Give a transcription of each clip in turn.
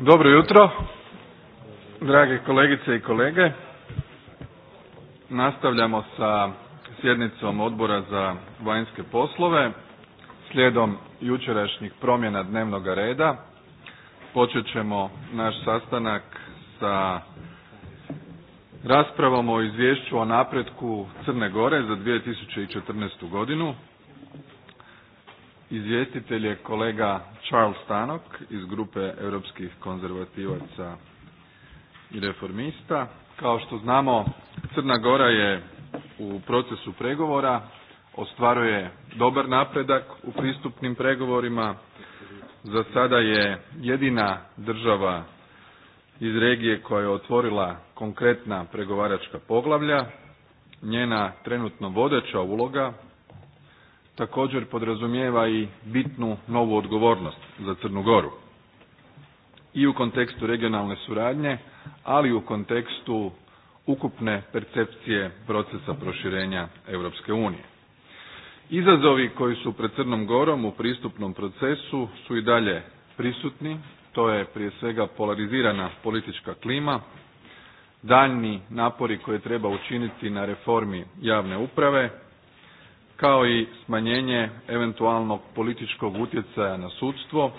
Dobro jutro, drage kolegice i kolege. Nastavljamo sa sjednicom odbora za vanjske poslove. Slijedom jučerašnjih promjena dnevnog reda počet ćemo naš sastanak sa raspravom o izvješću o napretku Crne Gore za 2014. godinu. Izvjestitelj je kolega Charles Stanok iz grupe europskih konzervativaca i reformista. Kao što znamo, Crna Gora je u procesu pregovora, ostvaruje dobar napredak u pristupnim pregovorima. Za sada je jedina država iz regije koja je otvorila konkretna pregovaračka poglavlja. Njena trenutno vodeća uloga također podrazumijeva i bitnu novu odgovornost za Crnu Goru. I u kontekstu regionalne suradnje, ali i u kontekstu ukupne percepcije procesa proširenja Europske unije. Izazovi koji su pred Crnom Gorom u pristupnom procesu su i dalje prisutni, to je prije svega polarizirana politička klima, daljni napori koje treba učiniti na reformi javne uprave, kao i smanjenje eventualnog političkog utjecaja na sudstvo,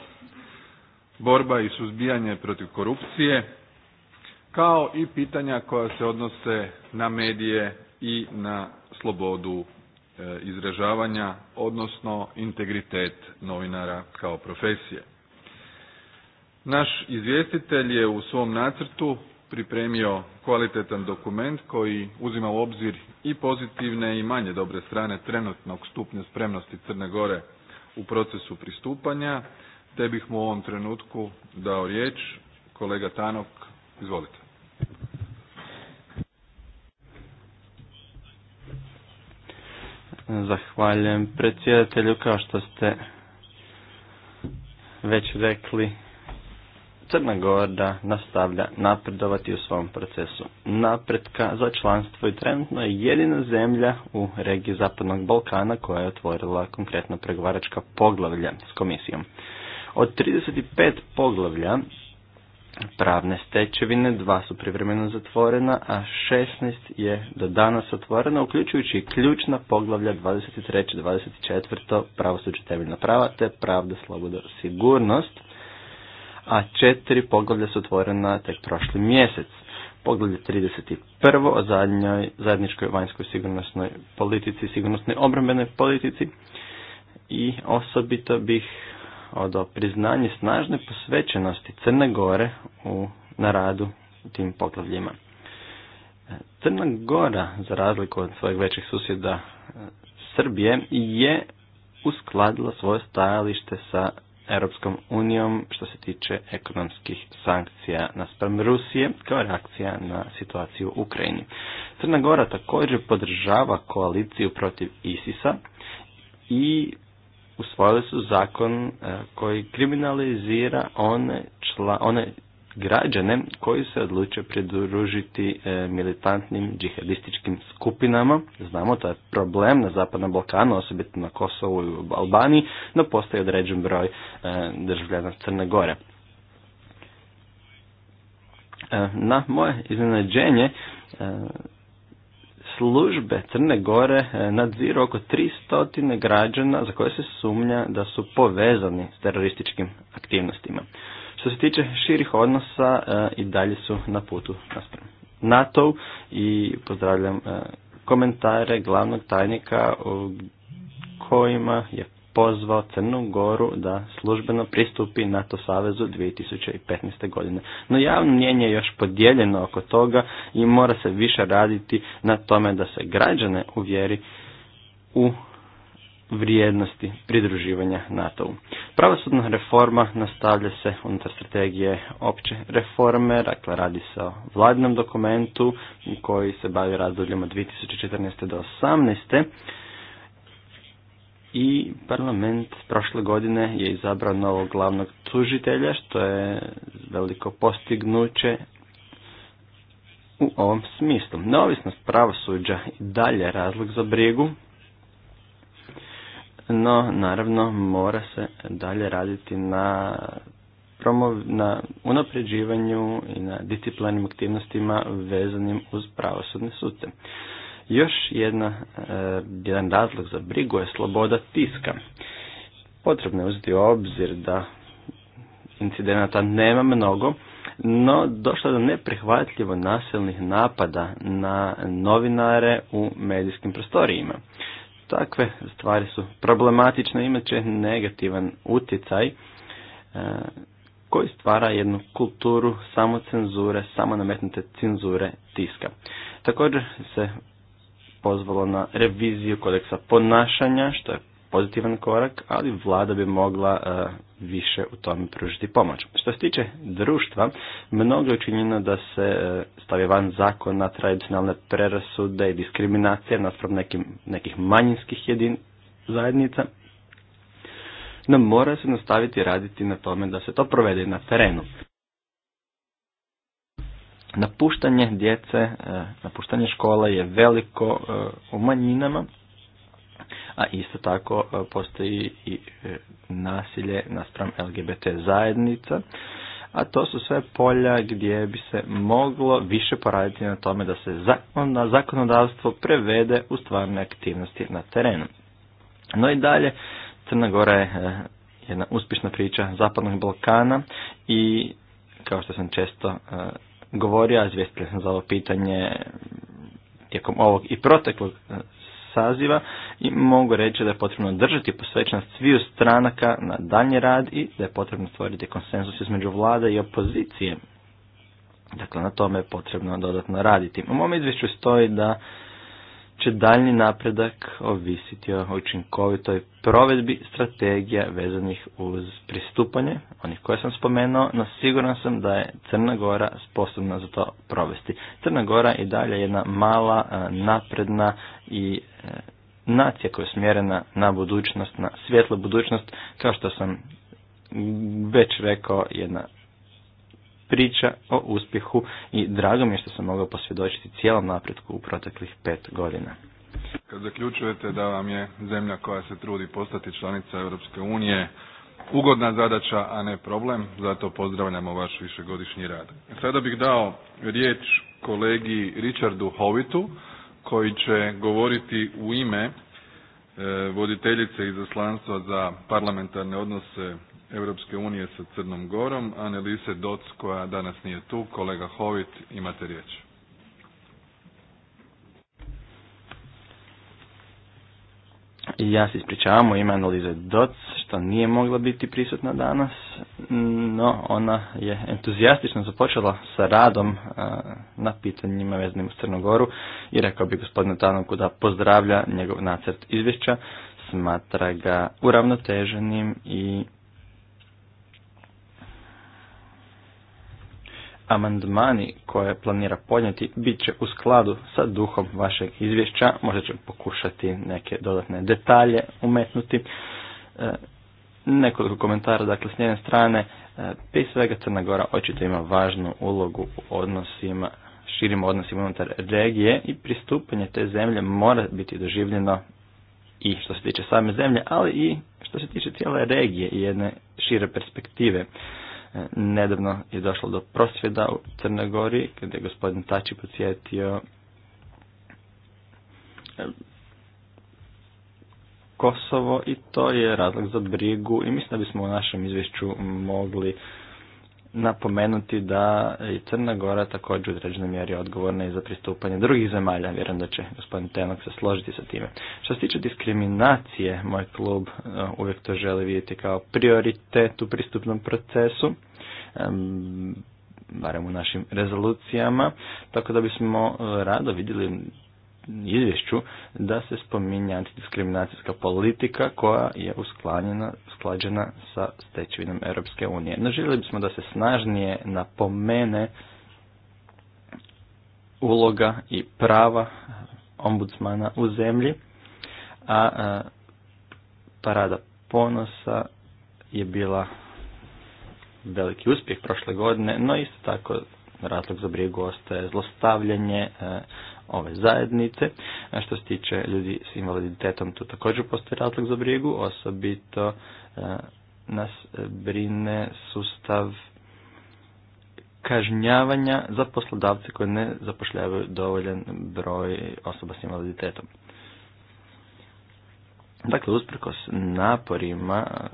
borba i suzbijanje protiv korupcije, kao i pitanja koja se odnose na medije i na slobodu e, izražavanja, odnosno integritet novinara kao profesije. Naš izvjestitelj je u svom nacrtu pripremio kvalitetan dokument koji uzima u obzir i pozitivne i manje dobre strane trenutnog stupnja spremnosti Crne Gore u procesu pristupanja, te bih mu u ovom trenutku dao riječ. Kolega Tanok, izvolite. Zahvaljujem predsjedatelju, kao što ste već rekli, Crna Gorda nastavlja napredovati u svom procesu napredka za članstvo i trenutno je jedina zemlja u regiji Zapadnog Balkana koja je otvorila konkretno pregovaračka poglavlja s komisijom. Od 35 poglavlja pravne stečevine, dva su privremeno zatvorena, a 16 je do danas otvorena, uključujući i ključna poglavlja 23. 24. pravosuđe temeljna prava te pravda, sloboda, sigurnost, a četiri poglavlja su otvorena tek prošli mjesec. Poglavlje 31. o zadnjoj zajedničkoj vanjskoj sigurnosnoj politici, sigurnosnoj obrambenoj politici i osobito bih odao priznanje snažne posvećenosti Crne Gore u, na radu tim poglavljima. Crna Gora, za razliku od svojeg većih susjeda e, Srbije, je uskladila svoje stajalište sa Europskom unijom što se tiče ekonomskih sankcija naspram Rusije kao reakcija na situaciju u Ukrajini. Crna Gora također podržava koaliciju protiv ISIS-a i usvojili su zakon e, koji kriminalizira one, čla, one građane koji se odluče pridružiti e, militantnim džihadističkim skupinama. Znamo to je problem na Zapadnom Balkanu, osobito na Kosovu i u Albaniji, no postoji određen broj e, državljana Crne Gore. E, na moje iznenađenje službe Crne Gore nadziru oko 300 građana za koje se sumnja da su povezani s terorističkim aktivnostima. Što se tiče širih odnosa e, i dalje su na putu naspram NATO i pozdravljam e, komentare glavnog tajnika u kojima je pozvao Crnu Goru da službeno pristupi NATO savezu 2015. godine. No javno mnjenje je još podijeljeno oko toga i mora se više raditi na tome da se građane uvjeri u vrijednosti pridruživanja NATO-u. Pravosudna reforma nastavlja se unutar strategije opće reforme, dakle radi se o vladinom dokumentu koji se bavi razdobljem 2014. do 2018. I parlament prošle godine je izabrao novog glavnog tužitelja, što je veliko postignuće u ovom smislu. Neovisnost pravosuđa i dalje razlog za brigu, no naravno mora se dalje raditi na, promov, na unapređivanju i na disciplinarnim aktivnostima vezanim uz pravosudne suce. Još jedna, e, jedan razlog za brigu je sloboda tiska. Potrebno je uzeti obzir da incidenata nema mnogo, no došlo do neprihvatljivo nasilnih napada na novinare u medijskim prostorijima takve stvari su problematične, imat će negativan utjecaj e, koji stvara jednu kulturu samocenzure, nametnute cenzure tiska. Također se pozvalo na reviziju kodeksa ponašanja, što je pozitivan korak, ali vlada bi mogla e, više u tome pružiti pomoć. Što se tiče društva, mnogo je učinjeno da se e, stavi van zakon na tradicionalne prerasude i diskriminacije nasprav nekih manjinskih jedin zajednica, no mora se nastaviti raditi na tome da se to provede na terenu. Napuštanje djece, e, napuštanje škola je veliko u manjinama a isto tako e, postoji i e, nasilje naspram LGBT zajednica, a to su sve polja gdje bi se moglo više poraditi na tome da se na zakonodavstvo prevede u stvarne aktivnosti na terenu. No i dalje, Crna Gora je e, jedna uspješna priča Zapadnog Balkana i kao što sam često govorio, a sam za ovo pitanje tijekom ovog i proteklog saziva i mogu reći da je potrebno držati posvećenost sviju stranaka na daljnji rad i da je potrebno stvoriti konsenzus između vlade i opozicije. Dakle, na tome je potrebno dodatno raditi. U mom izvješću stoji da će daljni napredak ovisiti o učinkovitoj provedbi strategija vezanih uz pristupanje, onih koje sam spomenuo, no siguran sam da je Crna Gora sposobna za to provesti. Crna Gora i dalje jedna mala, e, napredna i e, nacija koja je smjerena na budućnost, na svjetlu budućnost, kao što sam već rekao, jedna priča o uspjehu i drago mi je što sam mogao posvjedočiti cijelom napretku u proteklih pet godina. Kad zaključujete da vam je zemlja koja se trudi postati članica Europske unije ugodna zadaća, a ne problem, zato pozdravljamo vaš višegodišnji rad. Sada bih dao riječ kolegi Richardu Hovitu, koji će govoriti u ime e, voditeljice izaslanstva za parlamentarne odnose Europske unije sa Crnom Gorom, Anelise Doc koja danas nije tu. Kolega Hovit, imate riječ. Ja se ispričavam ima ime Analize Doc, što nije mogla biti prisutna danas, no ona je entuzijastično započela sa radom na pitanjima vezanim u Crnogoru i rekao bi gospodinu Tanoku da pozdravlja njegov nacrt izvješća, smatra ga uravnoteženim i amandmani koje planira podnijeti bit će u skladu sa duhom vašeg izvješća. Možda će pokušati neke dodatne detalje umetnuti. E, nekoliko komentara, dakle, s njene strane, e, prije svega Crna Gora očito ima važnu ulogu u odnosima, širim odnosima unutar regije i pristupanje te zemlje mora biti doživljeno i što se tiče same zemlje, ali i što se tiče cijele regije i jedne šire perspektive. Nedavno je došlo do prosvjeda u Crnoj Gori, kada je gospodin Tači podsjetio Kosovo i to je razlog za brigu i mislim da bismo u našem izvješću mogli napomenuti da je Crna Gora također u određenoj mjeri odgovorna i za pristupanje drugih zemalja. Vjerujem da će gospodin Tenok se složiti sa time. Što se tiče diskriminacije, moj klub e, uvijek to želi vidjeti kao prioritet u pristupnom procesu barem u našim rezolucijama, tako da bismo e, rado vidjeli izvješću da se spominje antidiskriminacijska politika koja je usklanjena, usklađena sa stečevinom Europske unije. No željeli bismo da se snažnije napomene uloga i prava ombudsmana u zemlji, a, parada ponosa je bila veliki uspjeh prošle godine, no isto tako razlog za brigu ostaje zlostavljanje, e, ove zajednice. A što se tiče ljudi s invaliditetom, tu također postoji razlog za brigu, osobito e, nas brine sustav kažnjavanja za poslodavce koji ne zapošljavaju dovoljan broj osoba s invaliditetom. Dakle, usprkos naporima e,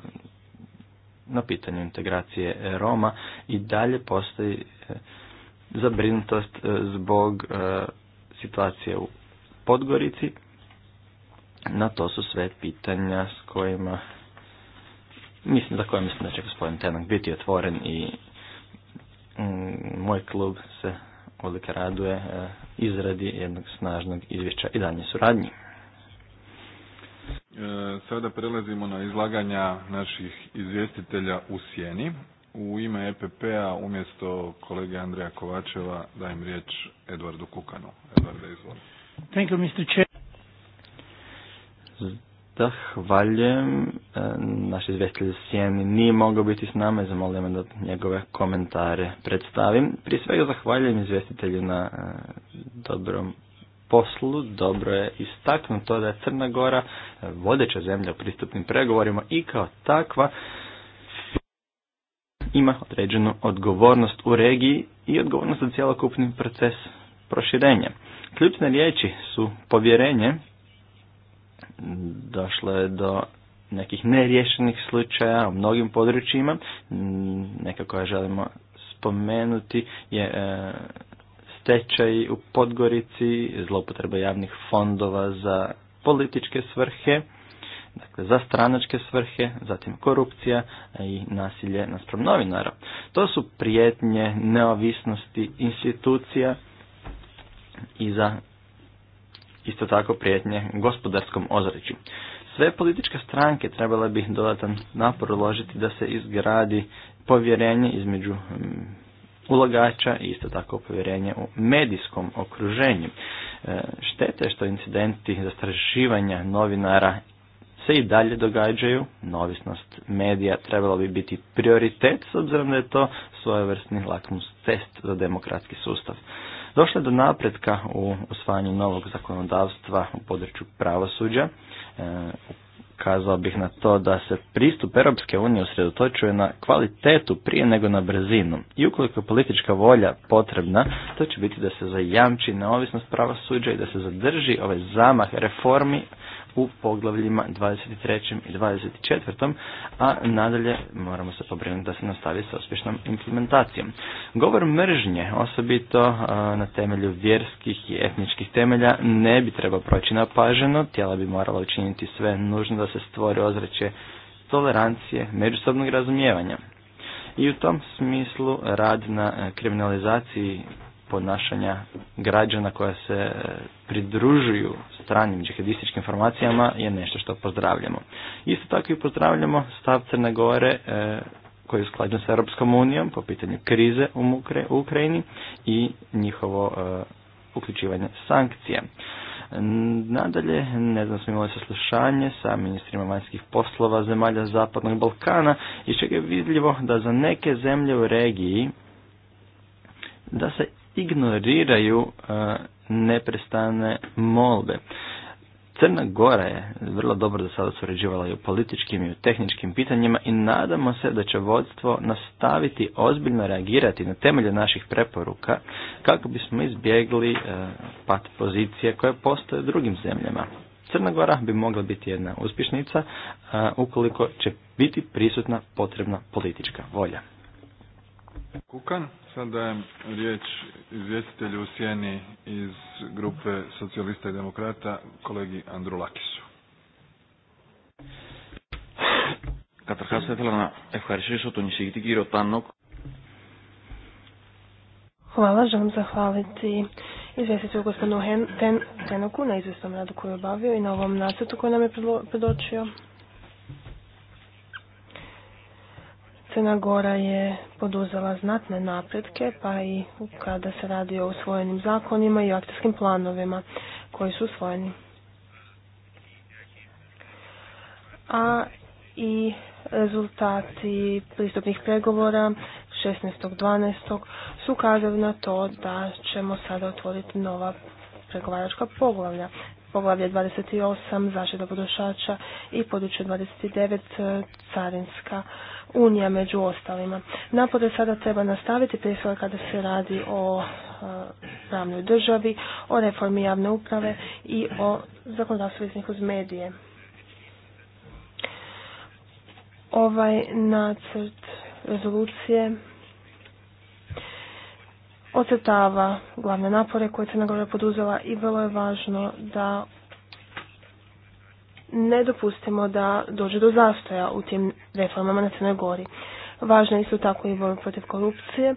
na pitanju integracije Roma i dalje postoji e, zabrinutost zbog situacije u Podgorici. Na to su sve pitanja s kojima mislim da koje mislim da će gospodin Tenak biti otvoren i mm, moj klub se odlika raduje e, izradi jednog snažnog izvješća i danje suradnji. E, sada prelazimo na izlaganja naših izvjestitelja u sjeni. U ime EPP-a umjesto kolege Andreja Kovačeva dajem riječ Edvardu Kukanu. da izvoli. Thank you, Mr. Chair. Zahvaljujem. E, naš izvjestitelj Sjeni nije mogao biti s nama i zamolio da njegove komentare predstavim. Prije svega zahvaljujem izvjestitelju na e, dobrom poslu. Dobro je istaknuto da je Crna Gora e, vodeća zemlja u pristupnim pregovorima i kao takva ima određenu odgovornost u regiji i odgovornost za cjelokupni proces proširenja. Ključne riječi su povjerenje, došlo je do nekih neriješenih slučaja u mnogim područjima, neka koja želimo spomenuti je e, stečaj u Podgorici, zloupotreba javnih fondova za političke svrhe, dakle za stranačke svrhe, zatim korupcija i nasilje naspram novinara. To su prijetnje neovisnosti institucija i za isto tako prijetnje gospodarskom ozračju. Sve političke stranke trebale bi dodatan napor uložiti da se izgradi povjerenje između mm, ulagača i isto tako povjerenje u medijskom okruženju. E, Štete što incidenti zastrašivanja novinara se i dalje događaju, novisnost medija trebala bi biti prioritet s obzirom da je to svojevrsni lakmus test za demokratski sustav. Došlo je do napretka u osvajanju novog zakonodavstva u području pravosuđa. E, kazao bih na to da se pristup Europske unije usredotočuje na kvalitetu prije nego na brzinu. I ukoliko je politička volja potrebna, to će biti da se zajamči neovisnost pravosuđa i da se zadrži ovaj zamah reformi u poglavljima 23. i 24. a nadalje moramo se pobrinuti da se nastavi sa uspješnom implementacijom. Govor mržnje, osobito na temelju vjerskih i etničkih temelja, ne bi trebao proći napaženo, tijela bi morala učiniti sve nužno da se stvori ozračje tolerancije, međusobnog razumijevanja. I u tom smislu rad na kriminalizaciji ponašanja građana koja se e, pridružuju stranim džihadističkim informacijama je nešto što pozdravljamo. Isto tako i pozdravljamo stav Crne Gore e, koji je usklađen sa Europskom unijom po pitanju krize u Ukrajini i njihovo e, uključivanje sankcije. Nadalje, ne znam, smo imali saslušanje sa ministrima vanjskih poslova zemalja Zapadnog Balkana i čega je vidljivo da za neke zemlje u regiji da se ignoriraju e, neprestane molbe. Crna Gora je vrlo dobro do sada surađivala i u političkim i u tehničkim pitanjima i nadamo se da će vodstvo nastaviti ozbiljno reagirati na temelje naših preporuka kako bismo izbjegli e, pat pozicije koje postoje u drugim zemljama. Crna Gora bi mogla biti jedna uspješnica e, ukoliko će biti prisutna potrebna politička volja. Kukan. Sad dajem riječ izvjestitelju u sjeni iz grupe socijalista i demokrata, kolegi Andru Lakisu. Καταρχάς θα ήθελα να ευχαριστήσω τον εισηγητή κύριο Τάνοκ. Hvala, želim zahvaliti izvjestitelju gospodinu Tenoku na izvjestom radu koju je obavio i na ovom nacetu koji nam je predočio. Crna Gora je poduzela znatne napretke, pa i kada se radi o usvojenim zakonima i akcijskim planovima koji su usvojeni. A i rezultati pristupnih pregovora 16.12. su ukazali na to da ćemo sada otvoriti nova pregovaračka poglavlja. Poglavlje 28, zaštita potrošača i područje 29, carinska unija među ostalima. Napore sada treba nastaviti prije svega kada se radi o e, pravnoj državi, o reformi javne uprave i o zakonodavstvu iz uz medije. Ovaj nacrt rezolucije ocrtava glavne napore koje se nagroda poduzela i vrlo je važno da ne dopustimo da dođe do zastoja u tim reformama na Crnoj Gori. Važna je isto tako i borba protiv korupcije,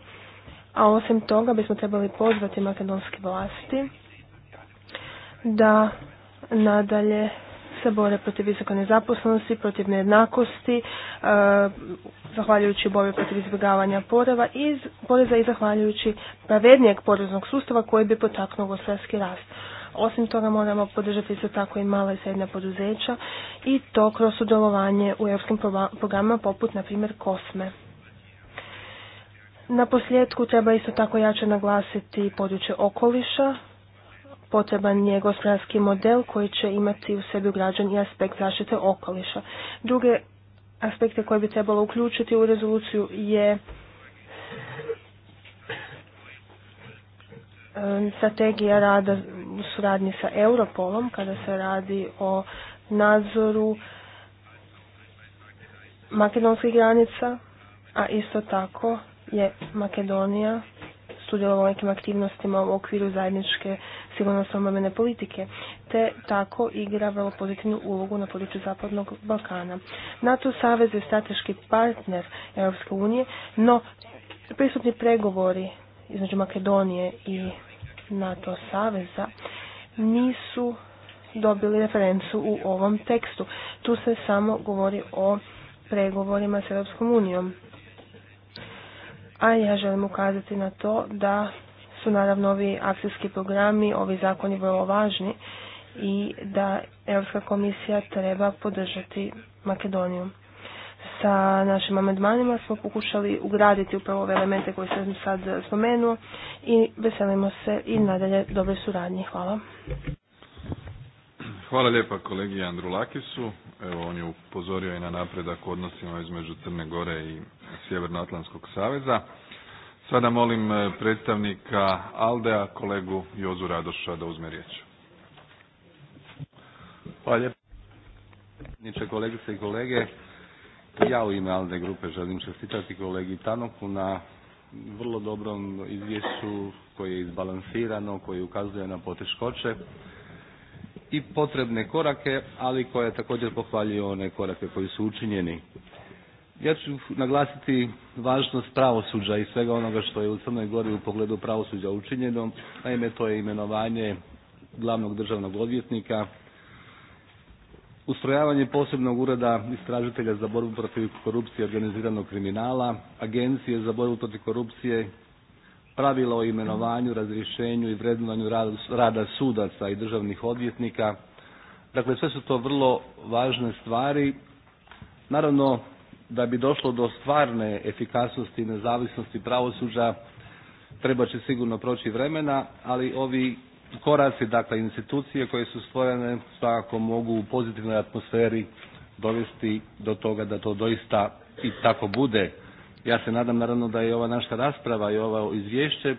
a osim toga bismo trebali pozvati makedonske vlasti da nadalje se bore protiv visoke nezaposlenosti, protiv nejednakosti, e, zahvaljujući borbi protiv izbjegavanja poreva i poreza i zahvaljujući pravednijeg poreznog sustava koji bi potaknuo gospodarski rast. Osim toga moramo podržati isto tako i mala i srednja poduzeća i to kroz sudjelovanje u europskim programima poput na primjer Kosme. Na posljedku treba isto tako jače naglasiti područje okoliša, potreban je gospodarski model koji će imati u sebi ugrađen i aspekt zaštite okoliša. Druge aspekte koje bi trebalo uključiti u rezoluciju je strategija rada u suradnji sa Europolom kada se radi o nadzoru makedonskih granica, a isto tako je Makedonija sudjelovala u nekim aktivnostima u okviru zajedničke sigurnosno obrambene politike, te tako igra vrlo pozitivnu ulogu na području Zapadnog Balkana. NATO savez je strateški partner Europske unije, no pristupni pregovori između Makedonije i NATO saveza nisu dobili referencu u ovom tekstu. Tu se samo govori o pregovorima s Europskom unijom. A ja želim ukazati na to da su naravno ovi akcijski programi, ovi zakoni vrlo važni i da Europska komisija treba podržati Makedoniju sa našim amandmanima smo pokušali ugraditi upravo ove elemente koje sam sad spomenuo i veselimo se i nadalje dobre suradnje. Hvala. Hvala lijepa kolegi Lakisu. Evo, on je upozorio i na napredak u odnosima između Crne Gore i Sjevernoatlantskog saveza. Sada molim e, predstavnika Aldea, kolegu Jozu Radoša, da uzme riječ. Hvala lijepo. Kolegice i kolege, ja u ime alne grupe želim čestitati kolegi Tanoku na vrlo dobrom izvješću koje je izbalansirano, koje ukazuje na poteškoće i potrebne korake, ali koje je također pohvaljuje one korake koji su učinjeni. Ja ću naglasiti važnost pravosuđa i svega onoga što je u Crnoj Gori u pogledu pravosuđa učinjeno. Naime, to je imenovanje glavnog državnog odvjetnika ustrojavanje posebnog ureda istražitelja za borbu protiv korupcije i organiziranog kriminala, agencije za borbu protiv korupcije, pravila o imenovanju, razrješenju i vrednovanju rada sudaca i državnih odvjetnika. Dakle, sve su to vrlo važne stvari. Naravno da bi došlo do stvarne efikasnosti i nezavisnosti pravosuđa treba će sigurno proći vremena, ali ovi koraci, dakle institucije koje su stvorene svakako mogu u pozitivnoj atmosferi dovesti do toga da to doista i tako bude. Ja se nadam naravno da je ova naša rasprava i ovo izvješće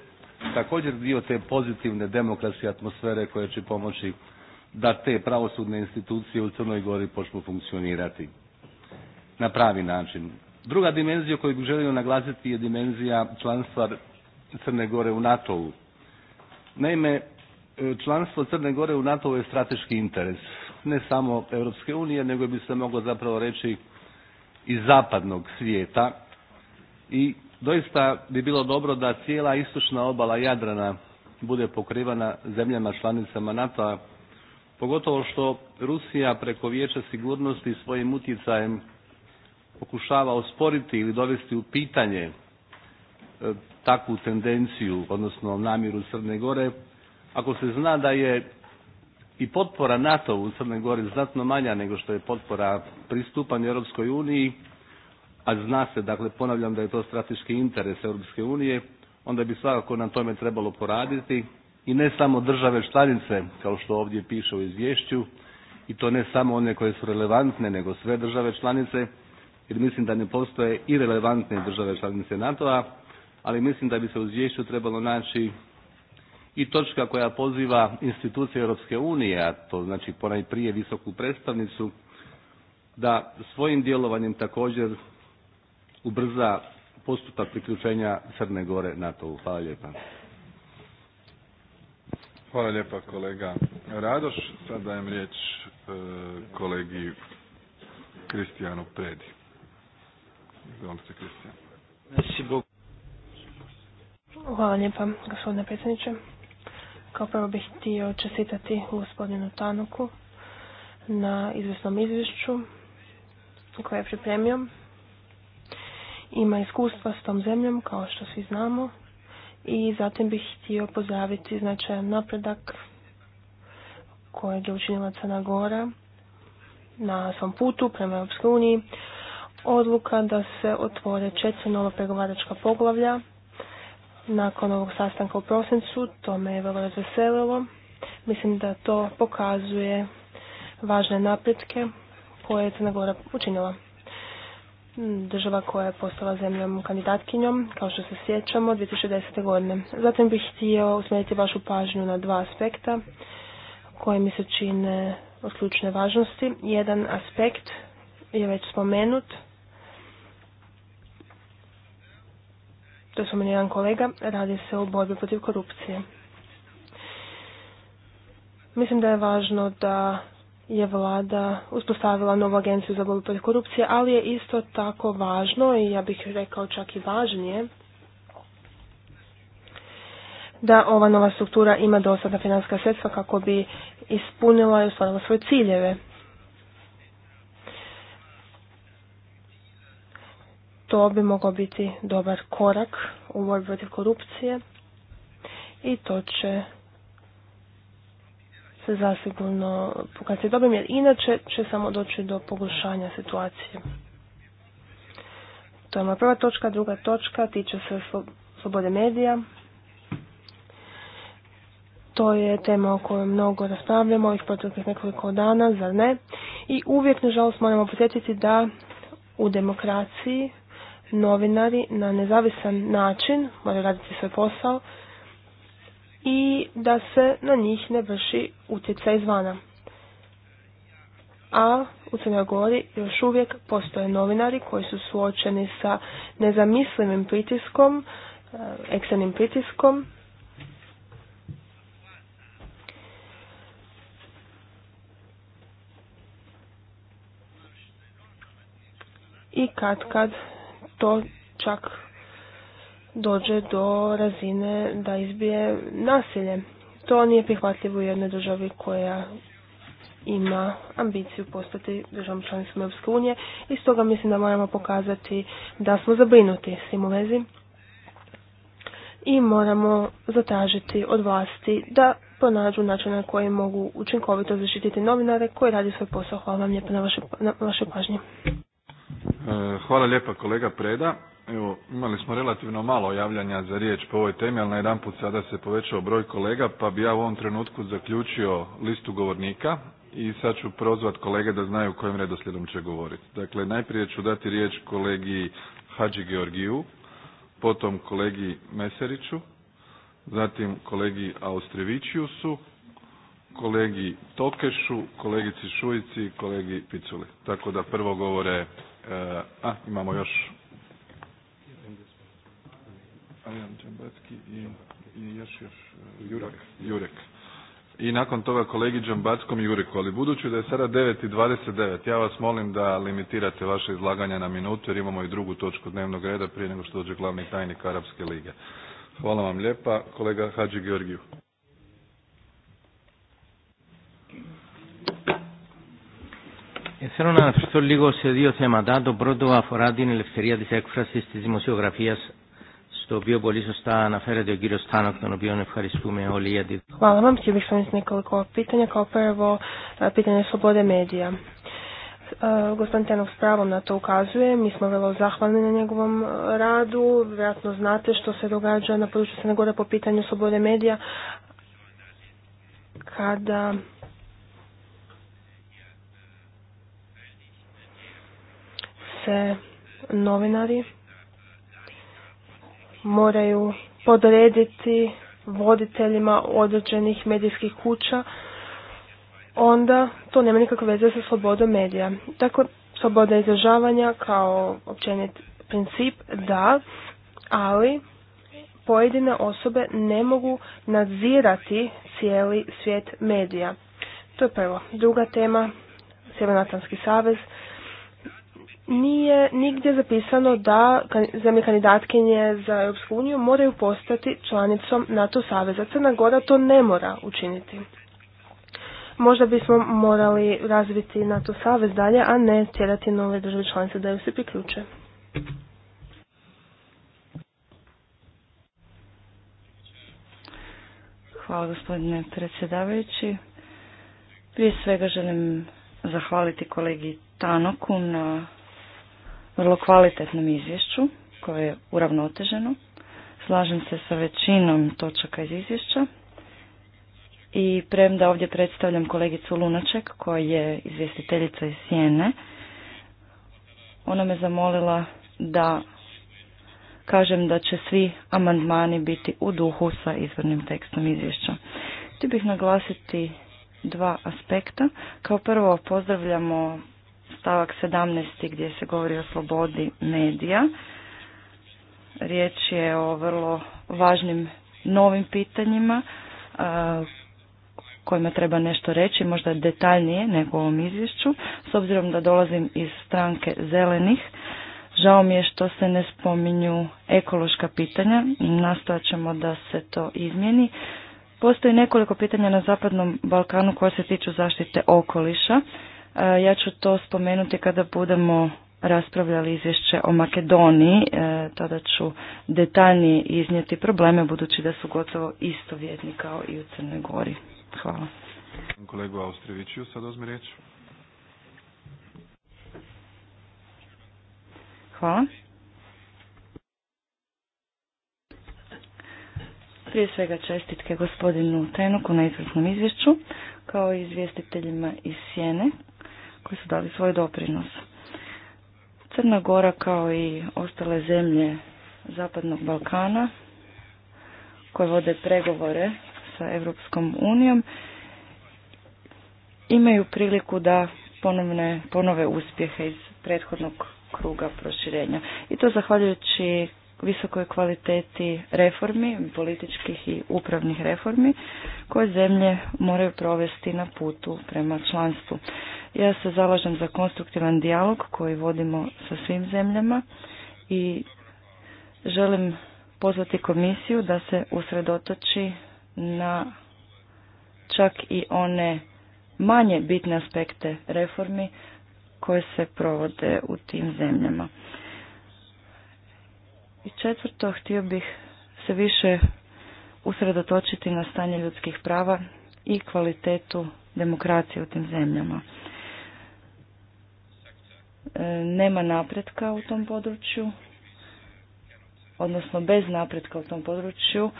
također dio te pozitivne demokratske atmosfere koje će pomoći da te pravosudne institucije u Crnoj Gori počnu funkcionirati na pravi način. Druga dimenzija koju bih želio naglasiti je dimenzija članstva Crne Gore u NATO-u. Naime, Članstvo Crne Gore u NATO u je strateški interes ne samo Europske unije nego bi se moglo zapravo reći i zapadnog svijeta i doista bi bilo dobro da cijela istočna obala Jadrana bude pokrivana zemljama članicama NATO-a pogotovo što Rusija preko Vijeća sigurnosti svojim utjecajem pokušava osporiti ili dovesti u pitanje e, takvu tendenciju, odnosno namjeru Crne Gore ako se zna da je i potpora NATO u Crnoj Gori znatno manja nego što je potpora pristupanju Europskoj uniji, a zna se, dakle ponavljam da je to strateški interes Europske unije, onda bi svakako na tome trebalo poraditi i ne samo države članice, kao što ovdje piše u izvješću, i to ne samo one koje su relevantne, nego sve države članice, jer mislim da ne postoje i relevantne države članice NATO-a, ali mislim da bi se u izvješću trebalo naći i točka koja poziva institucije Europske unije, a to znači ponaj prije visoku predstavnicu, da svojim djelovanjem također ubrza postupak priključenja Crne Gore NATO-u. Hvala lijepa. Hvala lijepa kolega Radoš. Sada dajem riječ e, kolegi Kristijanu Predi. Hvala lijepa gospodine predsjedniče. Kao prvo bih htio čestitati gospodinu Tanuku na izvjesnom izvješću koje je pripremio. Ima iskustva s tom zemljom, kao što svi znamo, i zatim bih htio pozdraviti značajan napredak koji je učinila Crna Gora na svom putu prema Europskoj Odluka da se otvore četiri nova pregovaračka poglavlja nakon ovog sastanka u prosincu, to me je vrlo razveselilo. Mislim da to pokazuje važne napretke koje je Crna Gora učinila. Država koja je postala zemljom kandidatkinjom, kao što se sjećamo, 2010. godine. Zatim bih htio usmjeriti vašu pažnju na dva aspekta koje mi se čine od ključne važnosti. Jedan aspekt je već spomenut, To su meni jedan kolega, radi se o borbi protiv korupcije. Mislim da je važno da je vlada uspostavila novu agenciju za borbu protiv korupcije, ali je isto tako važno i ja bih rekao čak i važnije da ova nova struktura ima dostatna finanska sredstva kako bi ispunila i ostvarila svoje ciljeve. To bi mogao biti dobar korak u borbi protiv korupcije i to će se zasigurno pokazati dobrim jer inače će samo doći do pogoršanja situacije. To je moja prva točka. Druga točka tiče se slobode medija. To je tema o kojoj mnogo raspravljamo ovih proteklih nekoliko dana, zar ne? I uvijek, nažalost, moramo posjetiti da u demokraciji novinari na nezavisan način moraju raditi svoj posao i da se na njih ne vrši utjecaj izvana. A u Crnoj Gori još uvijek postoje novinari koji su suočeni sa nezamislivim pritiskom, e, eksternim pritiskom, i kad kad to čak dođe do razine da izbije nasilje. To nije prihvatljivo u jednoj državi koja ima ambiciju postati državom članicom Europske unije i stoga mislim da moramo pokazati da smo zabrinuti s tim u vezi i moramo zatražiti od vlasti da pronađu način na koji mogu učinkovito zaštititi novinare koji radi svoj posao. Hvala vam lijepo na vašoj vaše pažnje. E, hvala lijepa kolega Preda. Evo, imali smo relativno malo javljanja za riječ po ovoj temi, ali najedanput sada se povećao broj kolega, pa bi ja u ovom trenutku zaključio listu govornika i sad ću prozvat kolege da znaju kojim redoslijedom će govoriti. Dakle, najprije ću dati riječ kolegi Hadži Georgiju, potom kolegi Meseriću, zatim kolegi Austrivićiusu, kolegi Tokešu, kolegici Šuici i kolegi Piculi. Tako da prvo govore E, a, imamo još i, i još, e, Jurek. Jurek. I nakon toga kolegi Džambackom i Jureku. Ali budući da je sada 9.29, ja vas molim da limitirate vaše izlaganja na minutu jer imamo i drugu točku dnevnog reda prije nego što dođe glavni tajnik Arapske lige. Hvala vam lijepa. Kolega Hadži Georgiju. Θέλω να αναφερθώ λίγο σε δύο θέματα. Το πρώτο αφορά την ελευθερία της έκφρασης της δημοσιογραφίας στο οποίο πολύ σωστά αναφέρεται ο κύριος Τάνοκ, τον οποίο ευχαριστούμε όλοι για τη... Hvala vam, htio bih spomenuti nekoliko pitanja, kao prvo e, pitanje slobode medija. Uh, gospodin Tenov s pravom na to ukazuje, mi smo vrlo zahvalni na njegovom e, radu, vjerojatno znate što se događa na području Senegora po pitanju slobode medija, kada se novinari moraju podrediti voditeljima određenih medijskih kuća, onda to nema nikakve veze sa slobodom medija. Tako, sloboda izražavanja kao općenit princip, da, ali pojedine osobe ne mogu nadzirati cijeli svijet medija. To je prvo. Druga tema, Sjevernoatlantski savez, nije nigdje zapisano da zemlje kandidatkinje za Europsku uniju moraju postati članicom NATO saveza. Crna Gora to ne mora učiniti. Možda bismo morali razviti NATO savez dalje, a ne tjerati nove države članice da ju se priključe. Hvala gospodine predsjedavajući. Prije svega želim zahvaliti kolegi Tanoku na vrlo kvalitetnom izvješću koje je uravnoteženo. Slažem se sa većinom točaka iz izvješća. I premda ovdje predstavljam kolegicu Lunaček koja je izvjestiteljica iz Sjene, ona me zamolila da kažem da će svi amandmani biti u duhu sa izvornim tekstom izvješća. Htio bih naglasiti dva aspekta. Kao prvo pozdravljamo stavak 17. gdje se govori o slobodi medija. Riječ je o vrlo važnim novim pitanjima kojima treba nešto reći, možda detaljnije nego u ovom izvješću. S obzirom da dolazim iz stranke zelenih, žao mi je što se ne spominju ekološka pitanja. Nastojat ćemo da se to izmjeni. Postoji nekoliko pitanja na Zapadnom Balkanu koja se tiču zaštite okoliša. E, ja ću to spomenuti kada budemo raspravljali izvješće o Makedoniji, e, tada ću detaljnije iznijeti probleme budući da su gotovo istovjetni kao i u Crnoj Gori. Hvala. Kolegu Austriviću sad Hvala. Prije svega čestitke gospodinu Tenuku na izvrsnom izvješću, kao i izvjestiteljima iz Sjene koji su dali svoj doprinos. Crna Gora kao i ostale zemlje Zapadnog Balkana koje vode pregovore sa Europskom unijom imaju priliku da ponovne, ponove uspjehe iz prethodnog kruga proširenja. I to zahvaljujući visokoj kvaliteti reformi, političkih i upravnih reformi koje zemlje moraju provesti na putu prema članstvu. Ja se zalažem za konstruktivan dijalog koji vodimo sa svim zemljama i želim pozvati komisiju da se usredotoči na čak i one manje bitne aspekte reformi koje se provode u tim zemljama. I četvrto, htio bih se više usredotočiti na stanje ljudskih prava i kvalitetu demokracije u tim zemljama. E, nema napretka u tom području, odnosno bez napretka u tom području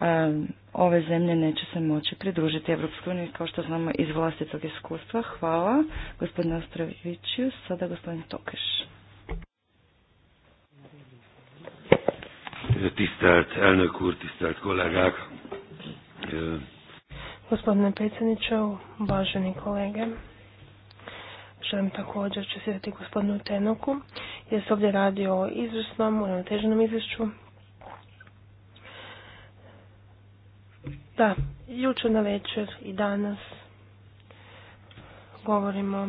e, ove zemlje neće se moći pridružiti Evropskoj kao što znamo iz vlastitog iskustva. Hvala gospodin Ostrovićius, sada gospodin Tokeš. Tisztelt elnök úr, tisztelt kollégák! Gospodine predsjedniče, uvaženi kolege, želim također čestitati gospodinu Tenoku, jer se ovdje radi o izvrsnom, uravnoteženom izvješću. Da, jučer na večer i danas govorimo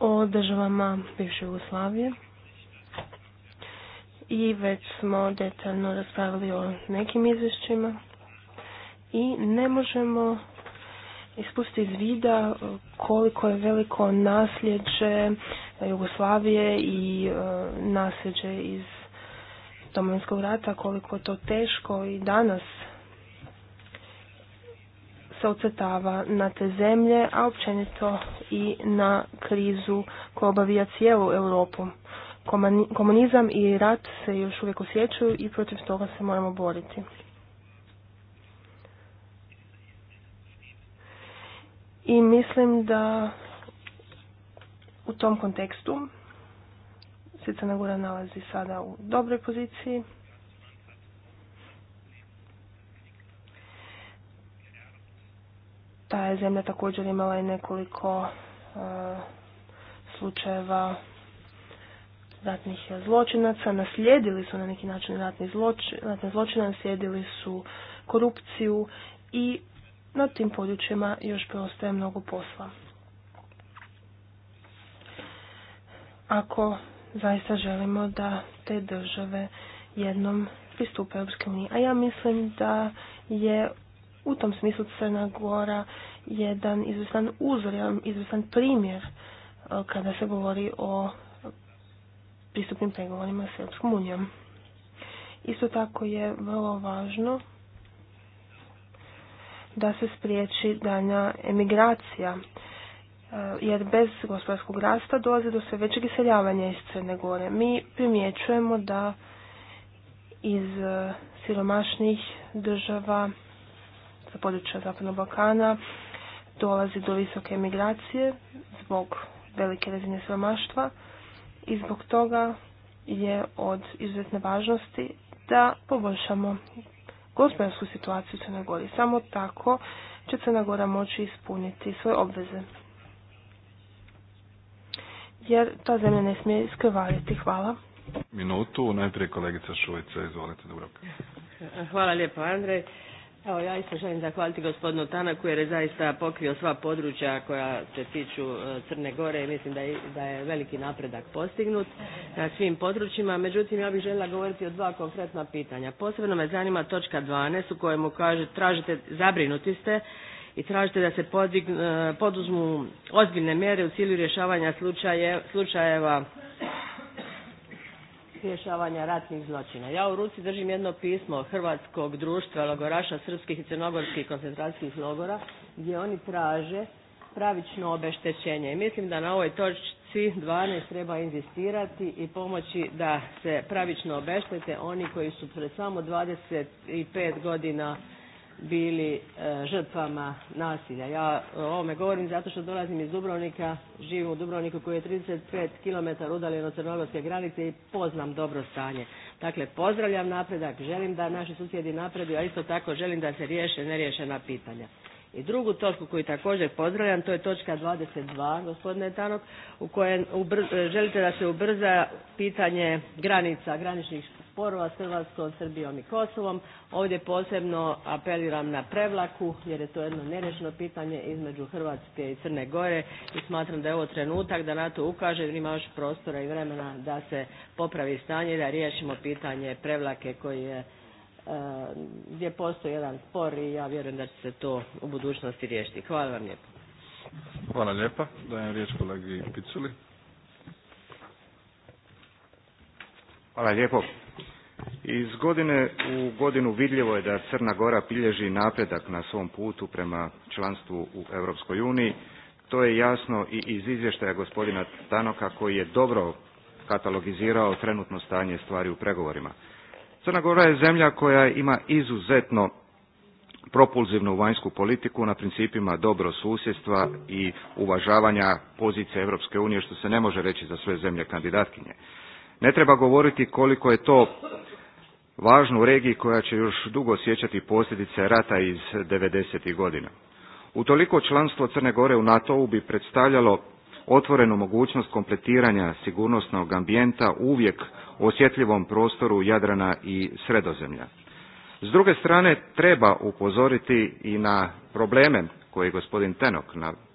o državama bivše Jugoslavije i već smo detaljno raspravili o nekim izvješćima i ne možemo ispustiti iz vida koliko je veliko nasljeđe Jugoslavije i e, nasljeđe iz Domovinskog rata, koliko je to teško i danas se ocetava na te zemlje, a općenito i na krizu koja obavija cijelu Europu komunizam i rat se još uvijek osjećaju i protiv toga se moramo boriti. I mislim da u tom kontekstu se Crna Gora nalazi sada u dobroj poziciji. Ta je zemlja također imala i nekoliko uh, slučajeva ratnih zločinaca, naslijedili su na neki način ratni zločin, ratne zločine, naslijedili su korupciju i na tim područjima još preostaje mnogo posla. Ako zaista želimo da te države jednom pristupe Europske unije. A ja mislim da je u tom smislu Crna Gora jedan izvrstan uzor, jedan izvrstan primjer eh, kada se govori o pristupnim pregovorima s Europskom unijom. Isto tako je vrlo važno da se spriječi danja emigracija, e, jer bez gospodarskog rasta dolazi do sve većeg iseljavanja iz Crne Gore. Mi primjećujemo da iz e, siromašnih država za područja Zapadnog Balkana dolazi do visoke emigracije zbog velike razine siromaštva, i zbog toga je od izuzetne važnosti da poboljšamo gospodarsku situaciju u Crnoj Gori. Samo tako će Crna Gora moći ispuniti svoje obveze. Jer ta zemlja ne smije iskrvariti. Hvala. Minutu, najprije kolegica Šujica, izvolite Hvala lijepo Andrej. Evo, ja isto želim zahvaliti gospodinu Tanaku jer je zaista pokrio sva područja koja se tiču e, Crne Gore i mislim da je, da je veliki napredak postignut na svim područjima. Međutim, ja bih željela govoriti o dva konkretna pitanja. Posebno me zanima točka 12 u kojemu kaže, tražite, zabrinuti ste i tražite da se e, poduzmu ozbiljne mjere u cilju rješavanja slučajeva rješavanja ratnih zločina. Ja u ruci držim jedno pismo Hrvatskog društva logoraša srpskih i crnogorskih koncentracijskih logora gdje oni traže pravično obeštećenje. I mislim da na ovoj točci 12 treba inzistirati i pomoći da se pravično obeštete oni koji su pred samo 25 godina bili e, žrtvama nasilja. Ja e, o ovome govorim zato što dolazim iz Dubrovnika, živim u Dubrovniku koji je 35 km udaljen od crnogorske granice i poznam dobro stanje. Dakle, pozdravljam napredak, želim da naši susjedi napreduju, a isto tako želim da se riješe neriješena pitanja. I drugu točku koju također pozdravljam, to je točka 22, gospodine Tanok, u kojem e, želite da se ubrza pitanje granica, graničnih sporova s Hrvatskom, Srbijom i Kosovom. Ovdje posebno apeliram na Prevlaku jer je to jedno nerešeno pitanje između Hrvatske i Crne Gore i smatram da je ovo trenutak da NATO ukaže jer ima još prostora i vremena da se popravi stanje i da riješimo pitanje Prevlake koji je e, gdje postoji jedan spor i ja vjerujem da će se to u budućnosti riješiti. Hvala vam lijepo. Hvala lijepa. Dajem riječ kolegi Piculi. Hvala lijepo. Iz godine u godinu vidljivo je da Crna Gora bilježi napredak na svom putu prema članstvu u Europskoj uniji. To je jasno i iz izvještaja gospodina Tanoka koji je dobro katalogizirao trenutno stanje stvari u pregovorima. Crna Gora je zemlja koja ima izuzetno propulzivnu vanjsku politiku na principima dobro susjedstva i uvažavanja pozicije Europske unije što se ne može reći za sve zemlje kandidatkinje. Ne treba govoriti koliko je to važno u regiji koja će još dugo osjećati posljedice rata iz 90. godina. Utoliko članstvo Crne Gore u NATO-u bi predstavljalo otvorenu mogućnost kompletiranja sigurnosnog ambijenta uvijek u osjetljivom prostoru Jadrana i Sredozemlja. S druge strane, treba upozoriti i na probleme koje je gospodin Tenok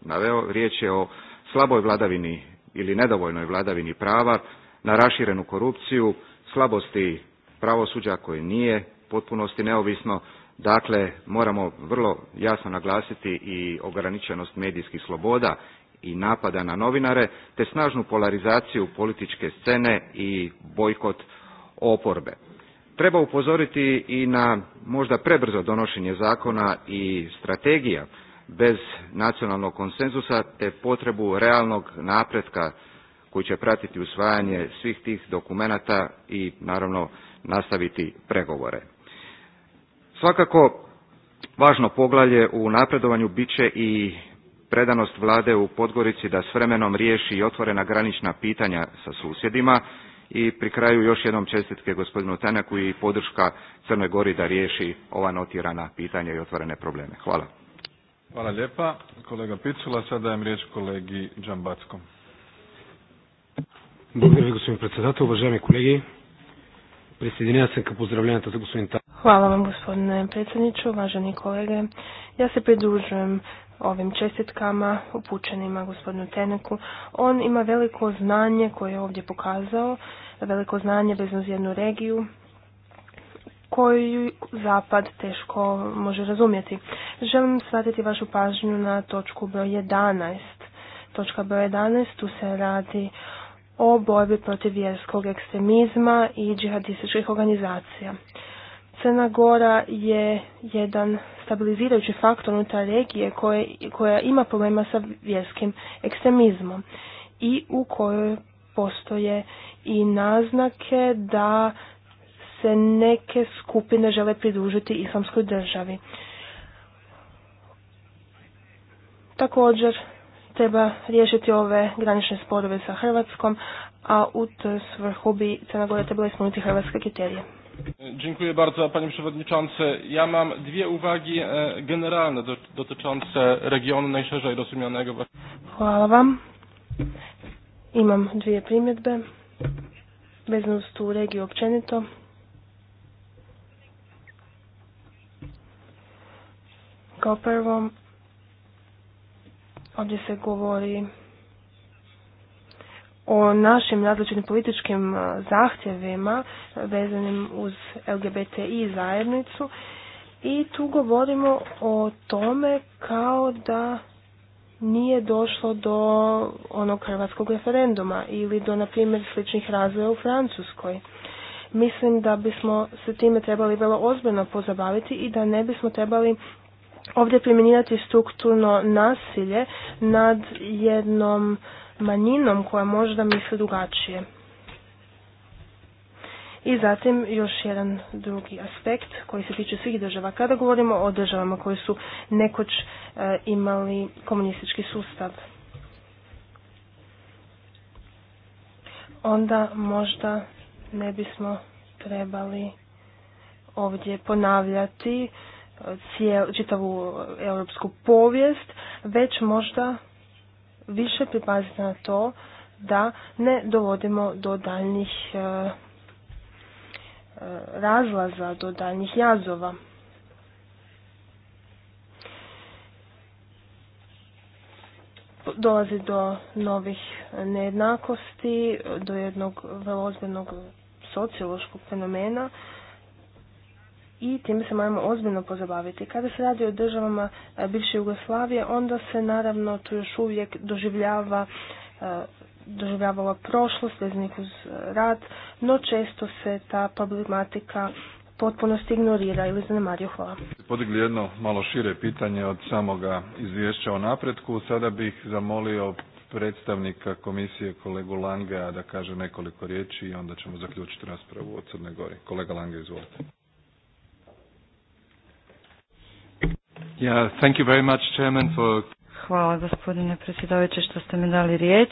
naveo. Riječ je o slaboj vladavini ili nedovoljnoj vladavini prava, na raširenu korupciju, slabosti pravosuđa koje nije potpunosti neovisno, dakle moramo vrlo jasno naglasiti i ograničenost medijskih sloboda i napada na novinare, te snažnu polarizaciju političke scene i bojkot oporbe. Treba upozoriti i na možda prebrzo donošenje zakona i strategija bez nacionalnog konsenzusa te potrebu realnog napretka koji će pratiti usvajanje svih tih dokumenata i naravno nastaviti pregovore. Svakako važno poglavlje u napredovanju bit će i predanost vlade u Podgorici da s vremenom riješi i otvorena granična pitanja sa susjedima i pri kraju još jednom čestitke gospodinu Tanaku i podrška Crnoj Gori da riješi ova notirana pitanja i otvorene probleme. Hvala. Hvala lijepa. Kolega Picula, sada dajem riječ kolegi Džambackom. Благодаря ви, господин председател. Уважаеми колеги, присъединявам се Hvala vam gospodine predsjedniče, uvaženi kolege. Ja se pridružujem ovim čestitkama upućenima gospodinu Teneku. On ima veliko znanje koje je ovdje pokazao, veliko znanje vezano za jednu regiju koju zapad teško može razumjeti. Želim shvatiti vašu pažnju na točku broj 11 Točka broj 11. Tu se radi o borbi protiv vjerskog ekstremizma i džihadističkih organizacija. Crna Gora je jedan stabilizirajući faktor unutar regije koja ima problema sa vjerskim ekstremizmom i u kojoj postoje i naznake da se neke skupine žele pridružiti islamskoj državi. Također treba riješiti ove granične sporove sa Hrvatskom, a u to svrhu bi Crna Gora trebala ispuniti hrvatske kriterije. Dziękuję bardzo panie przewodniczący. Ja mam dwie uwagi e, generalne dotyczące regionu najszerzej rozumianego. Hvala vam. Imam dwie primjedbe vezano uz tu regiju općenito. Kao Ovdje se govori o našim različitim političkim e, zahtjevima vezanim uz LGBTI zajednicu i tu govorimo o tome kao da nije došlo do onog hrvatskog referenduma ili do, na primjer, sličnih razvoja u Francuskoj. Mislim da bismo se time trebali vrlo ozbiljno pozabaviti i da ne bismo trebali ovdje primjenjivati strukturno nasilje nad jednom manjinom koja možda misli drugačije. I zatim još jedan drugi aspekt koji se tiče svih država. Kada govorimo o državama koje su nekoć e, imali komunistički sustav, onda možda ne bismo trebali ovdje ponavljati cijel, čitavu europsku povijest, već možda više pripaziti na to da ne dovodimo do daljnjih e, e, razlaza, do daljnjih jazova. Dolazi do novih nejednakosti, do jednog vrlo ozbiljnog sociološkog fenomena i time se moramo ozbiljno pozabaviti. Kada se radi o državama e, bivše Jugoslavije, onda se naravno tu još uvijek doživljava e, doživljavala prošlost vezanih uz e, rad, no često se ta problematika potpuno ignorira ili zanemario. Hvala. Podigli jedno malo šire pitanje od samoga izvješća o napretku. Sada bih zamolio predstavnika komisije kolegu Langea da kaže nekoliko riječi i onda ćemo zaključiti raspravu o Crnoj Gori. Kolega Lange, izvolite. very Hvala gospodine predsjedavajući što ste mi dali riječ.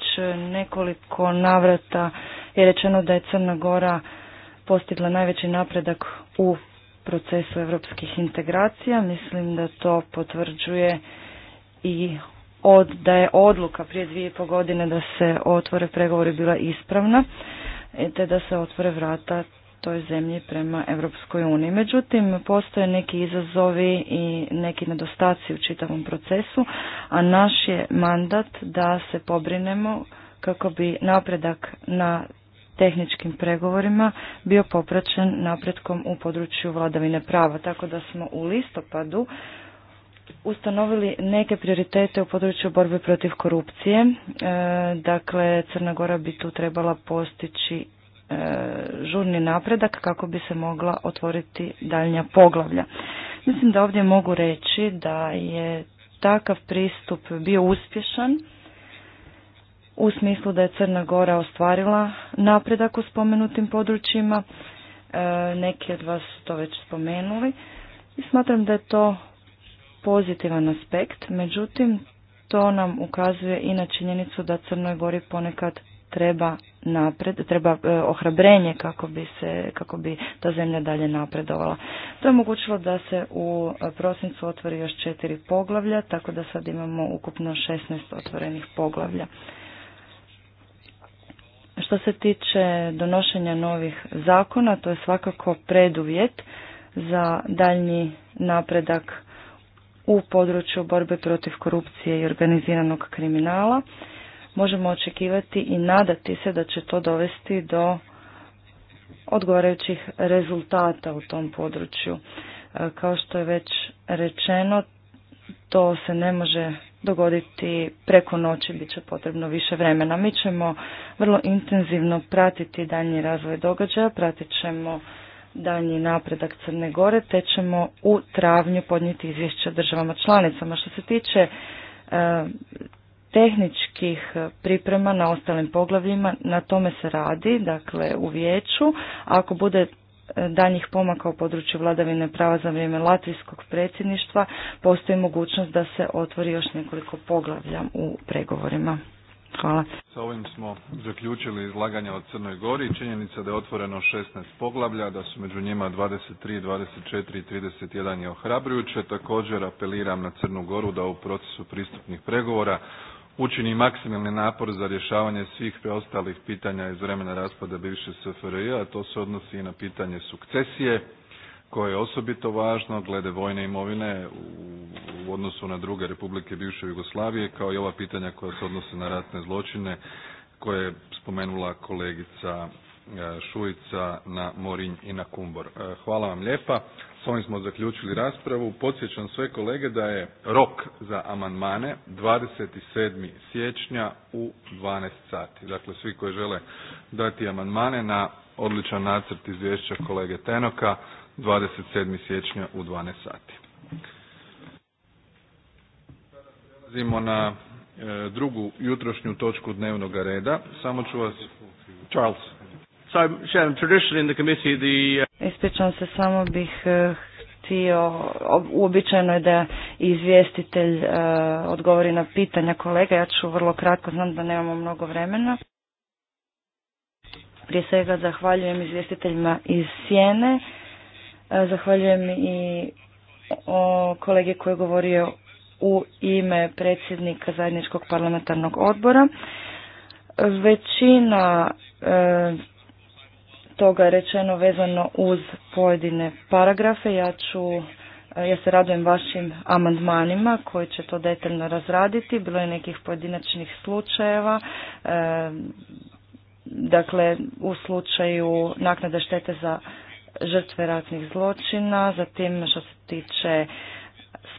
Nekoliko navrata je rečeno da je Crna Gora postigla najveći napredak u procesu europskih integracija. Mislim da to potvrđuje i od, da je odluka prije dvije i godine da se otvore pregovori bila ispravna te da se otvore vrata toj zemlji prema Europskoj uniji. Međutim, postoje neki izazovi i neki nedostaci u čitavom procesu, a naš je mandat da se pobrinemo kako bi napredak na tehničkim pregovorima bio popraćen napretkom u području vladavine prava. Tako da smo u listopadu ustanovili neke prioritete u području borbe protiv korupcije. E, dakle, Crna Gora bi tu trebala postići E, žurni napredak kako bi se mogla otvoriti daljnja poglavlja. Mislim da ovdje mogu reći da je takav pristup bio uspješan u smislu da je Crna Gora ostvarila napredak u spomenutim područjima. E, neki od vas to već spomenuli. I smatram da je to pozitivan aspekt, međutim to nam ukazuje i na činjenicu da Crnoj Gori ponekad treba napred, treba e, ohrabrenje kako bi, se, kako bi ta zemlja dalje napredovala. To je omogućilo da se u prosincu otvori još četiri poglavlja, tako da sad imamo ukupno 16 otvorenih poglavlja. Što se tiče donošenja novih zakona, to je svakako preduvjet za daljnji napredak u području borbe protiv korupcije i organiziranog kriminala možemo očekivati i nadati se da će to dovesti do odgovarajućih rezultata u tom području. E, kao što je već rečeno, to se ne može dogoditi preko noći, bit će potrebno više vremena. Mi ćemo vrlo intenzivno pratiti daljnji razvoj događaja, pratit ćemo daljnji napredak Crne Gore, te ćemo u travnju podnijeti izvješće državama članicama. Što se tiče e, tehničkih priprema na ostalim poglavljima, na tome se radi, dakle u vijeću. Ako bude e, danjih pomaka u području vladavine prava za vrijeme latvijskog predsjedništva, postoji mogućnost da se otvori još nekoliko poglavlja u pregovorima. Hvala. Sa ovim smo zaključili izlaganje o Crnoj Gori. Činjenica da je otvoreno 16 poglavlja, da su među njima 23, 24 i 31 je ohrabrujuće. Također apeliram na Crnu Goru da u procesu pristupnih pregovora učini maksimalni napor za rješavanje svih preostalih pitanja iz vremena raspada bivše SFRJ, a to se odnosi i na pitanje sukcesije, koje je osobito važno glede vojne imovine u odnosu na druge republike bivše Jugoslavije, kao i ova pitanja koja se odnose na ratne zločine, koje je spomenula kolegica e, Šujica na Morinj i na Kumbor. E, hvala vam lijepa ovim smo zaključili raspravu. Podsjećam sve kolege da je rok za amandmane 27. siječnja u 12 sati. Dakle, svi koji žele dati amandmane na odličan nacrt izvješća kolege Tenoka 27. siječnja u 12 sati. prelazimo na e, drugu jutrošnju točku dnevnog reda. Samo ću vas... Charles, Uh, Ispričavam se, samo bih uh, htio, uobičajeno je da izvjestitelj uh, odgovori na pitanja kolega, ja ću vrlo kratko, znam da nemamo mnogo vremena. Prije svega zahvaljujem izvjestiteljima iz Sjene, zahvaljujem i kolegi kolege koji je govorio u ime predsjednika zajedničkog parlamentarnog odbora. Većina toga rečeno vezano uz pojedine paragrafe. Ja ću ja se radujem vašim amandmanima koji će to detaljno razraditi. Bilo je nekih pojedinačnih slučajeva. E, dakle, u slučaju naknade štete za žrtve ratnih zločina, zatim što se tiče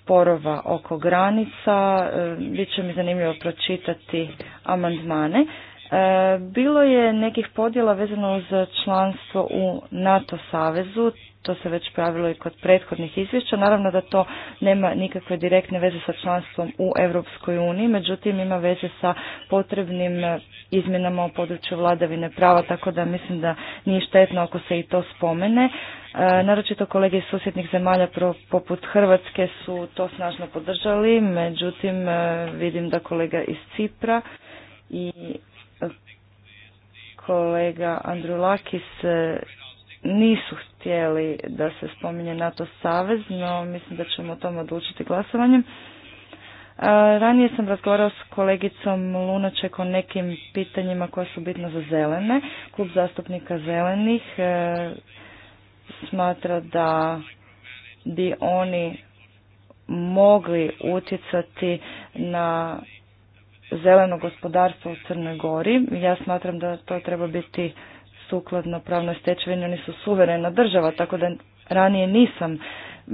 sporova oko granica, e, bit će mi zanimljivo pročitati amandmane. E, bilo je nekih podjela vezano za članstvo u NATO savezu, to se već pravilo i kod prethodnih izvješća. Naravno da to nema nikakve direktne veze sa članstvom u Europskoj uniji, međutim ima veze sa potrebnim izmjenama u području vladavine prava, tako da mislim da nije štetno ako se i to spomene. E, naročito kolege iz susjednih zemalja poput Hrvatske su to snažno podržali, međutim e, vidim da kolega iz Cipra i kolega Andrulakis e, nisu htjeli da se spominje NATO savez, no mislim da ćemo o tome odlučiti glasovanjem. E, ranije sam razgovarao s kolegicom Lunaček o nekim pitanjima koja su bitna za zelene. Klub zastupnika zelenih e, smatra da bi oni mogli utjecati na zeleno gospodarstvo u Crnoj Gori. Ja smatram da to treba biti sukladno pravnoj stečevini, oni su suverena država, tako da ranije nisam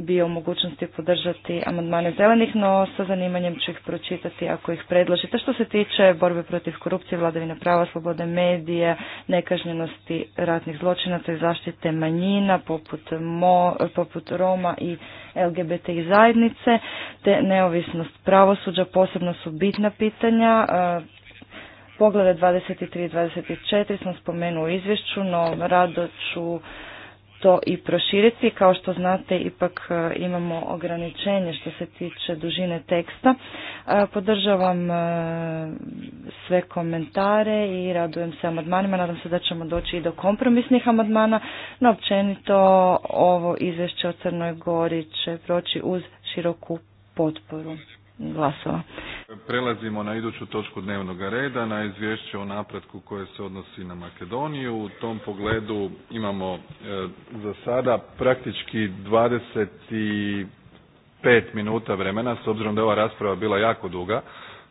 bio u mogućnosti podržati amandmane zelenih, no sa zanimanjem ću ih pročitati ako ih predložite. Što se tiče borbe protiv korupcije, vladavine prava, slobode medije, nekažnjenosti ratnih zločina i zaštite manjina poput, poput Roma i LGBT zajednice, te neovisnost pravosuđa posebno su bitna pitanja. Poglede 23 i 24 sam spomenuo u izvješću, no rado ću to i proširiti. Kao što znate, ipak e, imamo ograničenje što se tiče dužine teksta. E, podržavam e, sve komentare i radujem se amadmanima. Nadam se da ćemo doći i do kompromisnih amadmana. No, općenito, ovo izvješće o Crnoj Gori će proći uz široku potporu glasova. Prelazimo na iduću točku dnevnog reda, na izvješće o napretku koje se odnosi na Makedoniju. U tom pogledu imamo e, za sada praktički 25 minuta vremena, s obzirom da je ova rasprava bila jako duga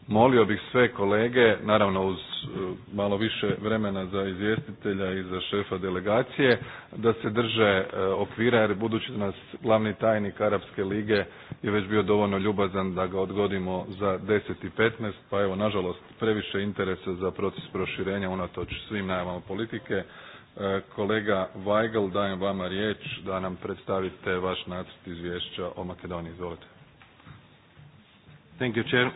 Molio bih sve kolege, naravno uz e, malo više vremena za izvjestitelja i za šefa delegacije, da se drže e, okvira jer budući da nas glavni tajnik Arapske lige je već bio dovoljno ljubazan da ga odgodimo za 10 i 15, pa evo nažalost previše interesa za proces proširenja unatoč svim najavama politike. E, kolega Weigel, dajem vama riječ da nam predstavite vaš nacrt izvješća o Makedoniji. Izvolite. Thank you, Chair.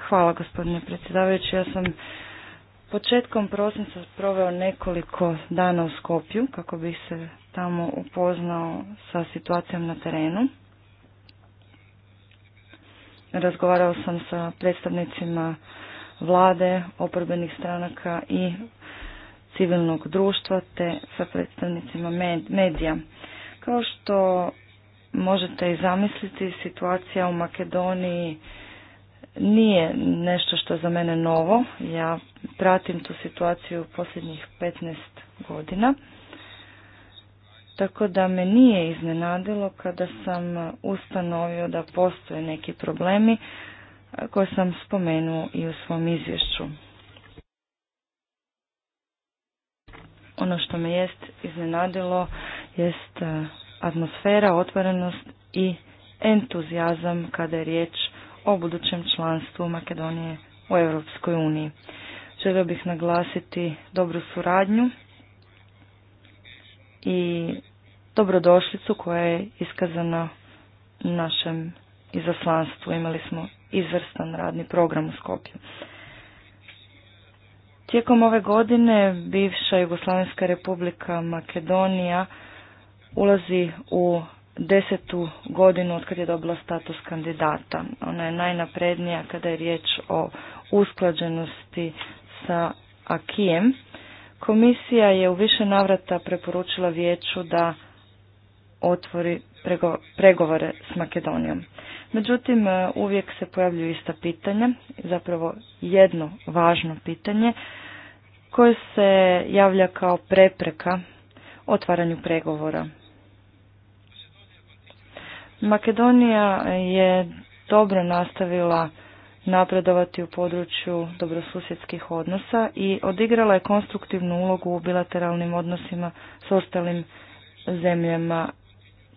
Hvala gospodine predsjedavajući. Ja sam početkom prosinca proveo nekoliko dana u Skopju kako bih se tamo upoznao sa situacijom na terenu. Razgovarao sam sa predstavnicima vlade, oporbenih stranaka i civilnog društva te sa predstavnicima medija. Kao što možete i zamisliti, situacija u Makedoniji nije nešto što je za mene novo. Ja pratim tu situaciju posljednjih 15 godina. Tako da me nije iznenadilo kada sam ustanovio da postoje neki problemi koje sam spomenuo i u svom izvješću. Ono što me jest iznenadilo jest atmosfera, otvorenost i entuzijazam kada je riječ o budućem članstvu Makedonije u Europskoj uniji. Želio bih naglasiti dobru suradnju i dobrodošlicu koja je iskazana našem izaslanstvu. Imali smo izvrstan radni program u Skopju. Tijekom ove godine bivša Jugoslavenska republika Makedonija ulazi u desetu godinu od kad je dobila status kandidata. Ona je najnaprednija kada je riječ o usklađenosti sa Akijem. Komisija je u više navrata preporučila vijeću da otvori pregovore s Makedonijom. Međutim, e, uvijek se pojavljuju ista pitanja, zapravo jedno važno pitanje koje se javlja kao prepreka otvaranju pregovora Makedonija je dobro nastavila napredovati u području dobrosusjedskih odnosa i odigrala je konstruktivnu ulogu u bilateralnim odnosima s ostalim zemljama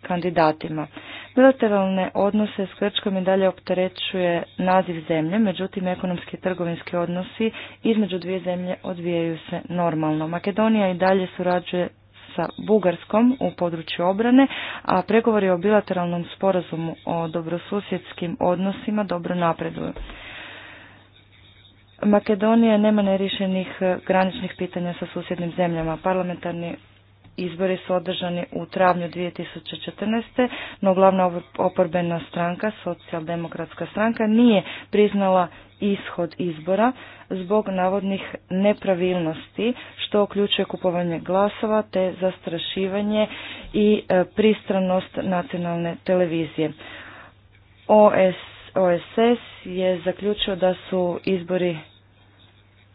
kandidatima. Bilateralne odnose s Grčkom i dalje opterećuje naziv zemlje, međutim ekonomski i trgovinski odnosi između dvije zemlje odvijaju se normalno. Makedonija i dalje surađuje sa Bugarskom u području obrane, a pregovori o bilateralnom sporazumu o dobrosusjedskim odnosima dobro napreduju. Makedonija nema nerišenih graničnih pitanja sa susjednim zemljama. Parlamentarni izbori su održani u travnju 2014. no glavna oporbena stranka, socijaldemokratska stranka, nije priznala ishod izbora zbog navodnih nepravilnosti što uključuje kupovanje glasova te zastrašivanje i e, pristranost nacionalne televizije. OS, OSS je zaključio da su izbori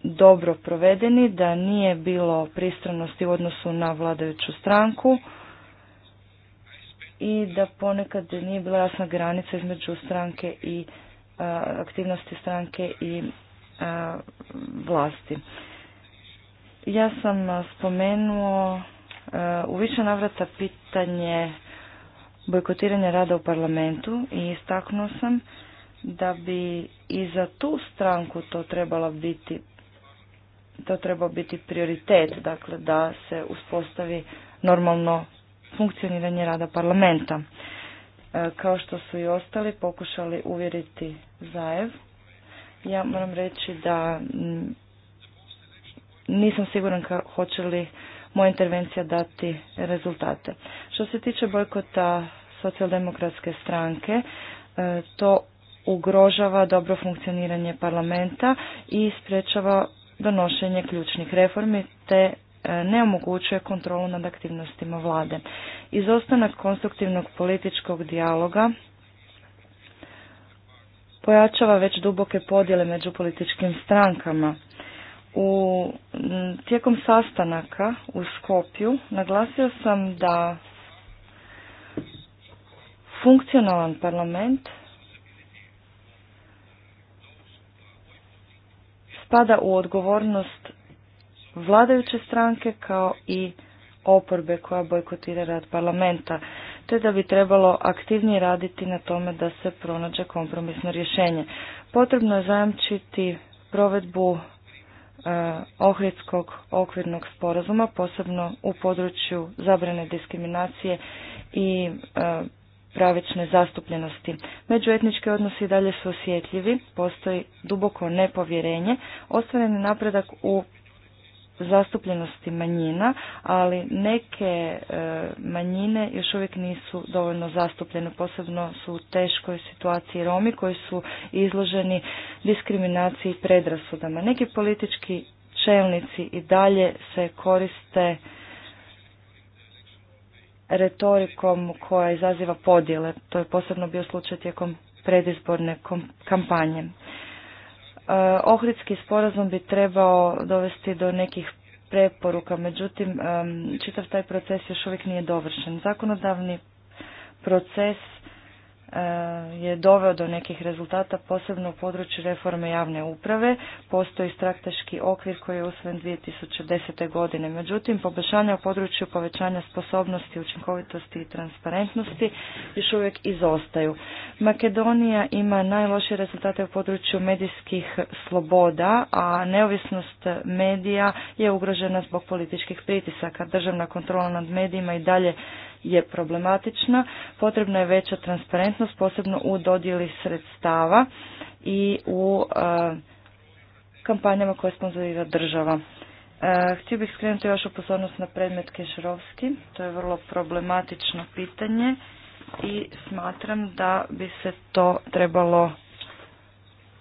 dobro provedeni, da nije bilo pristranosti u odnosu na vladajuću stranku i da ponekad nije bila jasna granica između stranke i aktivnosti stranke i vlasti. Ja sam spomenuo u više navrata pitanje bojkotiranja rada u parlamentu i istaknuo sam da bi i za tu stranku to trebala biti to treba biti prioritet, dakle da se uspostavi normalno funkcioniranje rada parlamenta. E, kao što su i ostali pokušali uvjeriti Zajev, ja moram reći da nisam siguran ka, hoće li moja intervencija dati rezultate. Što se tiče bojkota socijaldemokratske stranke, e, to ugrožava dobro funkcioniranje parlamenta i sprečava donošenje ključnih reformi te e, ne omogućuje kontrolu nad aktivnostima vlade. Izostanak konstruktivnog političkog dijaloga pojačava već duboke podjele među političkim strankama. U tijekom sastanaka u Skopju naglasio sam da funkcionalan parlament Pada u odgovornost vladajuće stranke kao i oporbe koja bojkotira rad parlamenta, te da bi trebalo aktivnije raditi na tome da se pronađe kompromisno rješenje. Potrebno je zajamčiti provedbu e, Ohridskog okvirnog sporazuma, posebno u području zabrane diskriminacije i e, pravične zastupljenosti. Međuetnički odnosi dalje su osjetljivi, postoji duboko nepovjerenje, ostvaren je napredak u zastupljenosti manjina, ali neke e, manjine još uvijek nisu dovoljno zastupljene, posebno su u teškoj situaciji Romi koji su izloženi diskriminaciji i predrasudama. Neki politički čelnici i dalje se koriste retorikom koja izaziva podjele. To je posebno bio slučaj tijekom predizborne kampanje. E, Ohridski sporazum bi trebao dovesti do nekih preporuka, međutim čitav taj proces još uvijek nije dovršen. Zakonodavni proces Eh, je doveo do nekih rezultata, posebno u području reforme javne uprave. Postoji strateški okvir koji je usvojen 2010. godine. Međutim, poboljšanja u području povećanja sposobnosti, učinkovitosti i transparentnosti još uvijek izostaju. Makedonija ima najlošije rezultate u području medijskih sloboda, a neovisnost medija je ugrožena zbog političkih pritisaka. Državna kontrola nad medijima i dalje je problematična. Potrebna je veća transparentnost, posebno u dodjeli sredstava i u e, kampanjama koje sponzorira država. E, htio bih skrenuti vašu pozornost na predmet Kešerovski. To je vrlo problematično pitanje i smatram da bi se to trebalo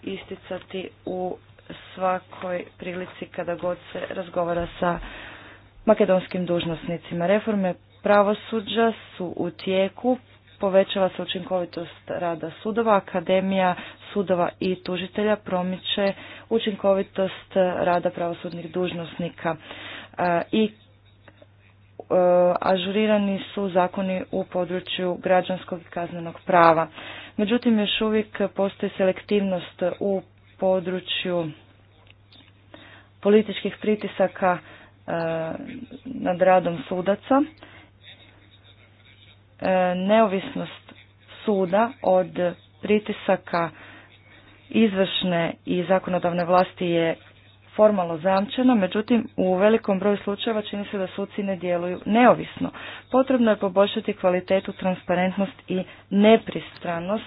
isticati u svakoj prilici kada god se razgovara sa makedonskim dužnosnicima. Reforme pravosuđa su u tijeku, povećava se učinkovitost rada sudova, akademija sudova i tužitelja promiče učinkovitost rada pravosudnih dužnosnika e, i e, ažurirani su zakoni u području građanskog i kaznenog prava. Međutim, još uvijek postoji selektivnost u području političkih pritisaka e, nad radom sudaca E, neovisnost suda od pritisaka izvršne i zakonodavne vlasti je formalno zamčeno, međutim u velikom broju slučajeva čini se da suci ne djeluju neovisno. Potrebno je poboljšati kvalitetu, transparentnost i nepristranost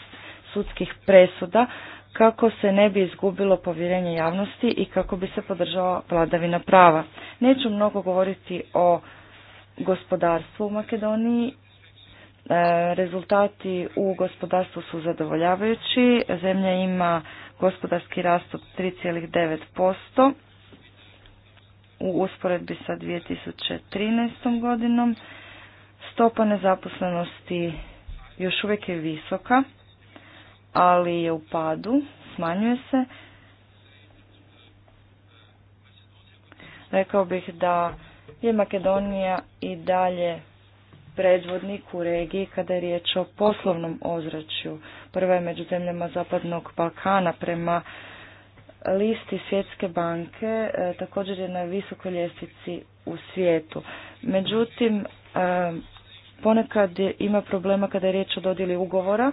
sudskih presuda kako se ne bi izgubilo povjerenje javnosti i kako bi se podržala vladavina prava. Neću mnogo govoriti o gospodarstvu u Makedoniji E, rezultati u gospodarstvu su zadovoljavajući. Zemlja ima gospodarski rast od 3,9% u usporedbi sa 2013. godinom. Stopa nezaposlenosti još uvijek je visoka, ali je u padu, smanjuje se. Rekao bih da je Makedonija i dalje predvodnik u regiji kada je riječ o poslovnom ozračju. Prva je među zemljama Zapadnog Balkana prema listi Svjetske banke, e, također je na visokoj ljestvici u svijetu. Međutim, e, ponekad ima problema kada je riječ o dodjeli ugovora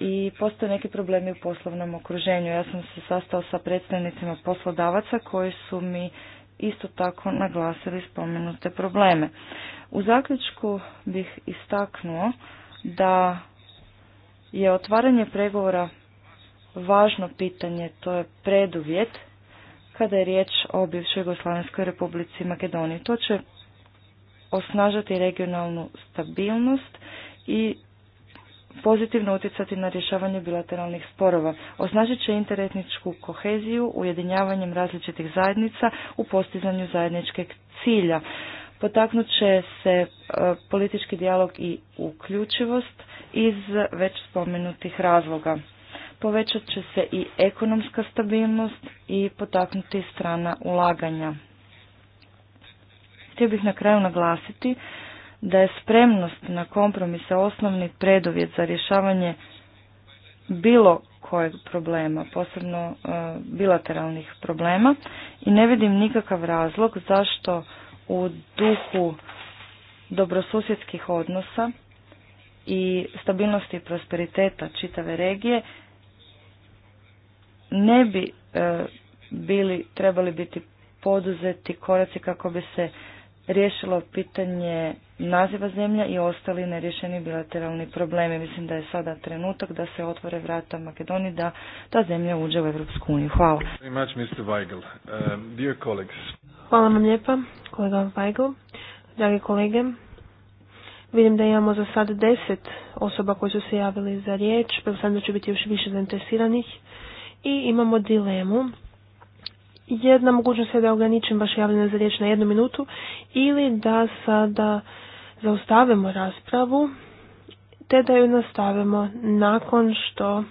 i postoje neki problemi u poslovnom okruženju. Ja sam se sastao sa predstavnicima poslodavaca koji su mi isto tako naglasili spomenute probleme. U zaključku bih istaknuo da je otvaranje pregovora važno pitanje, to je preduvjet kada je riječ o bivšoj Jugoslavenskoj republici Makedoniji. To će osnažati regionalnu stabilnost i pozitivno utjecati na rješavanje bilateralnih sporova. Osnažit će interetničku koheziju ujedinjavanjem različitih zajednica u postizanju zajedničkeg cilja. Potaknut će se e, politički dijalog i uključivost iz već spomenutih razloga. Povećat će se i ekonomska stabilnost i potaknuti strana ulaganja. Htio bih na kraju naglasiti da je spremnost na kompromise osnovni preduvjet za rješavanje bilo kojeg problema, posebno e, bilateralnih problema i ne vidim nikakav razlog zašto u duhu dobrosusjedskih odnosa i stabilnosti i prosperiteta čitave regije ne bi e, bili trebali biti poduzeti koraci kako bi se riješilo pitanje naziva zemlja i ostali nerješeni bilateralni problemi. Mislim da je sada trenutak da se otvore vrata Makedoniji da ta zemlja uđe u Evropsku uniju. Hvala. Um, Hvala vam lijepa, kolega Weigl. Dragi kolege, vidim da imamo za sad deset osoba koje su se javili za riječ, sam da će biti još više zainteresiranih i imamo dilemu jedna mogućnost je da ograničim baš javljanje za riječ na jednu minutu ili da sada zaustavimo raspravu te da ju nastavimo nakon što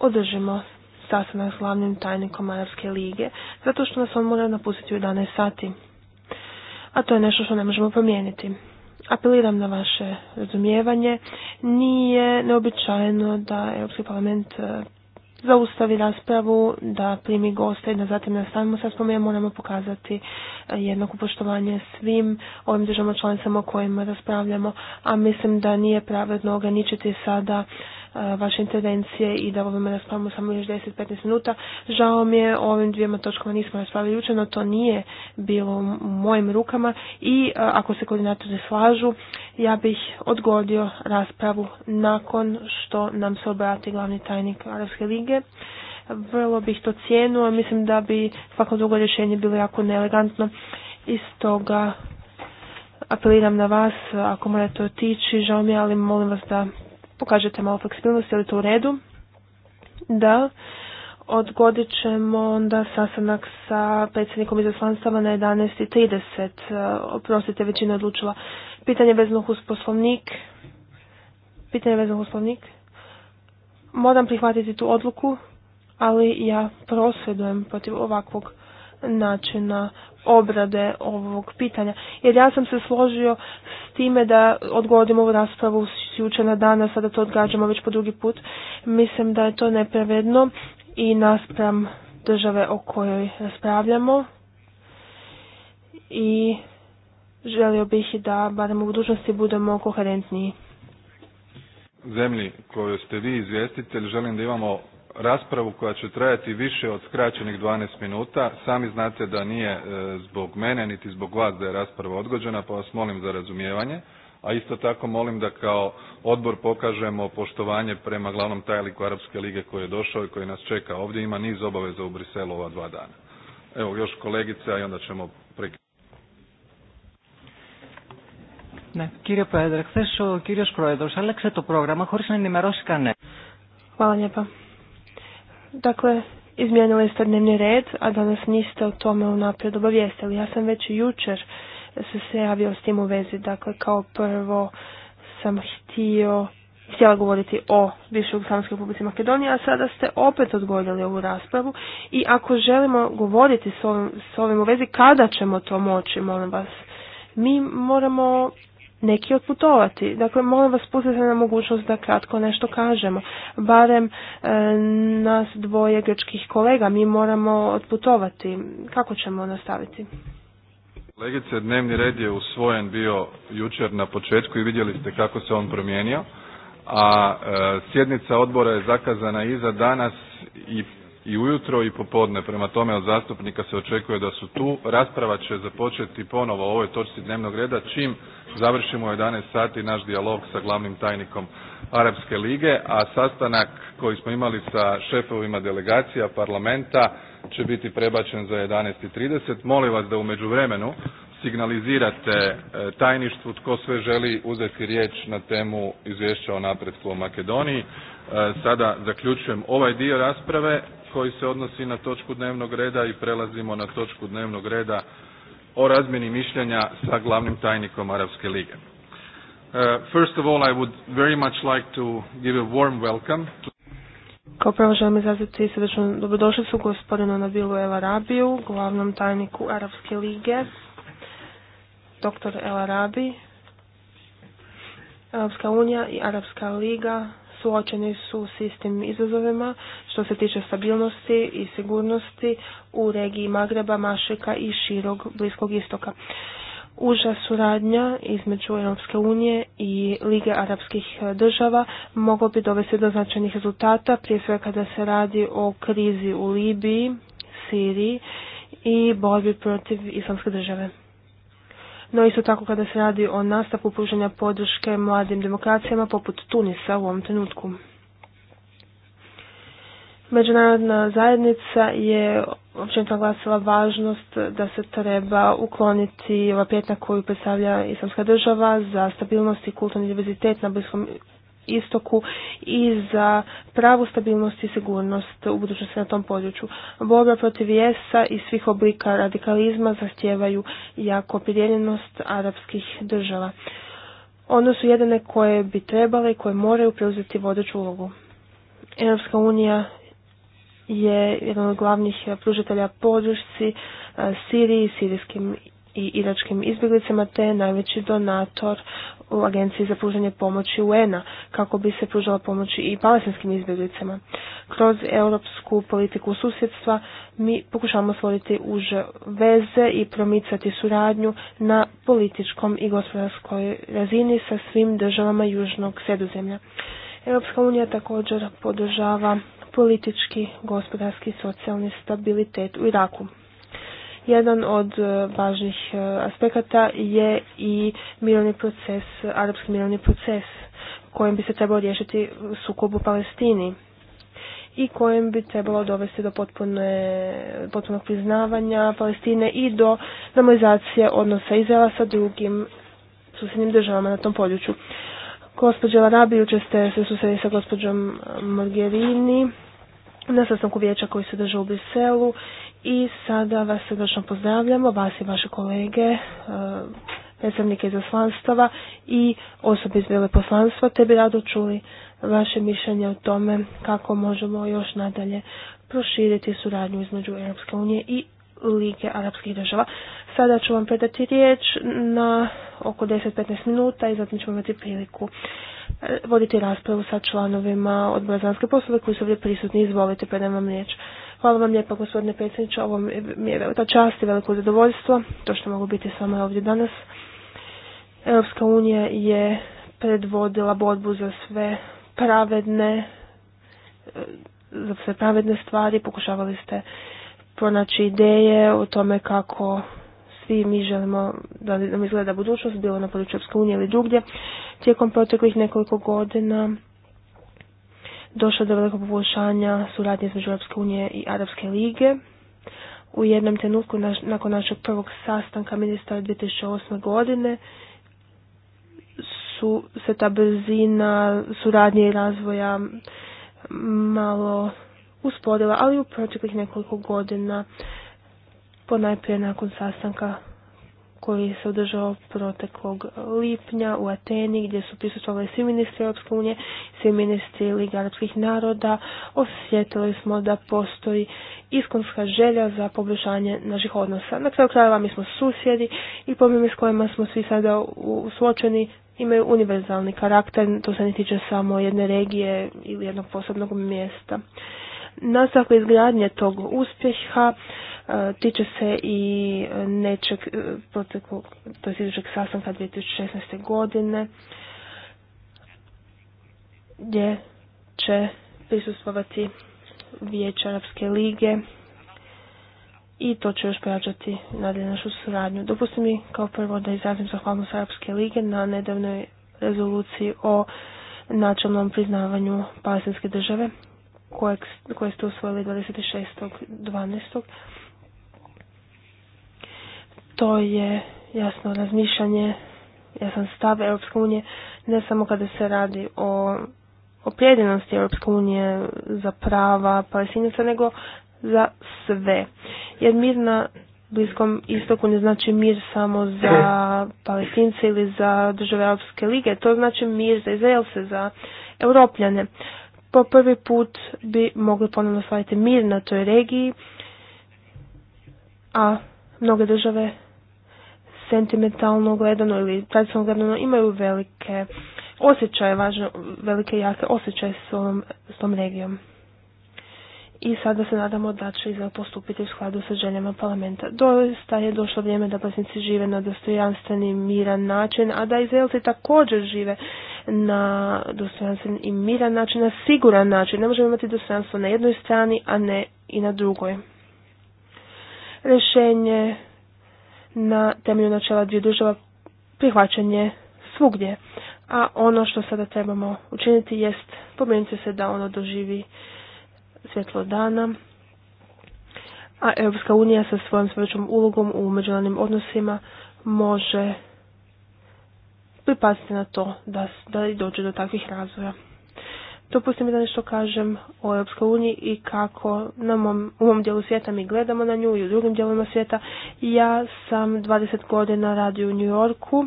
održimo sastanak s glavnim tajnikom Arabske lige, zato što nas on mora napustiti u 11 sati. A to je nešto što ne možemo promijeniti. Apeliram na vaše razumijevanje. Nije neobičajeno da Europski parlament zaustavi raspravu, da primi goste i da zatim nastavimo sa spomenom, moramo pokazati eh, jednako poštovanje svim ovim državama članicama o kojima raspravljamo, a mislim da nije pravedno ograničiti sada vaše intervencije i da ovome raspravimo samo još 10-15 minuta. Žao mi je, o ovim dvijema točkama nismo raspravili jučer, no to nije bilo u mojim rukama i ako se koordinatori slažu, ja bih odgodio raspravu nakon što nam se obrati glavni tajnik Arabske lige vrlo bih to cijenuo, mislim da bi svako drugo rješenje bilo jako neelegantno i stoga apeliram na vas, ako morate otići, žao mi, je, ali molim vas da pokažete malo fleksibilnosti, je li to u redu? Da. Odgodit ćemo onda sastanak sa predsjednikom izaslanstava na 11.30. E, oprostite, većina odlučila. Pitanje vezano uz poslovnik. Pitanje vezano uz poslovnik. Moram prihvatiti tu odluku, ali ja prosvjedujem protiv ovakvog načina obrade ovog pitanja. Jer ja sam se složio s time da odgodimo ovu raspravu s jučer na danas, sada to odgađamo već po drugi put. Mislim da je to nepravedno i naspram države o kojoj raspravljamo. I želio bih da barem u budućnosti budemo koherentniji zemlji koju ste vi izvjestitelj želim da imamo raspravu koja će trajati više od skraćenih 12 minuta. Sami znate da nije e, zbog mene niti zbog vas da je rasprava odgođena, pa vas molim za razumijevanje, a isto tako molim da kao odbor pokažemo poštovanje prema glavnom tajniku Arapske lige koji je došao i koji nas čeka ovdje. Ima niz obaveza u Briselu ova dva dana. Evo još kolegica i onda ćemo prekinuti. Ναι. Κύριε Hvala Dakle, izmijenili ste dnevni red, a danas niste o tome unaprijed obavijestili. Ja sam već jučer se se javio s tim u vezi. Dakle, kao prvo sam htio htjela govoriti o bivšoj Jugoslavijskoj publici Makedonije, a sada ste opet odgodili ovu raspravu i ako želimo govoriti s ovim, s ovim u vezi, kada ćemo to moći, molim vas? Mi moramo neki otputovati. Dakle, molim vas pustite na mogućnost da kratko nešto kažemo. Barem e, nas dvoje grčkih kolega, mi moramo otputovati. Kako ćemo nastaviti? Kolegice, dnevni red je usvojen bio jučer na početku i vidjeli ste kako se on promijenio, a e, sjednica odbora je zakazana i za danas i i ujutro i popodne. Prema tome od zastupnika se očekuje da su tu. Rasprava će započeti ponovo u ovoj točci dnevnog reda čim završimo u 11 sati naš dijalog sa glavnim tajnikom Arapske lige, a sastanak koji smo imali sa šefovima delegacija parlamenta će biti prebačen za 11.30. Molim vas da u međuvremenu signalizirate e, tajništvu tko sve želi uzeti riječ na temu izvješća o napretku u Makedoniji. E, sada zaključujem ovaj dio rasprave koji se odnosi na točku dnevnog reda i prelazimo na točku dnevnog reda o razmjeni mišljenja sa glavnim tajnikom Arabske lige. Uh, first of all, I would very much like to give a warm welcome kao prvo želim izraziti gospodinu Nabilu El Arabiju, glavnom tajniku Arabske lige, doktor El Arabi. Arabska unija i Arabska liga suočeni su s istim izazovima što se tiče stabilnosti i sigurnosti u regiji Magreba, Mašeka i širog Bliskog istoka. Uža suradnja između Europske unije i Lige arapskih država moglo bi dovesti do značajnih rezultata, prije svega kada se radi o krizi u Libiji, Siriji i borbi protiv islamske države no isto tako kada se radi o nastavku pružanja podrške mladim demokracijama poput Tunisa u ovom trenutku. Međunarodna zajednica je općenito naglasila važnost da se treba ukloniti ova prijetnja koju predstavlja islamska država za stabilnost i kulturni diverzitet na Bliskom istoku i za pravu stabilnost i sigurnost u budućnosti na tom području. Borba protiv jesa i svih oblika radikalizma zahtijevaju jako opredjeljenost arapskih država. Ono su jedine koje bi trebale i koje moraju preuzeti vodeću ulogu. Europska unija je jedan od glavnih pružatelja podršci e, Siriji, sirijskim i iračkim izbjeglicama te najveći donator u Agenciji za pružanje pomoći un kako bi se pružala pomoć i palestinskim izbjeglicama. Kroz europsku politiku susjedstva mi pokušavamo stvoriti uže veze i promicati suradnju na političkom i gospodarskoj razini sa svim državama južnog sredozemlja. Europska unija također podržava politički, gospodarski i socijalni stabilitet u Iraku. Jedan od e, važnih e, aspekata je i mirovni proces, arapski mirovni proces kojim bi se trebalo riješiti sukob u Palestini i kojim bi trebalo dovesti do potpunog priznavanja Palestine i do normalizacije odnosa Izraela sa drugim susjednim državama na tom području. gospođa Larabi, jučer ste se susjedili sa gospođom Margerini na sastanku vijeća koji se drža u Briselu i sada vas srdečno pozdravljamo, vas i vaše kolege, e, predstavnike izaslanstava i osobe iz poslanstva, te bi rado čuli vaše mišljenje o tome kako možemo još nadalje proširiti suradnju između Europske unije i Lige arapskih država. Sada ću vam predati riječ na oko 10-15 minuta i zatim ćemo imati priliku e, voditi raspravu sa članovima odbora za poslove koji su ovdje prisutni. Izvolite, predajem vam riječ. Hvala vam lijepa gospodine predsjedniče, ovo mi je velika čast i veliko zadovoljstvo, to što mogu biti s vama ovdje danas. Europska unija je predvodila borbu za sve pravedne za sve pravedne stvari, pokušavali ste pronaći ideje o tome kako svi mi želimo da nam izgleda budućnost, bilo na području Europske unije ili drugdje. Tijekom proteklih nekoliko godina došlo do velikog poboljšanja suradnje između Europske unije i Arabske lige. U jednom trenutku nakon našeg prvog sastanka ministara 2008. godine su se ta brzina suradnje i razvoja malo usporila, ali u proteklih nekoliko godina ponajprije nakon sastanka koji se održao proteklog lipnja u Ateni gdje su prisustvovali svi ministri Europske unije, svi ministri Liga Arabskih naroda. Osjetili smo da postoji iskonska želja za poboljšanje naših odnosa. Na kraju krajeva mi smo susjedi i problemi s kojima smo svi sada suočeni imaju univerzalni karakter, to se ne tiče samo jedne regije ili jednog posebnog mjesta. Nastavak izgradnje tog uspjeha e, tiče se i nečeg e, proteklog, to je sljedećeg sastanka 2016. godine, gdje će prisustvovati Vijeće Arabske lige i to će još pojačati nadalje našu suradnju. Dopusti mi kao prvo da izrazim zahvalnost Arabske lige na nedavnoj rezoluciji o načelnom priznavanju palestinske države koje ste usvojili 26.12. To je jasno razmišljanje, jasan stav Europske unije, ne samo kada se radi o opredjenosti Europske unije za prava palestinaca, nego za sve. Jer mir na Bliskom istoku ne znači mir samo za palestince ili za države Europske lige, to znači mir za Izraelce, za Europljane po prvi put bi mogli ponovno stvariti mir na toj regiji, a mnoge države sentimentalno gledano ili tradicionalno gledano imaju velike osjećaje, važno, velike jake osjećaje s, ovom, s tom regijom i sada se nadamo da će Izrael postupiti u skladu sa željama parlamenta. Doista je došlo vrijeme da pasnici žive na dostojanstveni miran način, a da Izraelci također žive na dostojanstven i miran način, na siguran način. Ne možemo imati dostojanstvo na jednoj strani, a ne i na drugoj. Rešenje na temelju načela dvije država prihvaćanje svugdje. A ono što sada trebamo učiniti jest pomenuti se da ono doživi svjetlo dana, a Europska unija sa svojom svećom ulogom u međunarodnim odnosima može pripaziti na to da, da i dođe do takvih razvoja. to mi da nešto kažem o Europskoj uniji i kako na mom, u mom dijelu svijeta mi gledamo na nju i u drugim dijelovima svijeta. Ja sam 20 godina radio u New Yorku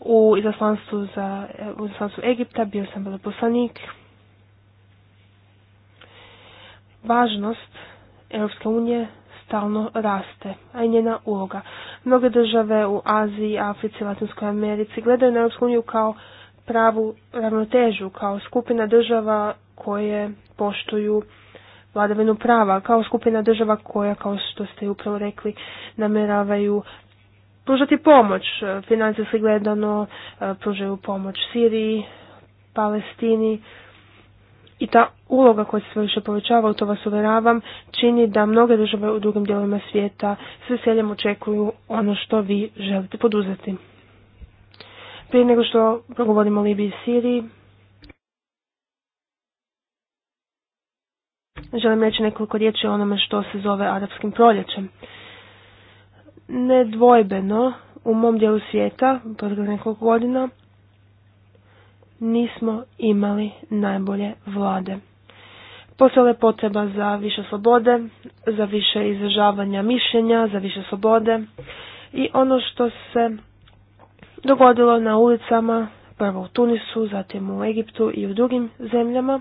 u izaslanstvu, za, u izaslanstvu Egipta, bio sam veleposlanik, Važnost Europske unije stalno raste, a i njena uloga. Mnoge države u Aziji, Africi, Latinskoj Americi gledaju na Europsku uniju kao pravu ravnotežu, kao skupina država koje poštuju vladavinu prava, kao skupina država koja, kao što ste upravo rekli, namjeravaju pružati pomoć, e, financijski gledano e, pružaju pomoć Siriji, Palestini, i ta uloga koja se sve više povećava, u to vas uveravam, čini da mnoge države u drugim dijelovima svijeta s veseljem očekuju ono što vi želite poduzeti. Prije nego što progovorimo o Libiji i Siriji, želim reći nekoliko riječi o onome što se zove arapskim proljećem. Nedvojbeno, u mom dijelu svijeta, protiv nekoliko godina, nismo imali najbolje vlade. Postojala je potreba za više slobode, za više izražavanja mišljenja, za više slobode i ono što se dogodilo na ulicama, prvo u Tunisu, zatim u Egiptu i u drugim zemljama,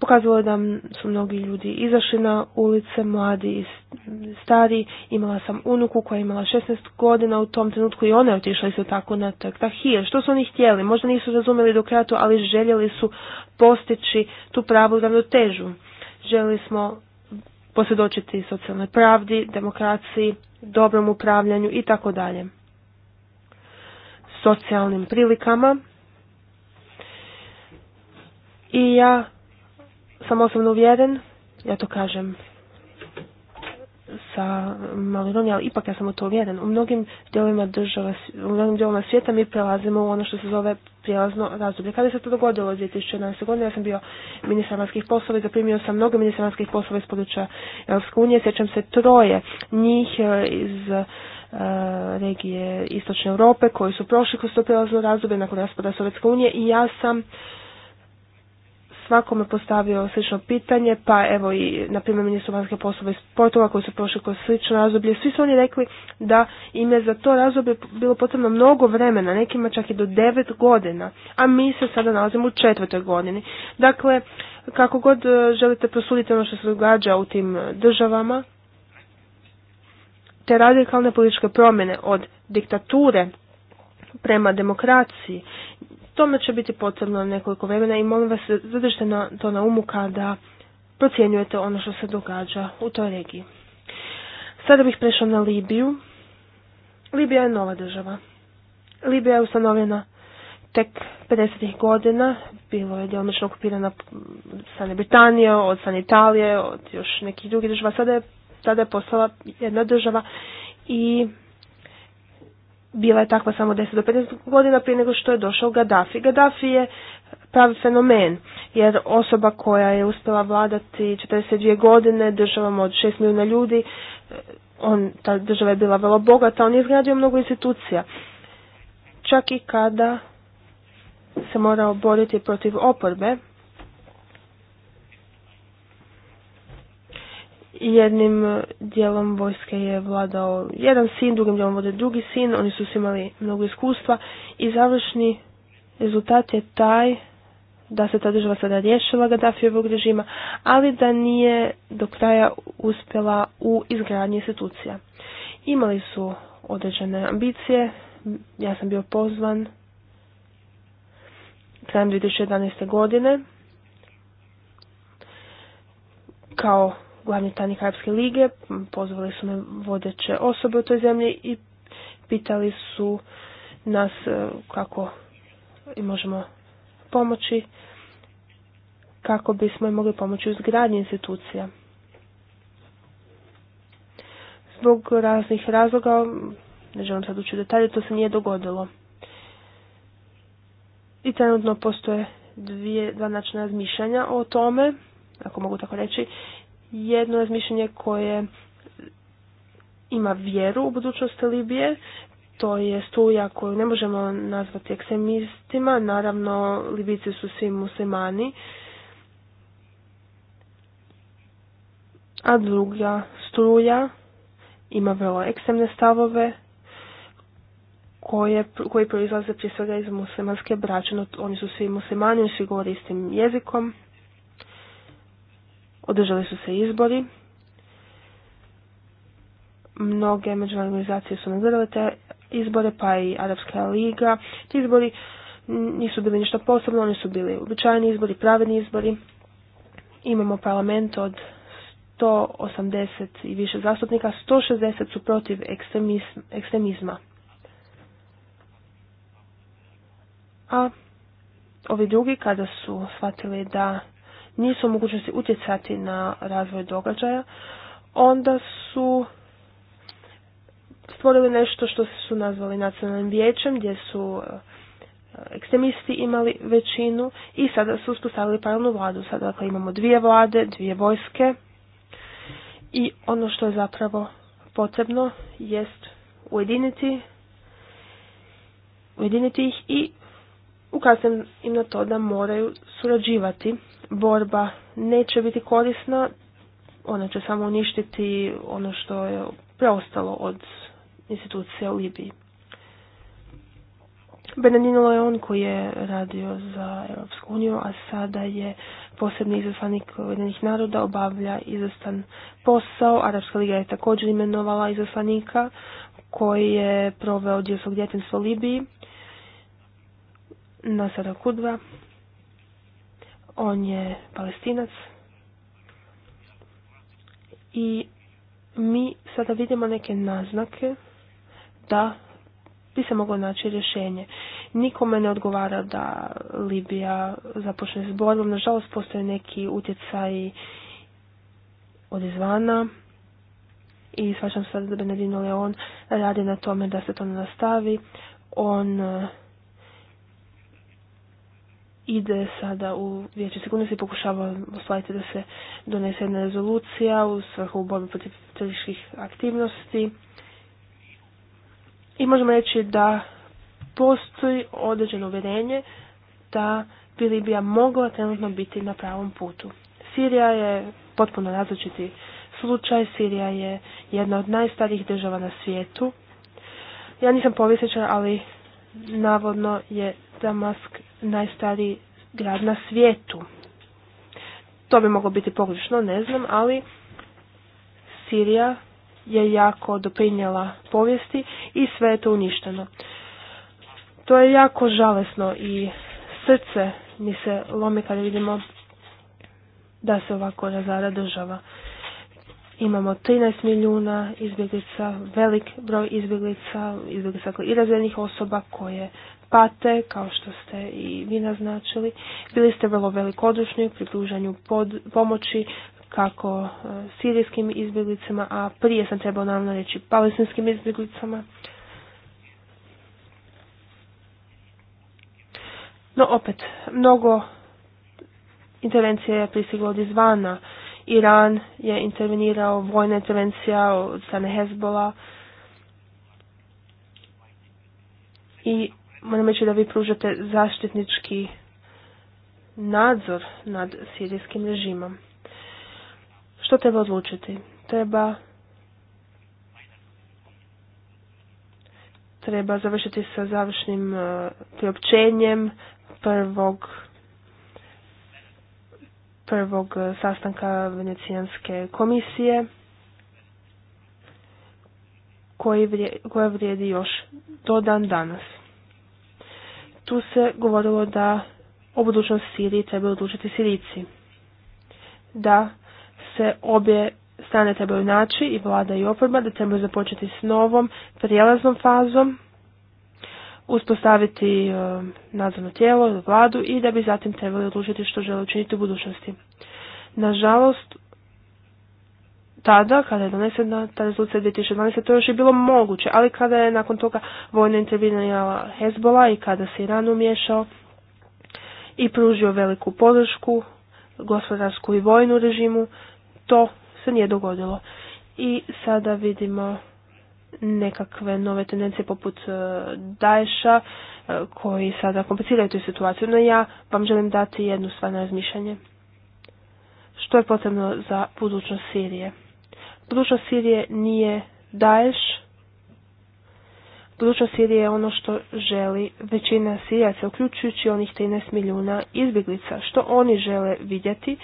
pokazalo je da su mnogi ljudi izašli na ulice, mladi i stari. Imala sam unuku koja je imala 16 godina u tom trenutku i ona je otišla tako na trg. Tahir, što su oni htjeli? Možda nisu razumjeli do kraja ali željeli su postići tu pravu ravnotežu. Željeli smo posvjedočiti socijalnoj pravdi, demokraciji, dobrom upravljanju i tako dalje. Socijalnim prilikama. I ja sam osobno uvjeren, ja to kažem sa malo ali ipak ja sam u to uvjeren. U mnogim dijelovima država, u mnogim dijelovima svijeta mi prelazimo u ono što se zove prijelazno razdoblje. Kada se to dogodilo 2011. godine, ja sam bio ministar vanjskih poslova i zaprimio sam mnogo ministar vanjskih poslova iz područja Europske unije. Sjećam se troje njih e, iz e, regije Istočne Europe koji su prošli kroz to prijelazno razdoblje nakon raspada Sovjetske unije i ja sam svakome postavio slično pitanje, pa evo i, na primjer, ministru vanjske poslove i sportova koji su prošli kroz slično razdoblje, svi su oni rekli da im je za to razdoblje bilo potrebno mnogo vremena, nekima čak i do devet godina, a mi se sada nalazimo u četvrtoj godini. Dakle, kako god e, želite prosuditi ono što se događa u tim državama, te radikalne političke promjene od diktature prema demokraciji Tome će biti potrebno nekoliko vremena i molim vas zadržite na, to na umu kada procjenjujete ono što se događa u toj regiji. Sada bih prešao na Libiju. Libija je nova država. Libija je ustanovljena tek 50. godina, bilo je djelomično okupirana strane Britanije, od strane Italije, od još nekih drugih država. Sada je, sada je postala jedna država i bila je takva samo 10 do 15 godina prije nego što je došao Gaddafi. Gaddafi je pravi fenomen, jer osoba koja je uspjela vladati 42 godine državom od 6 milijuna ljudi, on, ta država je bila vrlo bogata, on je izgradio mnogo institucija. Čak i kada se morao boriti protiv oporbe, jednim dijelom vojske je vladao jedan sin, drugim dijelom vode drugi sin, oni su svi imali mnogo iskustva i završni rezultat je taj da se ta država sada riješila Gaddafijevog režima, ali da nije do kraja uspjela u izgradnji institucija. Imali su određene ambicije, ja sam bio pozvan krajem 2011. godine kao glavni tajnik Arabske lige, pozvali su me vodeće osobe u toj zemlji i pitali su nas e, kako i možemo pomoći, kako bismo im mogli pomoći u zgradnji institucija. Zbog raznih razloga, ne želim sad ući u detalje, to se nije dogodilo. I trenutno postoje dvije, dva načina razmišljanja o tome, ako mogu tako reći, jedno razmišljanje koje ima vjeru u budućnost Libije, to je struja koju ne možemo nazvati ekstremistima, naravno Libici su svi muslimani, a druga struja ima vrlo ekstremne stavove koje, koji proizlaze prije svega iz muslimanske braće, oni su svi muslimani, svi govore istim jezikom. Održali su se izbori. Mnoge međunarodne organizacije su nagledale te izbore, pa i Arabska liga. Ti izbori nisu bili ništa posebno, oni su bili uobičajeni izbori, pravedni izbori. Imamo parlament od 180 i više zastupnika, 160 su protiv ekstremizma. A ovi drugi, kada su shvatili da nisu u mogućnosti utjecati na razvoj događaja, onda su stvorili nešto što su nazvali nacionalnim vijećem, gdje su e, ekstremisti imali većinu i sada su uspostavili paralelnu vladu. Sada dakle, imamo dvije vlade, dvije vojske i ono što je zapravo potrebno jest ujediniti, ujediniti ih i ukazujem im na to da moraju surađivati borba neće biti korisna, ona će samo uništiti ono što je preostalo od institucija u Libiji. Benedino je on koji je radio za Europsku uniju, a sada je posebni izaslanik Ujedinih naroda, obavlja izastan posao. Arabska liga je također imenovala izaslanika koji je proveo dio svog djetinstva u Libiji na Sarakudva. On je palestinac i mi sada vidimo neke naznake da bi se moglo naći rješenje. Nikome ne odgovara da Libija započne s borbom. Nažalost, postoje neki utjecaj od izvana i svačam sad da Benedino Leon radi na tome da se to nastavi. On ide sada u vijeće se pokušava ostvariti da se donese jedna rezolucija u svrhu borbe protiv aktivnosti. I možemo reći da postoji određeno uvjerenje da bi Libija mogla trenutno biti na pravom putu. Sirija je potpuno različiti slučaj. Sirija je jedna od najstarijih država na svijetu. Ja nisam povjesničar, ali navodno je Damask najstariji grad na svijetu. To bi moglo biti pogrešno, ne znam, ali Sirija je jako doprinjela povijesti i sve je to uništeno. To je jako žalesno i srce mi se lomi kada vidimo da se ovako razara država. Imamo 13 milijuna izbjeglica, velik broj izbjeglica, izbjeglica i razrednih osoba koje pate, kao što ste i vi naznačili. Bili ste vrlo velikodušni u pod pomoći kako e, sirijskim izbjeglicama, a prije sam trebao naravno reći palestinskim izbjeglicama. No opet, mnogo intervencija je prisiglo od izvana. Iran je intervenirao, vojna intervencija od strane Hezbola. I moram reći da vi pružate zaštitnički nadzor nad sirijskim režimom. Što treba odlučiti? Treba treba završiti sa završnim e, priopćenjem prvog prvog e, sastanka Venecijanske komisije koji koja vrijedi još do dan danas tu se govorilo da o budućnosti Siriji trebaju odlučiti Sirici. Da se obje strane trebaju naći i vlada i oporba, da trebaju započeti s novom prijelaznom fazom, uspostaviti e, nadzorno tijelo, vladu i da bi zatim trebali odlučiti što žele učiniti u budućnosti. Nažalost, tada, kada je donesena ta rezolucija 2012. to još je bilo moguće, ali kada je nakon toga vojna intervenirala Hezbola i kada se Iran umješao i pružio veliku podršku, gospodarsku i vojnu režimu, to se nije dogodilo. I sada vidimo nekakve nove tendencije poput e, Daesha e, koji sada kompliciraju tu situaciju, no ja vam želim dati jednu stvar na razmišljanje. Što je potrebno za budućnost Sirije? Budućnost Sirije nije Daesh. Budućnost Sirije je ono što želi većina Sirijaca, uključujući onih 13 milijuna izbjeglica. Što oni žele vidjeti,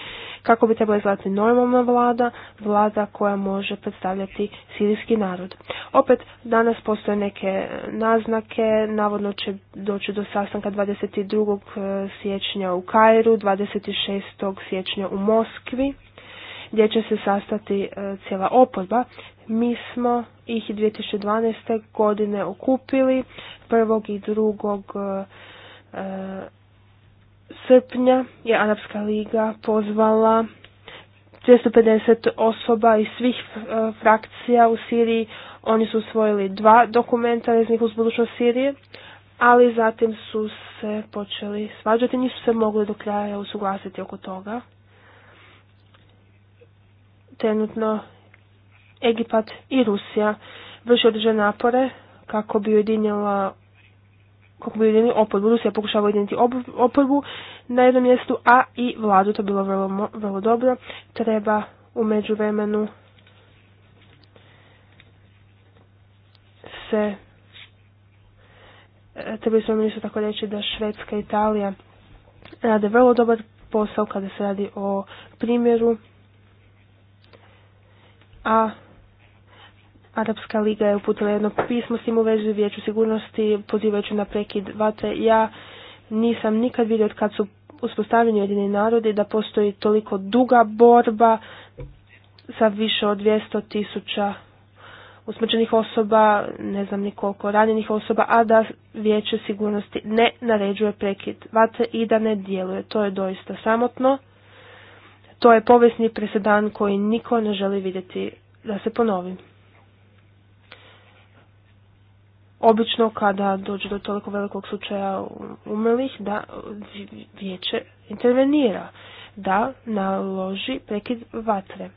kako bi trebala izgledati normalna vlada, vlada koja može predstavljati sirijski narod. Opet, danas postoje neke naznake, navodno će doći do sastanka 22. siječnja u Kairu, 26. siječnja u Moskvi gdje će se sastati e, cijela oporba. Mi smo ih 2012. godine okupili prvog i drugog e, e, srpnja je Arabska liga pozvala 250 osoba iz svih frakcija u Siriji. Oni su usvojili dva dokumenta iz njih uz budućnost Sirije, ali zatim su se počeli svađati, nisu se mogli do kraja usuglasiti oko toga trenutno Egipat i Rusija vrši određene napore kako bi ujedinjala kako bi ujedinili oporbu. Rusija pokušava ujediniti oporbu na jednom mjestu, a i vladu, to je bilo vrlo, dobro. Treba u međuvremenu se e, treba smo isto tako reći da Švedska i Italija rade vrlo dobar posao kada se radi o primjeru a Arapska liga je uputila jedno pismo s tim u vezi vijeću sigurnosti pozivajući na prekid vatre. Ja nisam nikad vidio od kad su uspostavljeni jedini narodi da postoji toliko duga borba sa više od 200 tisuća usmrćenih osoba, ne znam ni koliko ranjenih osoba, a da vijeće sigurnosti ne naređuje prekid vatre i da ne djeluje. To je doista samotno. To je povijesni presedan koji niko ne želi vidjeti da se ponovi. Obično kada dođe do toliko velikog slučaja umrlih, da vijeće intervenira, da naloži prekid vatre.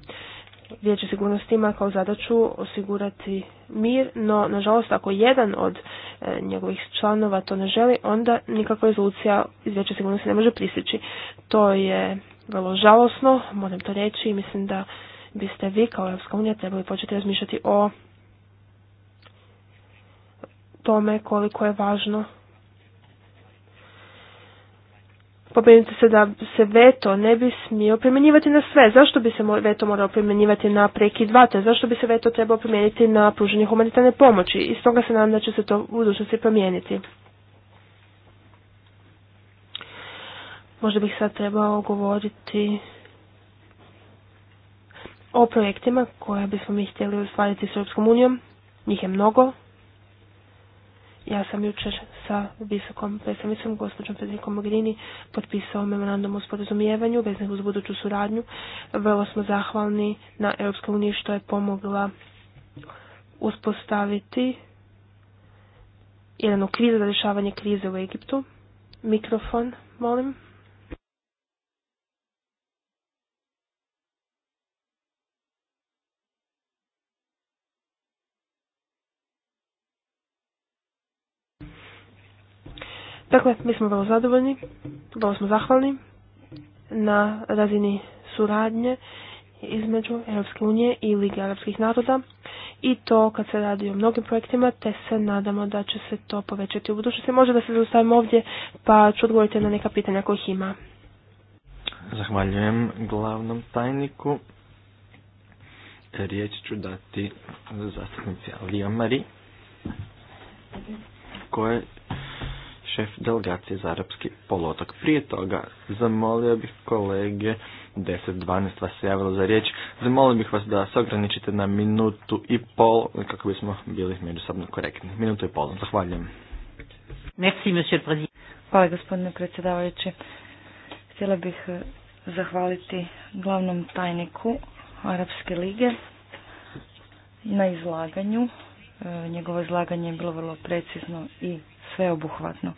Vijeće sigurnosti ima kao zadaću osigurati mir, no nažalost ako jedan od e, njegovih članova to ne želi, onda nikakva rezolucija iz Vijeća sigurnosti ne može prisjeći. To je vrlo žalosno, moram to reći i mislim da biste vi kao Europska unija trebali početi razmišljati o tome koliko je važno pobrinuti se da se veto ne bi smio primjenjivati na sve. Zašto bi se veto morao primjenjivati na prekid vate? Zašto bi se veto trebao primijeniti na pružanje humanitarne pomoći? I toga se nadam da će se to u budućnosti promijeniti. Možda bih sad trebao govoriti o projektima koje bismo mi htjeli ostvariti s Europskom unijom. Njih je mnogo. Ja sam jučer sa visokom predstavnicom, gospođom Federikom Magrini, potpisao memorandum o sporazumijevanju vezano uz buduću suradnju. Vrlo smo zahvalni na Europskoj uniji što je pomogla uspostaviti jedan okvir za rješavanje krize u Egiptu. Mikrofon, molim. Dakle, mi smo vrlo zadovoljni, vrlo smo zahvalni na razini suradnje između Europske unije i Lige Arabskih naroda i to kad se radi o mnogim projektima, te se nadamo da će se to povećati u budućnosti. Može da se zaustavimo ovdje, pa ću odgovoriti na neka pitanja kojih ima. Zahvaljujem glavnom tajniku. Riječ ću dati zastupnici Alija Mari, koje šef delegacije za arapski polotok. Prije toga zamolio bih kolege 10-12 vas se javilo za riječ. Zamolio bih vas da se ograničite na minutu i pol kako bismo bili međusobno korektni. Minutu i pol. Zahvaljujem. Merci, monsieur Hvala gospodine predsjedavajući. Htjela bih eh, zahvaliti glavnom tajniku Arapske lige na izlaganju. Eh, njegovo izlaganje je bilo vrlo precizno i sveobuhvatno.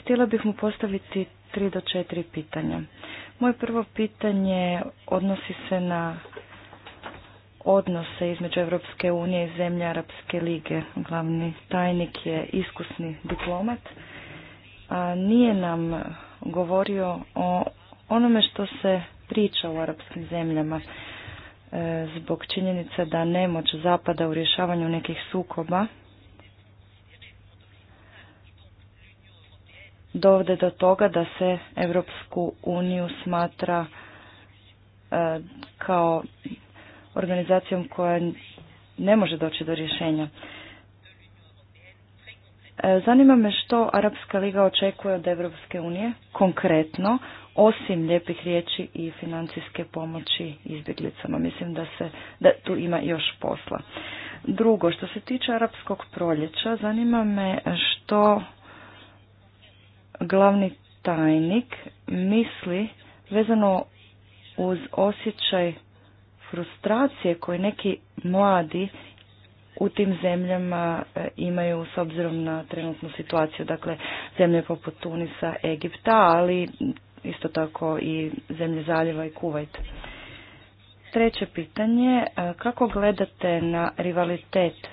Htjela bih mu postaviti tri do četiri pitanja. Moje prvo pitanje odnosi se na odnose između Europske unije i zemlje Arapske lige. Glavni tajnik je iskusni diplomat. A nije nam govorio o onome što se priča u arapskim zemljama e, zbog činjenice da nemoć zapada u rješavanju nekih sukoba dovode do toga da se Europsku uniju smatra e, kao organizacijom koja ne može doći do rješenja. E, zanima me što Arapska liga očekuje od Europske unije konkretno, osim lijepih riječi i financijske pomoći izbjeglicama. Mislim da se da tu ima još posla. Drugo, što se tiče arapskog proljeća, zanima me što glavni tajnik misli vezano uz osjećaj frustracije koje neki mladi u tim zemljama e, imaju s obzirom na trenutnu situaciju, dakle zemlje poput Tunisa, Egipta, ali isto tako i zemlje zaljeva i Kuvajt. Treće pitanje, e, kako gledate na rivalitet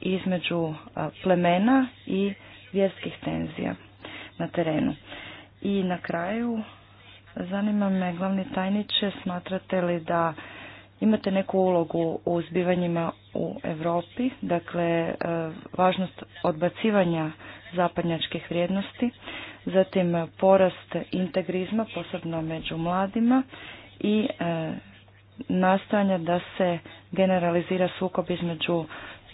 između e, plemena i vjerskih tenzija? na terenu. I na kraju, zanima me, glavni tajniče, smatrate li da imate neku ulogu u zbivanjima u Europi, dakle e, važnost odbacivanja zapadnjačkih vrijednosti, zatim porast integrizma, posebno među mladima i e, nastojanja da se generalizira sukob između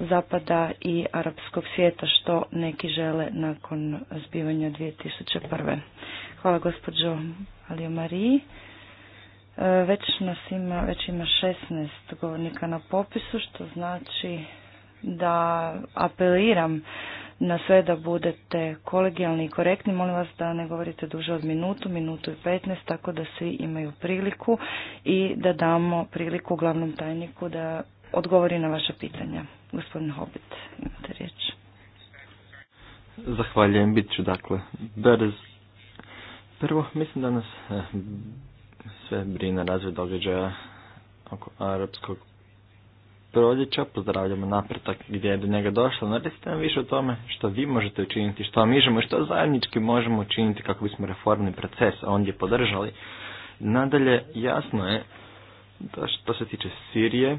zapada i arapskog svijeta, što neki žele nakon zbivanja 2001. Hvala gospođo Alio Mariji. E, već nas ima, već ima 16 govornika na popisu, što znači da apeliram na sve da budete kolegijalni i korektni. Molim vas da ne govorite duže od minutu, minutu i 15, tako da svi imaju priliku i da damo priliku glavnom tajniku da odgovori na vaše pitanja. Gospodin Hobbit, imate riječ. Zahvaljujem, bit ću dakle Prvo, mislim da nas eh, sve brine razvoj događaja oko arapskog proljeća. Pozdravljamo napretak gdje je do njega došlo. No recite nam više o tome što vi možete učiniti, što mi možemo i što zajednički možemo učiniti kako bismo reformni proces ondje podržali. Nadalje, jasno je da što se tiče Sirije,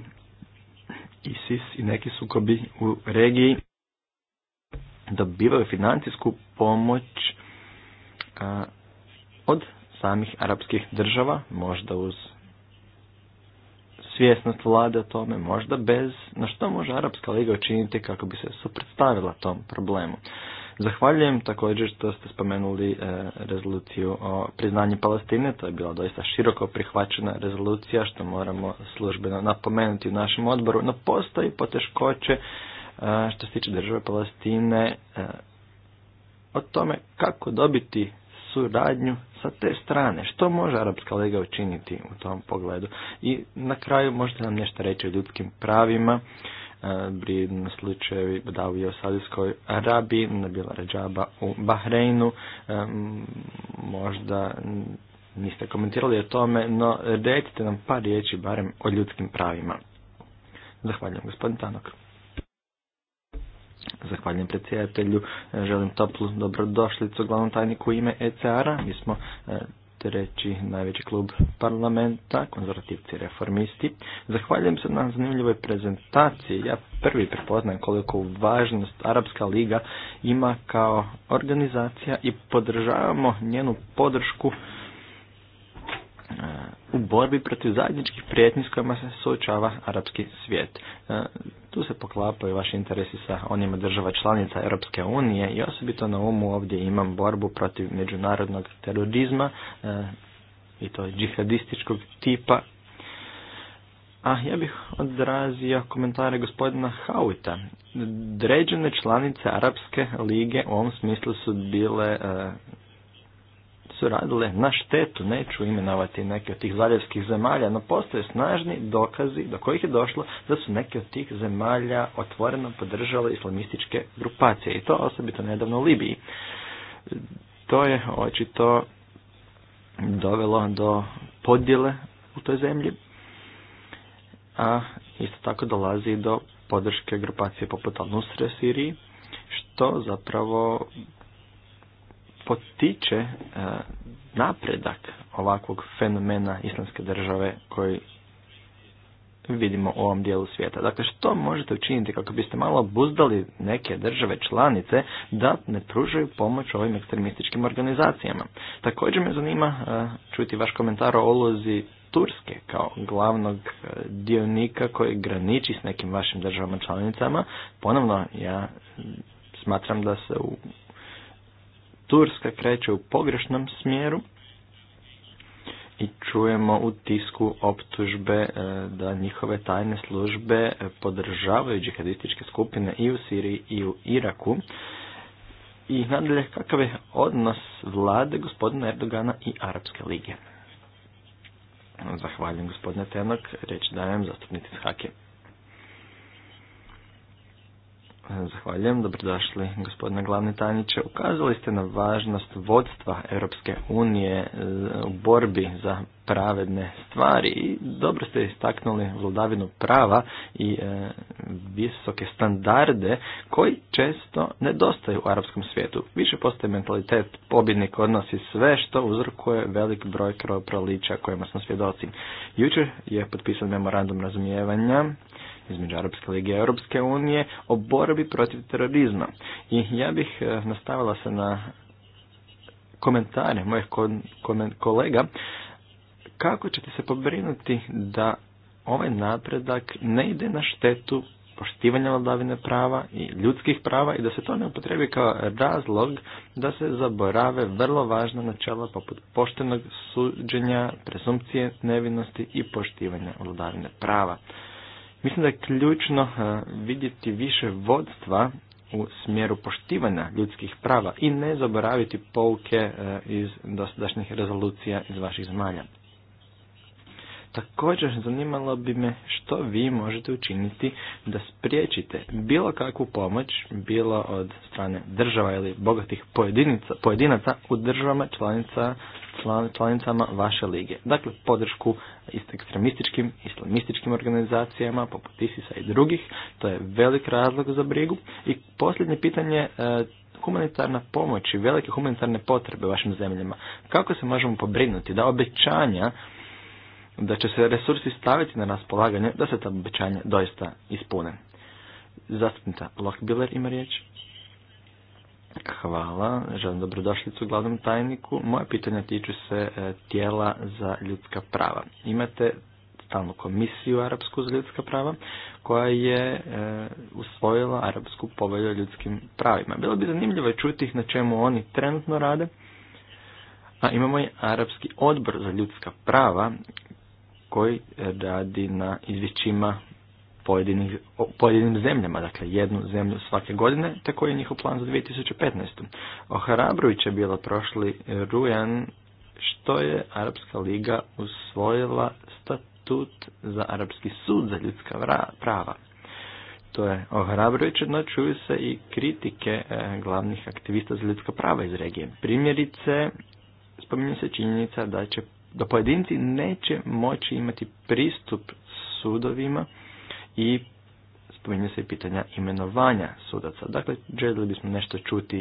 ISIS i neki sukobi u regiji dobivaju financijsku pomoć od samih arapskih država, možda uz svjesnost vlade o tome, možda bez, na što može Arapska liga učiniti kako bi se suprotstavila tom problemu. Zahvaljujem također što ste spomenuli e, rezoluciju o priznanju Palestine, to je bila doista široko prihvaćena rezolucija što moramo službeno napomenuti u našem odboru, no postoji poteškoće e, što se tiče države Palestine e, o tome kako dobiti suradnju sa te strane. Što može Arabska lega učiniti u tom pogledu? I na kraju možete nam nešto reći o ljudskim pravima brin slučajevi Badavija u Saudijskoj Arabiji, Nabila Ređaba u Bahreinu. Možda niste komentirali o tome, no recite nam par riječi barem o ljudskim pravima. Zahvaljujem gospodin Tanok. Zahvaljujem predsjedatelju, želim toplu dobrodošlicu glavnom tajniku ime ECR-a. Mi smo treći najveći klub parlamenta, konzervativci reformisti. Zahvaljujem se na zanimljivoj prezentaciji. Ja prvi prepoznajem koliko važnost Arapska liga ima kao organizacija i podržavamo njenu podršku e, u borbi protiv zajedničkih prijetnji s kojima se suočava arapski svijet. E, tu se poklapaju vaši interesi sa onima država članica Europske unije i osobito na umu ovdje imam borbu protiv međunarodnog terorizma eh, i to džihadističkog tipa. A ja bih odrazio komentare gospodina Hauta. Dređene članice Arapske lige u ovom smislu su bile eh, su radile na štetu, neću imenovati neke od tih zaljevskih zemalja, no postoje snažni dokazi do kojih je došlo da su neke od tih zemalja otvoreno podržale islamističke grupacije i to osobito nedavno u Libiji. To je očito dovelo do podjele u toj zemlji, a isto tako dolazi do podrške grupacije poput Al-Nusra Siriji, što zapravo potiče e, napredak ovakvog fenomena islamske države koji vidimo u ovom dijelu svijeta. Dakle, što možete učiniti kako biste malo obuzdali neke države članice da ne pružaju pomoć ovim ekstremističkim organizacijama? Također me zanima e, čuti vaš komentar o ulozi Turske kao glavnog e, dionika koji graniči s nekim vašim državama članicama. Ponovno, ja smatram da se u Turska kreće u pogrešnom smjeru i čujemo u tisku optužbe e, da njihove tajne službe e, podržavaju džihadističke skupine i u Siriji i u Iraku. I nadalje, kakav je odnos vlade gospodina Erdogana i Arapske lige? Zahvaljujem gospodine Tenok, reći dajem zastupnici Hake. Zahvaljujem, dobrodošli gospodine glavni tajniče. Ukazali ste na važnost vodstva Europske unije e, u borbi za pravedne stvari i dobro ste istaknuli vladavinu prava i e, visoke standarde koji često nedostaju u arapskom svijetu. Više postoji mentalitet pobjednik odnosi sve što uzrokuje velik broj krvoprolića kojima smo svjedoci. Jučer je potpisan memorandum razumijevanja između Europske lige i Europske unije o borbi protiv terorizma. I ja bih e, nastavila se na komentare mojih kolega kako ćete se pobrinuti da ovaj napredak ne ide na štetu poštivanja vladavine prava i ljudskih prava i da se to ne upotrebi kao razlog da se zaborave vrlo važna načela poput poštenog suđenja, presumpcije nevinosti i poštivanja vladavine prava. Mislim da je ključno e, vidjeti više vodstva u smjeru poštivanja ljudskih prava i ne zaboraviti pouke e, iz dosadašnjih rezolucija iz vaših zemalja. Također zanimalo bi me što vi možete učiniti da spriječite bilo kakvu pomoć, bilo od strane država ili bogatih pojedinaca u državama članica članicama vaše lige. Dakle, podršku isto ekstremističkim, islamističkim organizacijama poput ISIS-a i drugih. To je velik razlog za brigu. I posljednje pitanje e, humanitarna pomoć i velike humanitarne potrebe vašim zemljama. Kako se možemo pobrinuti da obećanja da će se resursi staviti na raspolaganje da se ta obećanja doista ispune? Zastupnica Lochbiller ima riječ. Hvala. Želim dobrodošlicu glavnom tajniku. Moje pitanja tiču se e, tijela za ljudska prava. Imate stalnu komisiju Arapsku za ljudska prava koja je e, usvojila Arapsku povelju o ljudskim pravima. Bilo bi zanimljivo čuti ih na čemu oni trenutno rade. A imamo i Arapski odbor za ljudska prava koji e, radi na izvješćima pojedinim zemljama, dakle jednu zemlju svake godine, tako je njihov plan za 2015. Ohrabrujuće je bilo prošli rujan što je Arapska liga usvojila statut za Arabski sud za ljudska prava. To je ohrabrujuće, no čuju se i kritike e, glavnih aktivista za ljudska prava iz regije. Primjerice, spominje se činjenica da će da pojedinci neće moći imati pristup sudovima i spominje se i pitanja imenovanja sudaca. Dakle, željeli bismo nešto čuti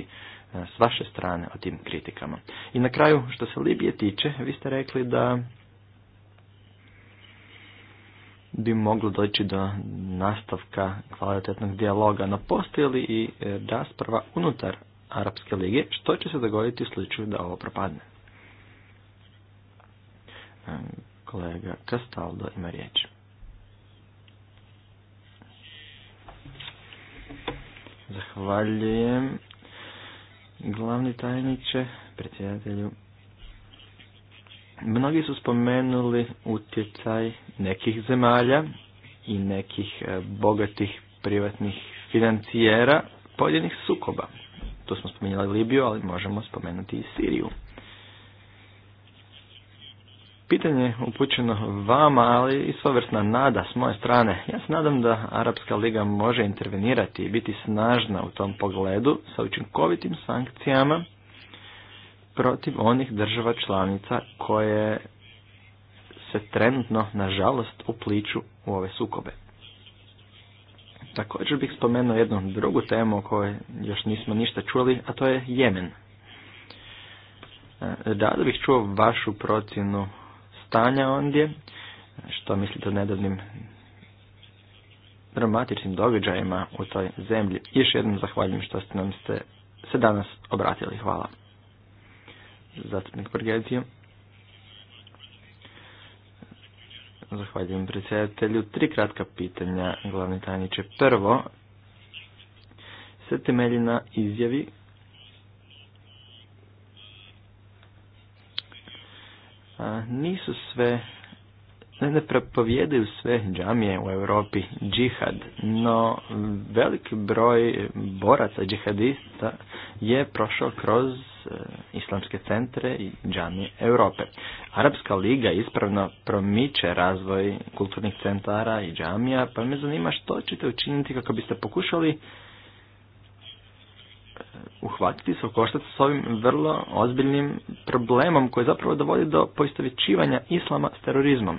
e, s vaše strane o tim kritikama. I na kraju, što se Libije tiče, vi ste rekli da bi moglo doći do nastavka kvalitetnog dijaloga, no postoji li i e, rasprava unutar Arapske lige, što će se dogoditi u slučaju da ovo propadne? E, kolega Kastaldo ima riječ. Zahvaljujem glavni tajniče, predsjedatelju. Mnogi su spomenuli utjecaj nekih zemalja i nekih e, bogatih privatnih financijera pojedinih sukoba. Tu smo spomenuli Libiju, ali možemo spomenuti i Siriju pitanje upućeno vama, ali i svovrsna nada s moje strane. Ja se nadam da Arapska liga može intervenirati i biti snažna u tom pogledu sa učinkovitim sankcijama protiv onih država članica koje se trenutno, nažalost, upliču u ove sukobe. Također bih spomenuo jednu drugu temu o kojoj još nismo ništa čuli, a to je Jemen. E, da bih čuo vašu procjenu stanja ondje, što mislite o nedavnim dramatičnim događajima u toj zemlji. Još jednom zahvaljujem što ste nam se, se danas obratili. Hvala. Zastupnik Borgezio. Zahvaljujem predsjedatelju. Tri kratka pitanja, glavni tajniče. Prvo, se temelji na izjavi nisu sve, ne, ne propovjedaju sve džamije u Europi džihad, no veliki broj boraca džihadista je prošao kroz e, islamske centre i džamije Europe. Arapska liga ispravno promiče razvoj kulturnih centara i džamija, pa me zanima što ćete učiniti kako biste pokušali uhvatiti se u koštac s ovim vrlo ozbiljnim problemom koji zapravo dovodi do poistovjećivanja islama s terorizmom.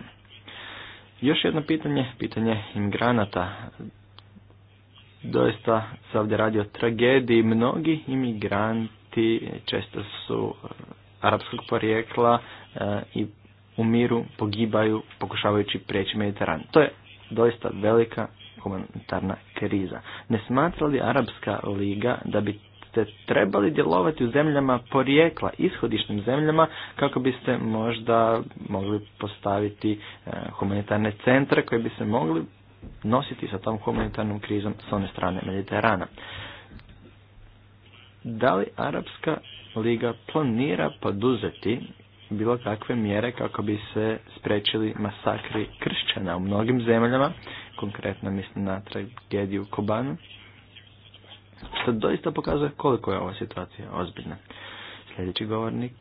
Još jedno pitanje, pitanje imigranata. Doista se ovdje radi o tragediji. Mnogi imigranti često su eh, arapskog porijekla eh, i u miru pogibaju pokušavajući prijeći Mediteran. To je doista velika humanitarna kriza. Ne smatra li Arapska liga da bi te trebali djelovati u zemljama porijekla, ishodišnim zemljama, kako biste možda mogli postaviti e, humanitarne centre koji bi se mogli nositi sa tom humanitarnom krizom s one strane Mediterana. Da li Arapska liga planira poduzeti bilo kakve mjere kako bi se sprečili masakri kršćana u mnogim zemljama, konkretno mislim na tragediju Kobanu, što doista pokazuje koliko je ova situacija ozbiljna. Sljedeći govornik.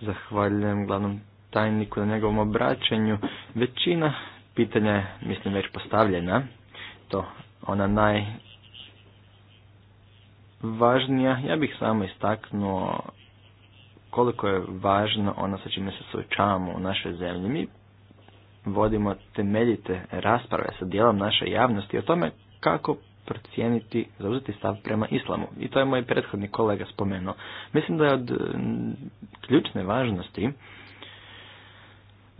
Zahvaljujem glavnom tajniku na njegovom obraćanju. Većina pitanja je, mislim, već postavljena. To ona najvažnija. Ja bih samo istaknuo koliko je važno ono sa čime se suočavamo u našoj zemlji. Mi vodimo temeljite rasprave sa dijelom naše javnosti o tome kako procijeniti, zauzeti stav prema islamu. I to je moj prethodni kolega spomenuo. Mislim da je od ključne važnosti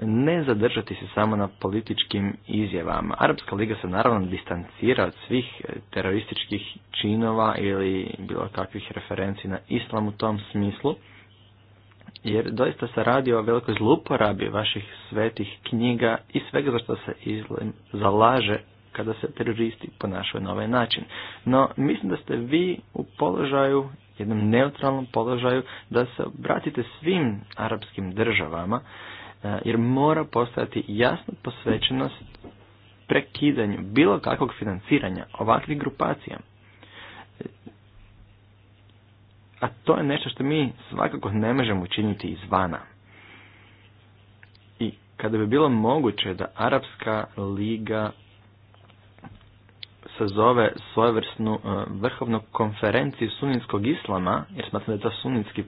ne zadržati se samo na političkim izjavama. Arabska liga se naravno distancira od svih terorističkih činova ili bilo kakvih referenci na islam u tom smislu, jer doista se radi o velikoj zluporabi vaših svetih knjiga i svega za što se izlim zalaže kada se teroristi ponašaju na ovaj način. No, mislim da ste vi u položaju, jednom neutralnom položaju, da se obratite svim arapskim državama, e, jer mora postati jasna posvećenost prekidanju bilo kakvog financiranja ovakvih grupacija. A to je nešto što mi svakako ne možemo učiniti izvana. I kada bi bilo moguće da Arapska liga zove svojevrsnu e, vrhovnu konferenciju suninskog islama, jer smatram da je to suninski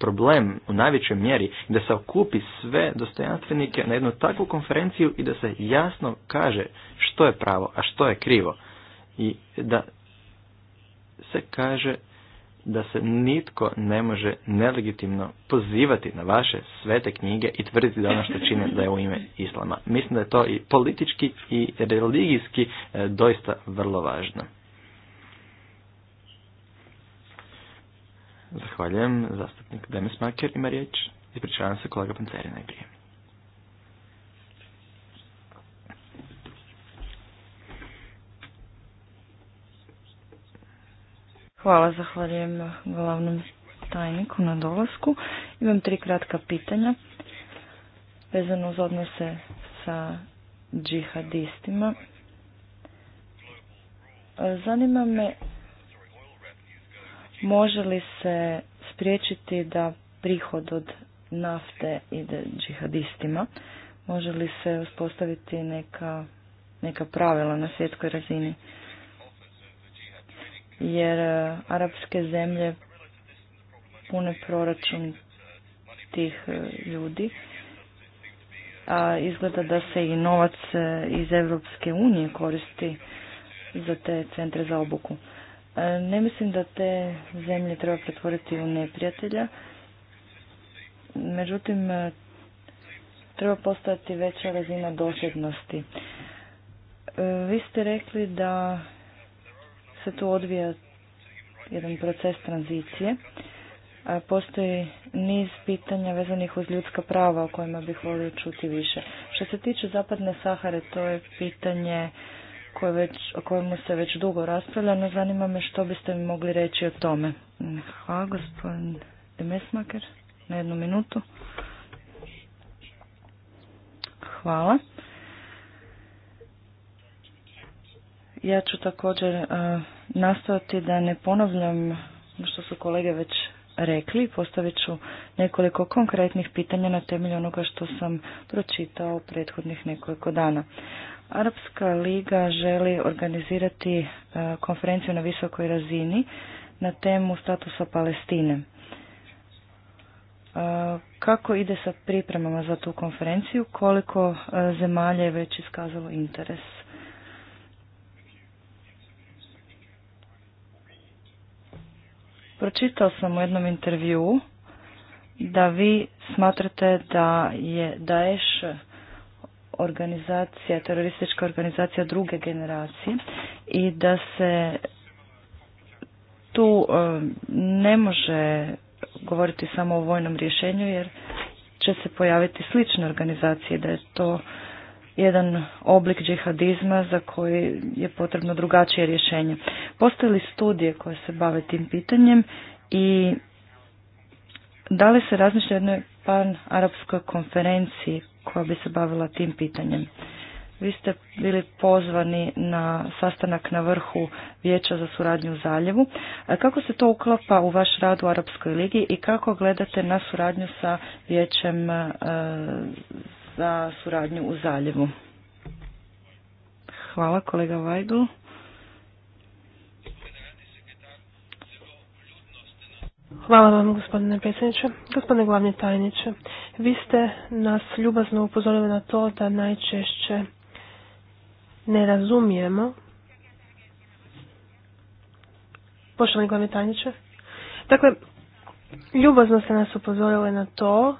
problem u najvećoj mjeri, da se okupi sve dostojanstvenike na jednu takvu konferenciju i da se jasno kaže što je pravo, a što je krivo. I da se kaže da se nitko ne može nelegitimno pozivati na vaše svete knjige i tvrditi da ono što čine da je u ime islama. Mislim da je to i politički i religijski e, doista vrlo važno. Zahvaljujem. Zastupnik Demis Maker ima riječ. pričavam se kolega Panceri najprije. Hvala, zahvaljujem glavnom tajniku na dolasku. Imam tri kratka pitanja vezano uz odnose sa džihadistima. Zanima me može li se spriječiti da prihod od nafte ide džihadistima? Može li se uspostaviti neka, neka pravila na svjetskoj razini? jer e, arapske zemlje pune proračun tih e, ljudi, a izgleda da se i novac e, iz Europske unije koristi za te centre za obuku. Ne mislim da te zemlje treba pretvoriti u neprijatelja, međutim treba postojati veća razina dosljednosti. Vi ste rekli da se tu odvija jedan proces tranzicije. Postoji niz pitanja vezanih uz ljudska prava o kojima bih volio čuti više. Što se tiče Zapadne Sahare, to je pitanje koje već, o kojemu se već dugo raspravlja, no zanima me što biste mi mogli reći o tome. Hvala, gospodin Demesmaker, na jednu minutu. Hvala. Ja ću također eh, nastojati da ne ponavljam što su kolege već rekli. Postavit ću nekoliko konkretnih pitanja na temelju onoga što sam pročitao prethodnih nekoliko dana. Arapska liga želi organizirati e, konferenciju na visokoj razini na temu statusa Palestine. E, kako ide sa pripremama za tu konferenciju? Koliko e, zemalja je već iskazalo interes? Pročitao sam u jednom intervju da vi smatrate da je Daesh organizacija, teroristička organizacija druge generacije i da se tu e, ne može govoriti samo o vojnom rješenju jer će se pojaviti slične organizacije, da je to jedan oblik džihadizma za koji je potrebno drugačije rješenje. Postoje li studije koje se bave tim pitanjem i da li se razmišlja o jednoj pan-arapskoj konferenciji koja bi se bavila tim pitanjem? Vi ste bili pozvani na sastanak na vrhu Vijeća za suradnju u Zaljevu. Kako se to uklapa u vaš rad u Arapskoj ligi i kako gledate na suradnju sa Vijećem e, za suradnju u zaljevu. Hvala kolega Vajdu. Hvala vam gospodine predsjedniče. Gospodine glavni tajniče, vi ste nas ljubazno upozorili na to da najčešće ne razumijemo. Poštovani glavni tajniče, dakle, ljubazno ste nas upozorili na to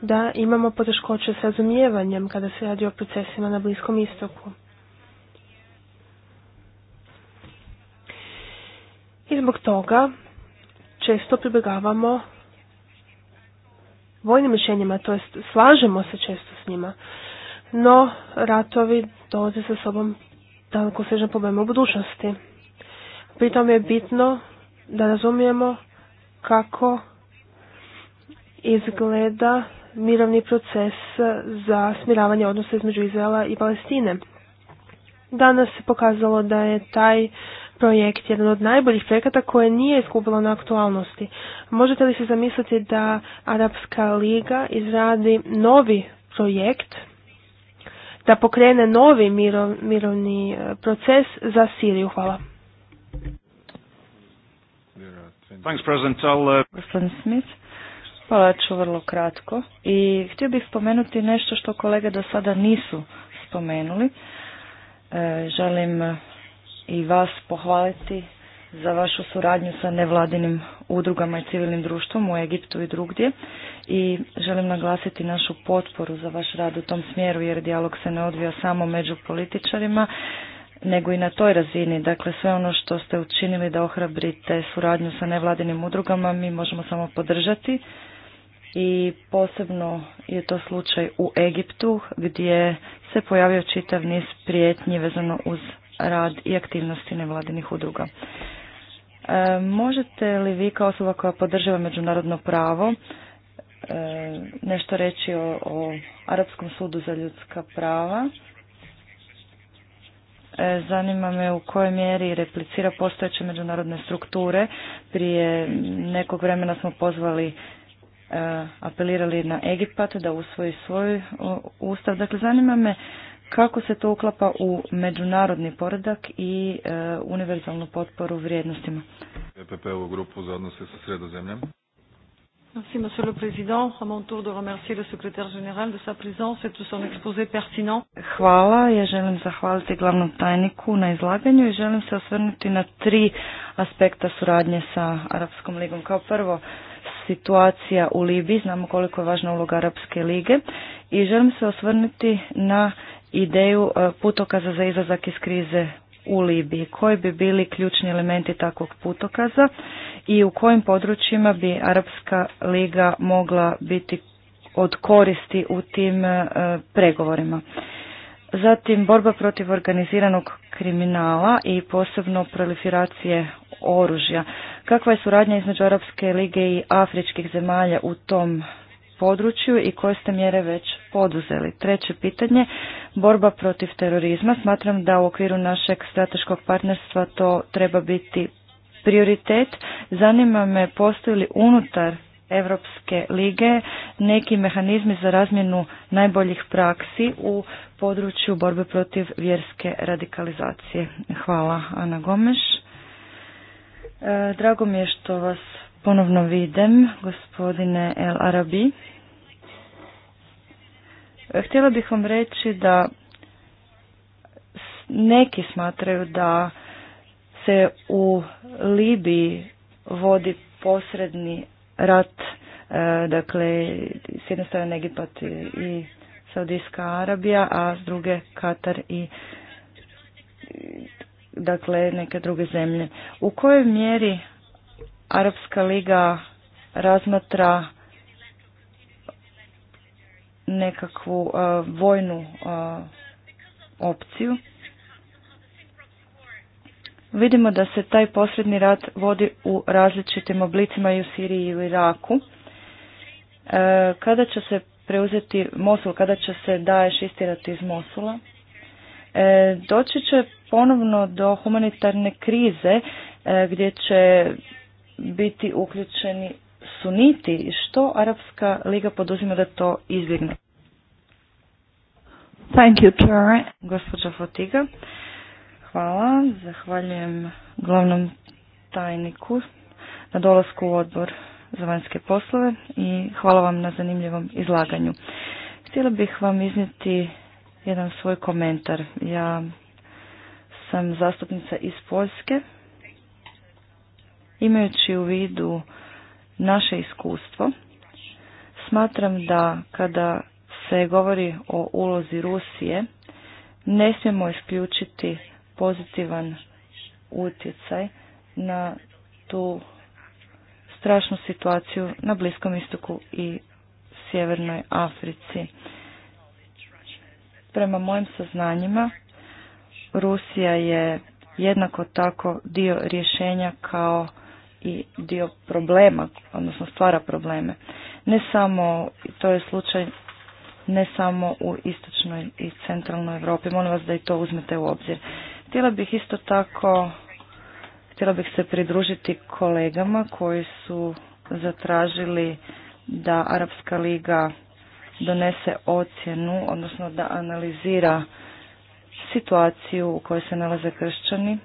da imamo poteškoće s razumijevanjem kada se radi o procesima na Bliskom istoku. I zbog toga često pribjegavamo vojnim rješenjima, to jest slažemo se često s njima. No, ratovi dolaze sa sobom daleko se problem u budućnosti. Pritom je bitno da razumijemo kako izgleda mirovni proces za smiravanje odnosa između Izraela i Palestine. Danas se pokazalo da je taj projekt jedan od najboljih projekata koje nije izgubilo na aktualnosti. Možete li se zamisliti da Arapska liga izradi novi projekt, da pokrene novi mirovni e, proces za Siriju? Hvala. Thanks, President. Uh, Smith. Hvala ću vrlo kratko. I htio bih spomenuti nešto što kolege do sada nisu spomenuli. E, želim i vas pohvaliti za vašu suradnju sa nevladinim udrugama i civilnim društvom u Egiptu i drugdje i želim naglasiti našu potporu za vaš rad u tom smjeru jer dijalog se ne odvija samo među političarima nego i na toj razini. Dakle, sve ono što ste učinili da ohrabrite suradnju sa nevladinim udrugama mi možemo samo podržati i posebno je to slučaj u Egiptu gdje se pojavio čitav niz prijetnji vezano uz rad i aktivnosti nevladinih udruga. E, možete li vi kao osoba koja podržava međunarodno pravo e, nešto reći o, o Arapskom sudu za ljudska prava? E, zanima me u kojoj mjeri replicira postojeće međunarodne strukture. Prije nekog vremena smo pozvali E, apelirali na Egipat da usvoji svoj ustav. Dakle, zanima me kako se to uklapa u međunarodni poredak i e, univerzalnu potporu vrijednostima. EPP u grupu za odnose sa sredozemljem. Merci, Monsieur le Président. mon de remercier le secrétaire général de sa présence et son exposé pertinent. Hvala. Ja želim zahvaliti glavnom tajniku na izlaganju i želim se osvrnuti na tri aspekta suradnje sa Arabskom ligom. Kao prvo, situacija u Libiji, znamo koliko je važna uloga Arapske lige i želim se osvrnuti na ideju e, putokaza za izlazak iz krize u Libiji. Koji bi bili ključni elementi takvog putokaza i u kojim područjima bi Arapska liga mogla biti od koristi u tim e, pregovorima? Zatim borba protiv organiziranog kriminala i posebno proliferacije oružja. Kakva je suradnja između Europske lige i afričkih zemalja u tom području i koje ste mjere već poduzeli? Treće pitanje, borba protiv terorizma. Smatram da u okviru našeg strateškog partnerstva to treba biti prioritet. Zanima me postoji li unutar Europske lige neki mehanizmi za razmjenu najboljih praksi u području borbe protiv vjerske radikalizacije. Hvala Ana Gomeš. E, drago mi je što vas ponovno vidim, gospodine El Arabi. E, htjela bih vam reći da neki smatraju da se u Libiji vodi posredni rat, e, dakle, s jedne strane Egipat i Saudijska Arabija, a s druge Katar i dakle neke druge zemlje. U kojoj mjeri Arapska liga razmatra nekakvu vojnu opciju? Vidimo da se taj posredni rat vodi u različitim oblicima i u Siriji i u Iraku. E, kada će se preuzeti Mosul, kada će se daješ istirati iz Mosula? E, doći će ponovno do humanitarne krize e, gdje će biti uključeni suniti. i Što Arapska liga poduzima da to izbjegne? Thank you, Fotiga, hvala. Zahvaljujem glavnom tajniku na dolasku u odbor za vanjske poslove i hvala vam na zanimljivom izlaganju. Htjela bih vam iznijeti jedan svoj komentar. Ja sam zastupnica iz Poljske. Imajući u vidu naše iskustvo, smatram da kada se govori o ulozi Rusije, ne smijemo isključiti pozitivan utjecaj na tu strašnu situaciju na Bliskom istoku i Sjevernoj Africi. Prema mojim saznanjima, Rusija je jednako tako dio rješenja kao i dio problema, odnosno stvara probleme. Ne samo, to je slučaj ne samo u istočnoj i centralnoj Europi. Molim vas da i to uzmete u obzir. Htjela bih isto tako, htjela bih se pridružiti kolegama koji su zatražili da Arapska liga donese ocjenu, odnosno da analizira situaciju u kojoj se nalaze kršćani, e,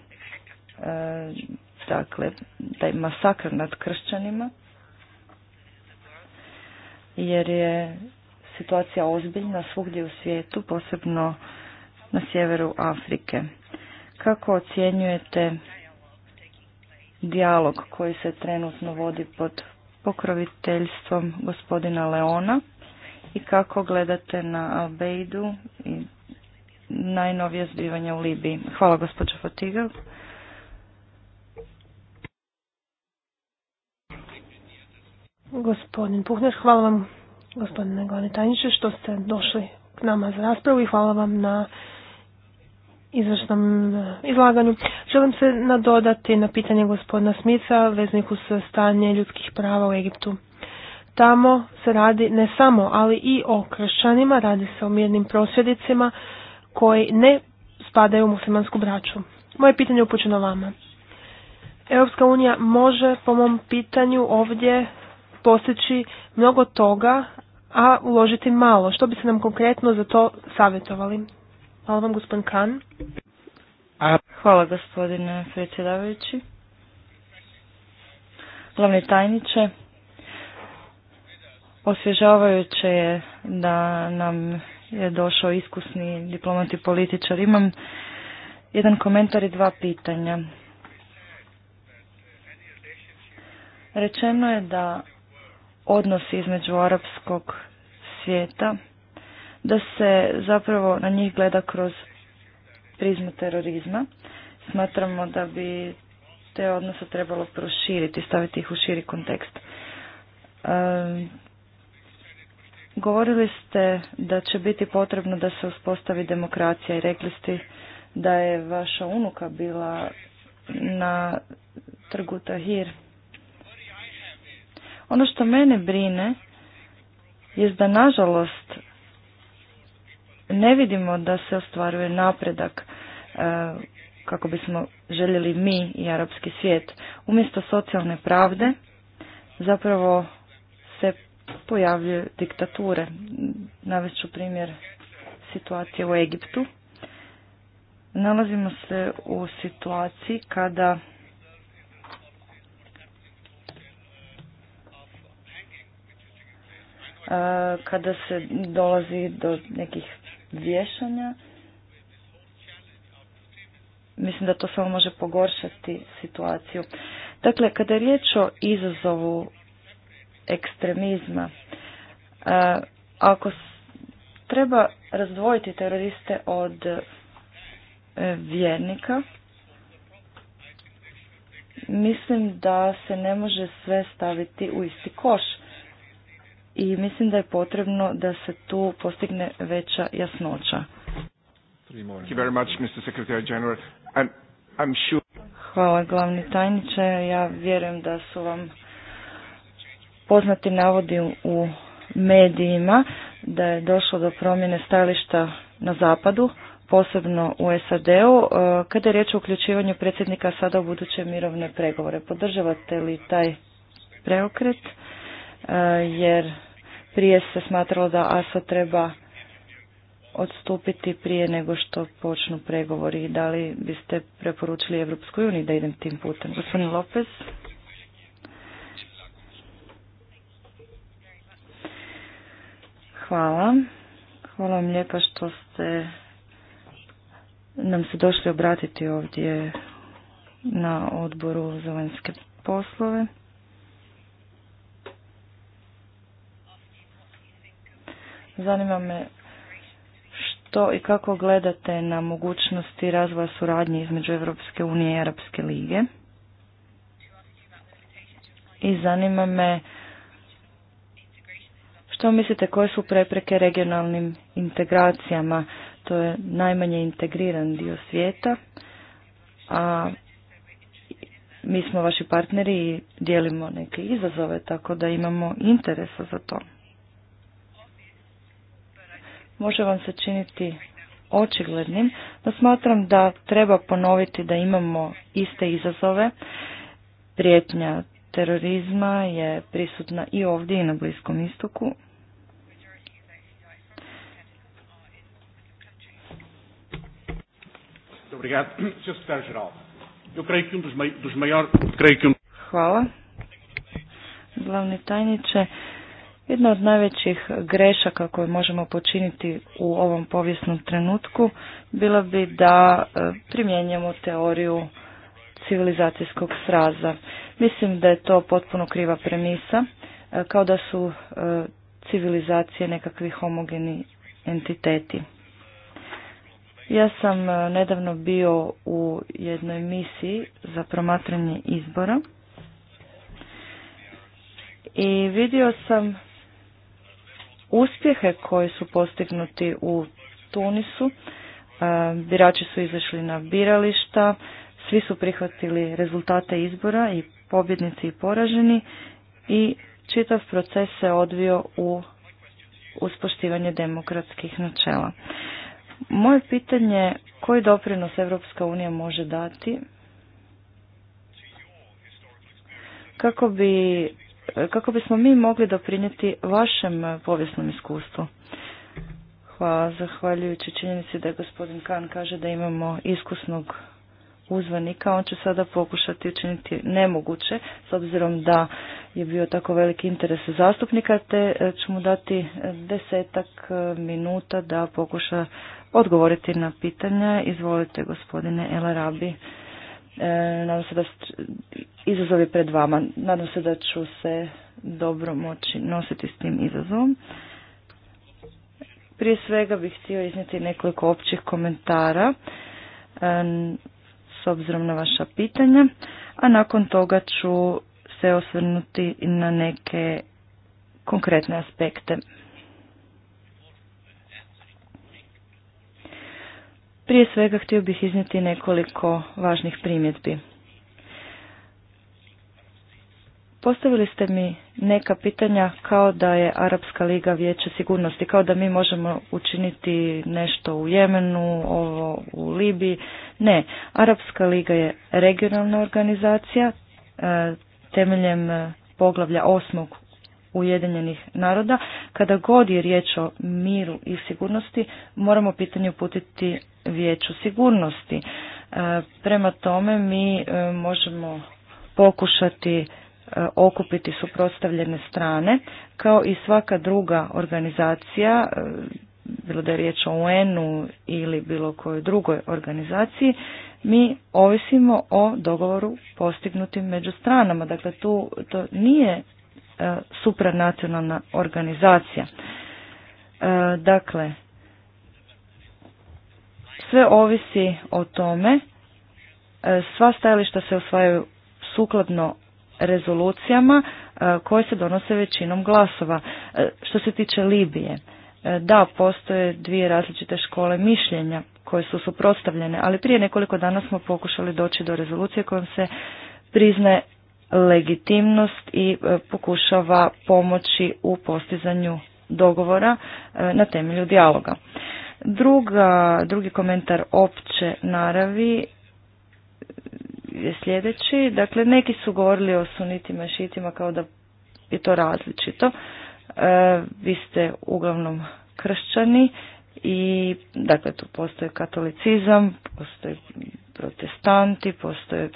dakle, da je masakr nad kršćanima, jer je situacija ozbiljna svugdje u svijetu, posebno na sjeveru Afrike. Kako ocjenjujete dijalog koji se trenutno vodi pod pokroviteljstvom gospodina Leona i kako gledate na Bejdu i najnovije zbivanje u Libiji. Hvala gospođo Fatiga. Gospodin Puhner, hvala vam gospodine glavni tajniče što ste došli k nama za raspravu i hvala vam na izvršnom eh, izlaganju. Želim se nadodati na pitanje gospodina Smica vezniku sa stanje ljudskih prava u Egiptu. Tamo se radi ne samo, ali i o kršćanima, radi se o mirnim prosvjedicima koji ne spadaju u muslimansku braću. Moje pitanje je upućeno vama. Europska unija može po mom pitanju ovdje postići mnogo toga, a uložiti malo. Što bi se nam konkretno za to savjetovali? Hvala vam gospodin Kan. Hvala gospodine predsjedavajući. Glavni tajniče, Osvježavajuće je da nam je došao iskusni diplomat i političar. Imam jedan komentar i dva pitanja. Rečeno je da odnosi između arapskog svijeta, da se zapravo na njih gleda kroz prizmu terorizma. Smatramo da bi te odnose trebalo proširiti, staviti ih u širi kontekst. Govorili ste da će biti potrebno da se uspostavi demokracija i rekli ste da je vaša unuka bila na trgu Tahir. Ono što mene brine je da nažalost ne vidimo da se ostvaruje napredak e, kako bismo željeli mi i arapski svijet. Umjesto socijalne pravde zapravo se pojavljuju diktature. Navest ću primjer situacije u Egiptu. Nalazimo se u situaciji kada kada se dolazi do nekih vješanja. Mislim da to samo može pogoršati situaciju. Dakle, kada je riječ o izazovu ekstremizma. E, ako treba razdvojiti teroriste od e, vjernika, mislim da se ne može sve staviti u isti koš i mislim da je potrebno da se tu postigne veća jasnoća. Hvala glavni tajniče, ja vjerujem da su vam poznati navodi u medijima da je došlo do promjene stajališta na zapadu, posebno u SAD-u, e, kada je riječ o uključivanju predsjednika sada u buduće mirovne pregovore. Podržavate li taj preokret? E, jer prije se smatralo da ASA treba odstupiti prije nego što počnu pregovori. Da li biste preporučili Evropskoj uniji da idem tim putem? Gospodin Lopez. Hvala. Hvala vam lijepa što ste nam se došli obratiti ovdje na odboru za vanjske poslove. Zanima me što i kako gledate na mogućnosti razvoja suradnje između Europske unije i Arabske lige. I zanima me što mislite koje su prepreke regionalnim integracijama? To je najmanje integriran dio svijeta, a mi smo vaši partneri i dijelimo neke izazove, tako da imamo interesa za to. Može vam se činiti očiglednim, da smatram da treba ponoviti da imamo iste izazove. Prijetnja terorizma je prisutna i ovdje i na Bliskom istoku. obrigado. Sr. Secretário-Geral, eu creio que um dos, dos maiores... Creio um Hvala. Glavni tajniče, jedna od najvećih grešaka koje možemo počiniti u ovom povijesnom trenutku bila bi da e, primjenjamo teoriju civilizacijskog sraza. Mislim da je to potpuno kriva premisa, e, kao da su e, civilizacije nekakvi homogeni entiteti. Ja sam e, nedavno bio u jednoj misiji za promatranje izbora i vidio sam uspjehe koji su postignuti u Tunisu. E, birači su izašli na birališta, svi su prihvatili rezultate izbora i pobjednici i poraženi i čitav proces se odvio u uspoštivanje demokratskih načela. Moje pitanje koji doprinos Evropska unija može dati kako bi kako bismo mi mogli doprinijeti vašem povijesnom iskustvu. Hvala, zahvaljujući činjenici da je gospodin Kan kaže da imamo iskusnog uzvanika, on će sada pokušati učiniti nemoguće, s obzirom da je bio tako veliki interes zastupnika, te e, ćemo dati desetak e, minuta da pokuša odgovoriti na pitanja. Izvolite gospodine Elarabi. arabi e, nadam se da izazovi pred vama. Nadam se da ću se dobro moći nositi s tim izazovom. Prije svega bih htio iznijeti nekoliko općih komentara e, s obzirom na vaša pitanja, a nakon toga ću se osvrnuti na neke konkretne aspekte. Prije svega htio bih iznijeti nekoliko važnih primjedbi. Postavili ste mi neka pitanja kao da je Arapska liga Vijeća sigurnosti, kao da mi možemo učiniti nešto u Jemenu, ovo u Libiji. Ne, Arapska liga je regionalna organizacija e, temeljem e, poglavlja osmog Ujedinjenih naroda. Kada god je riječ o miru i sigurnosti, moramo pitanje uputiti vijeću sigurnosti. E, prema tome mi e, možemo pokušati e, okupiti suprotstavljene strane, kao i svaka druga organizacija, bilo da je riječ o UN-u ili bilo kojoj drugoj organizaciji, mi ovisimo o dogovoru postignutim među stranama. Dakle, tu to nije E, supranacionalna organizacija. E, dakle, sve ovisi o tome, e, sva stajališta se osvajaju sukladno rezolucijama koje se donose većinom glasova. Što se tiče Libije, da, postoje dvije različite škole mišljenja koje su suprotstavljene, ali prije nekoliko dana smo pokušali doći do rezolucije kojom se priznaje legitimnost i e, pokušava pomoći u postizanju dogovora e, na temelju dijaloga. drugi komentar opće naravi e, je sljedeći. Dakle, neki su govorili o sunitima i šitima kao da je to različito. vi ste uglavnom kršćani i dakle tu postoje katolicizam, postoje protestanti, postoje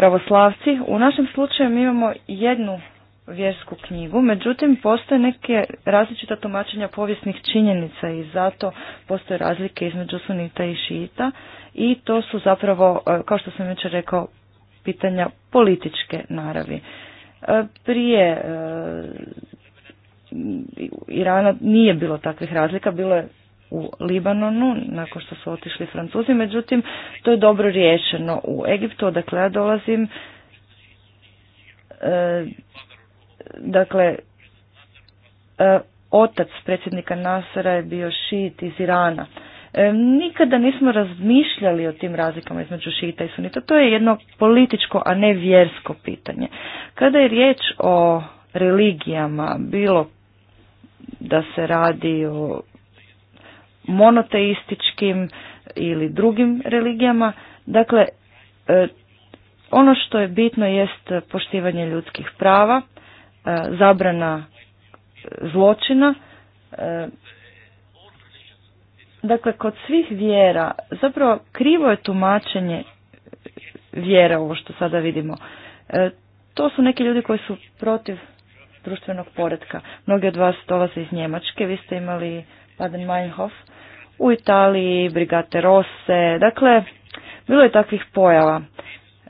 pravoslavci. U našem slučaju mi imamo jednu vjersku knjigu, međutim postoje neke različita tumačenja povijesnih činjenica i zato postoje razlike između sunita i šita i to su zapravo, e, kao što sam već rekao, pitanja političke naravi. E, prije e, Irana nije bilo takvih razlika, bilo je u Libanonu nakon što su otišli Francuzi, međutim to je dobro riješeno u Egiptu, odakle ja dolazim. E, dakle, e, otac predsjednika Nasara je bio šit iz Irana. E, nikada nismo razmišljali o tim razlikama između šita i sunita. To je jedno političko, a ne vjersko pitanje. Kada je riječ o religijama, bilo da se radi o monoteističkim ili drugim religijama. Dakle, e, ono što je bitno jest poštivanje ljudskih prava, e, zabrana e, zločina. Dakle, kod svih vjera, zapravo krivo je tumačenje vjera ovo što sada vidimo. To su neki ljudi koji su protiv društvenog poredka. Mnogi od vas dolaze iz Njemačke, vi ste imali Baden Meinhof, u Italiji, brigate Rose, dakle, bilo je takvih pojava.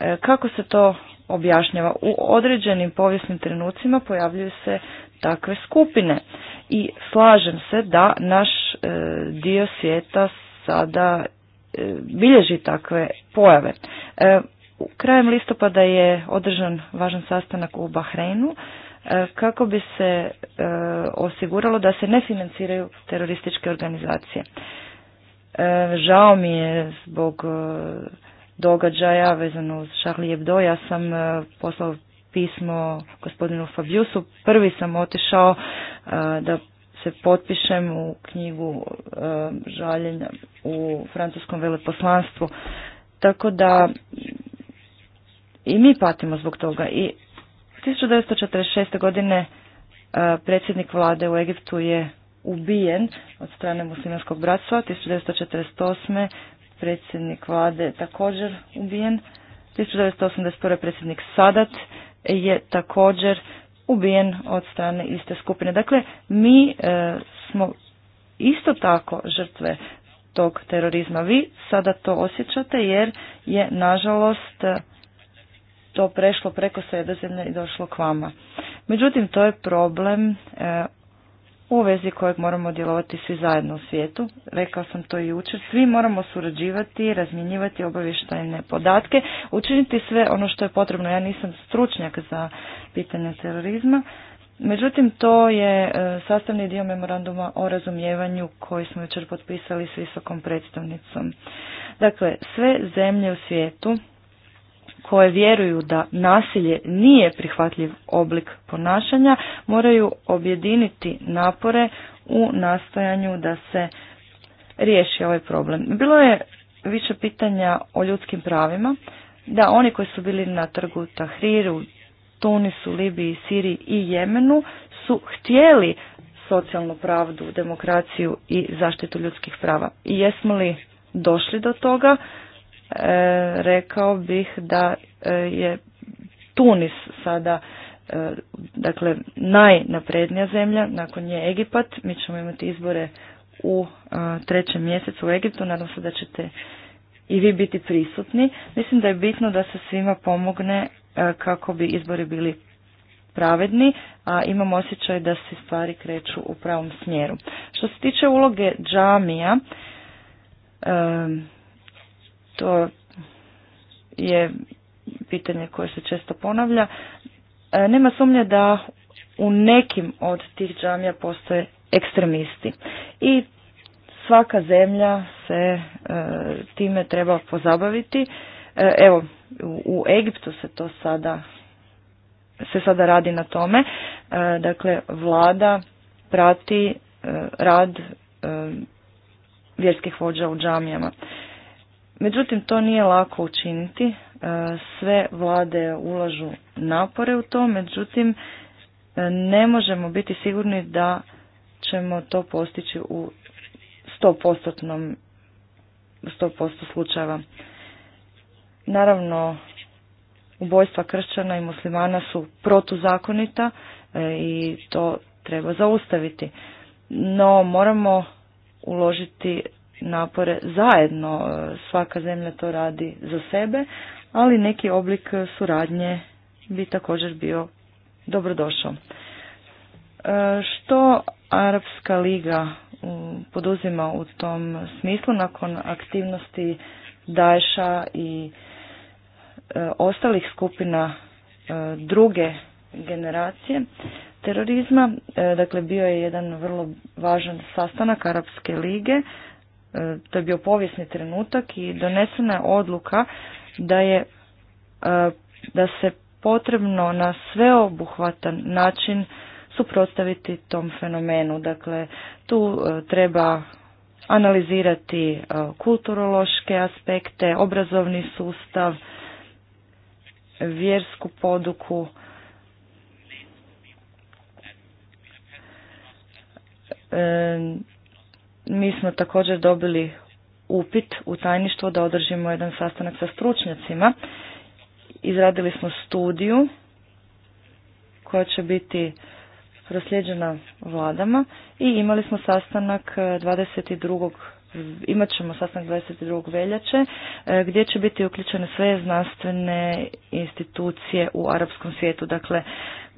E, kako se to objašnjava? U određenim povijesnim trenucima pojavljuju se takve skupine i slažem se da naš e, dio svijeta sada e, bilježi takve pojave. U Krajem listopada je održan važan sastanak u Bahreinu E, kako bi se e, osiguralo da se ne financiraju terorističke organizacije. E, žao mi je zbog događaja vezano uz Charlie Hebdo. Ja sam poslao pismo gospodinu Fabiusu. Prvi sam otišao da se potpišem u knjigu žaljenja u francuskom veleposlanstvu. Tako da i mi patimo zbog toga i 1946. godine e, predsjednik vlade u Egiptu je ubijen od strane muslimanskog bratstva. 1948. predsjednik vlade također ubijen. 1981. predsjednik Sadat je također ubijen od strane iste skupine. Dakle, mi e, smo isto tako žrtve tog terorizma. Vi sada to osjećate jer je, nažalost, to prešlo preko sredozemlja i došlo k vama. Međutim, to je problem e, u vezi kojeg moramo djelovati svi zajedno u svijetu. Rekao sam to i jučer. Svi moramo surađivati, razmjenjivati obavještajne podatke, učiniti sve ono što je potrebno. Ja nisam stručnjak za pitanje terorizma. Međutim, to je e, sastavni dio memoranduma o razumijevanju koji smo jučer potpisali s visokom predstavnicom. Dakle, sve zemlje u svijetu koje vjeruju da nasilje nije prihvatljiv oblik ponašanja moraju objediniti napore u nastojanju da se riješi ovaj problem. Bilo je više pitanja o ljudskim pravima, da oni koji su bili na trgu Tahriru, Tunisu, Libiji, Siriji i Jemenu su htjeli socijalnu pravdu, demokraciju i zaštitu ljudskih prava. I jesmo li došli do toga? E, rekao bih da e, je Tunis sada e, dakle najnaprednija zemlja, nakon nje Egipat, mi ćemo imati izbore u trećem mjesecu u Egiptu, nadam se da ćete i vi biti prisutni. Mislim da je bitno da se svima pomogne kako bi izbori bili pravedni, a imam osjećaj da se stvari kreću u pravom smjeru. Što se tiče uloge džamija, to je pitanje koje se često ponavlja. E, nema sumnje da u nekim od tih džamija postoje ekstremisti. I svaka zemlja se e, time treba pozabaviti. E, evo, u, Egiptu se to sada se sada radi na tome. dakle, vlada prati rad vjerskih vođa u džamijama. Međutim, to nije lako učiniti. E, sve vlade ulažu napore u to, međutim, e, ne možemo biti sigurni da ćemo to postići u 100%, slučajeva. Naravno, ubojstva kršćana i muslimana su protuzakonita e, i to treba zaustaviti. No, moramo uložiti napore zajedno. E, svaka zemlja to radi za sebe, ali neki oblik suradnje bi također bio dobrodošao. E, što Arapska liga poduzima u tom smislu nakon aktivnosti Daesha i e, ostalih skupina druge generacije terorizma. Dakle, bio je jedan vrlo važan sastanak Arapske lige E, to je bio povijesni trenutak i donesena je odluka da je e, da se potrebno na sveobuhvatan način suprotstaviti tom fenomenu. Dakle, tu e, treba analizirati kulturološke aspekte, obrazovni sustav, vjersku poduku. Mi smo također dobili upit u tajništvo da održimo jedan sastanak sa stručnjacima. Izradili smo studiju koja će biti prosljeđena vladama i imali smo sastanak 22. E, imat ćemo sastanak 22. veljače e, gdje će biti uključene sve znanstvene institucije u arapskom svijetu. Dakle,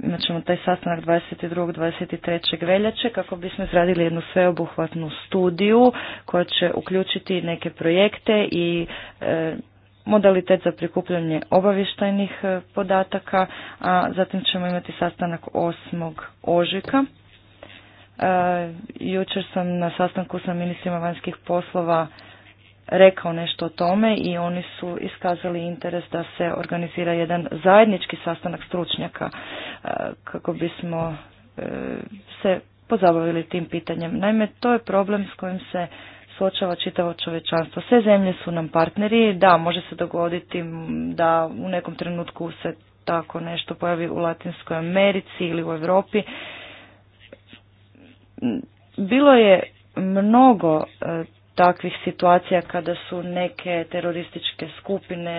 imat ćemo taj sastanak 22. 23. veljače kako bismo izradili jednu sveobuhvatnu studiju koja će uključiti neke projekte i e, modalitet za prikupljanje obavještajnih e, podataka, a zatim ćemo imati sastanak 8. ožujka. E, jučer sam na sastanku sa ministrima vanjskih poslova rekao nešto o tome i oni su iskazali interes da se organizira jedan zajednički sastanak stručnjaka e, kako bismo e, se pozabavili tim pitanjem. Naime, to je problem s kojim se suočava čitavo čovečanstvo. Sve zemlje su nam partneri, da, može se dogoditi da u nekom trenutku se tako nešto pojavi u Latinskoj Americi ili u Europi. Bilo je mnogo e, takvih situacija kada su neke terorističke skupine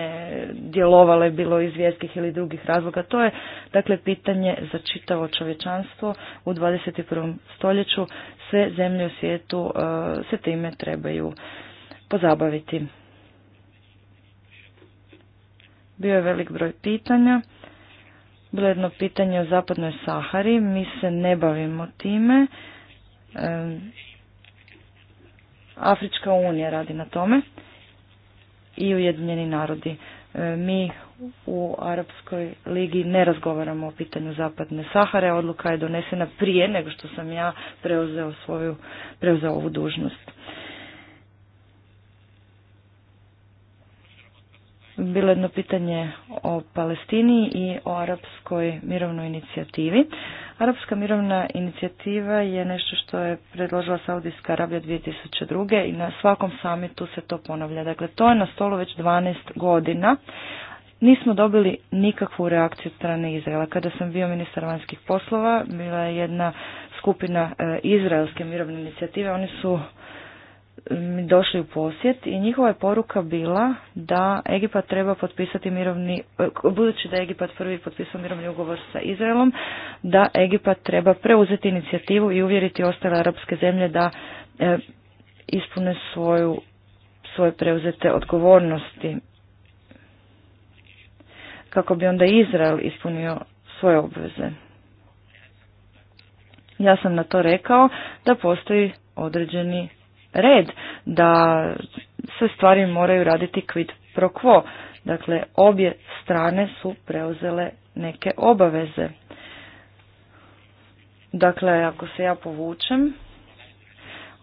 djelovale bilo iz vjerskih ili drugih razloga. To je dakle pitanje za čitavo čovječanstvo u 21. stoljeću. Sve zemlje u svijetu e, se time trebaju pozabaviti. Bio je velik broj pitanja. Bilo jedno pitanje o zapadnoj Sahari. Mi se ne bavimo time. E, Afrička unija radi na tome i Ujedinjeni narodi. E, mi u Arapskoj ligi ne razgovaramo o pitanju Zapadne Sahare, odluka je donesena prije nego što sam ja preuzeo, svoju, preuzeo ovu dužnost. Bilo je jedno pitanje o Palestini i o arapskoj mirovnoj inicijativi. Arabska mirovna inicijativa je nešto što je predložila Saudijska Arabija 2002. i na svakom samitu se to ponavlja. Dakle, to je na stolu već 12 godina. Nismo dobili nikakvu reakciju od strane Izraela. Kada sam bio ministar vanjskih poslova, bila je jedna skupina e, izraelske mirovne inicijative. Oni su došli u posjet i njihova je poruka bila da Egipat treba potpisati mirovni, e, budući da je Egipat prvi potpisao mirovni ugovor sa Izraelom, da Egipat treba preuzeti inicijativu i uvjeriti ostale arapske zemlje da e, ispune svoju, svoje preuzete odgovornosti kako bi onda Izrael ispunio svoje obveze. Ja sam na to rekao da postoji određeni red da se stvari moraju raditi quid pro quo. Dakle, obje strane su preuzele neke obaveze. Dakle, ako se ja povučem,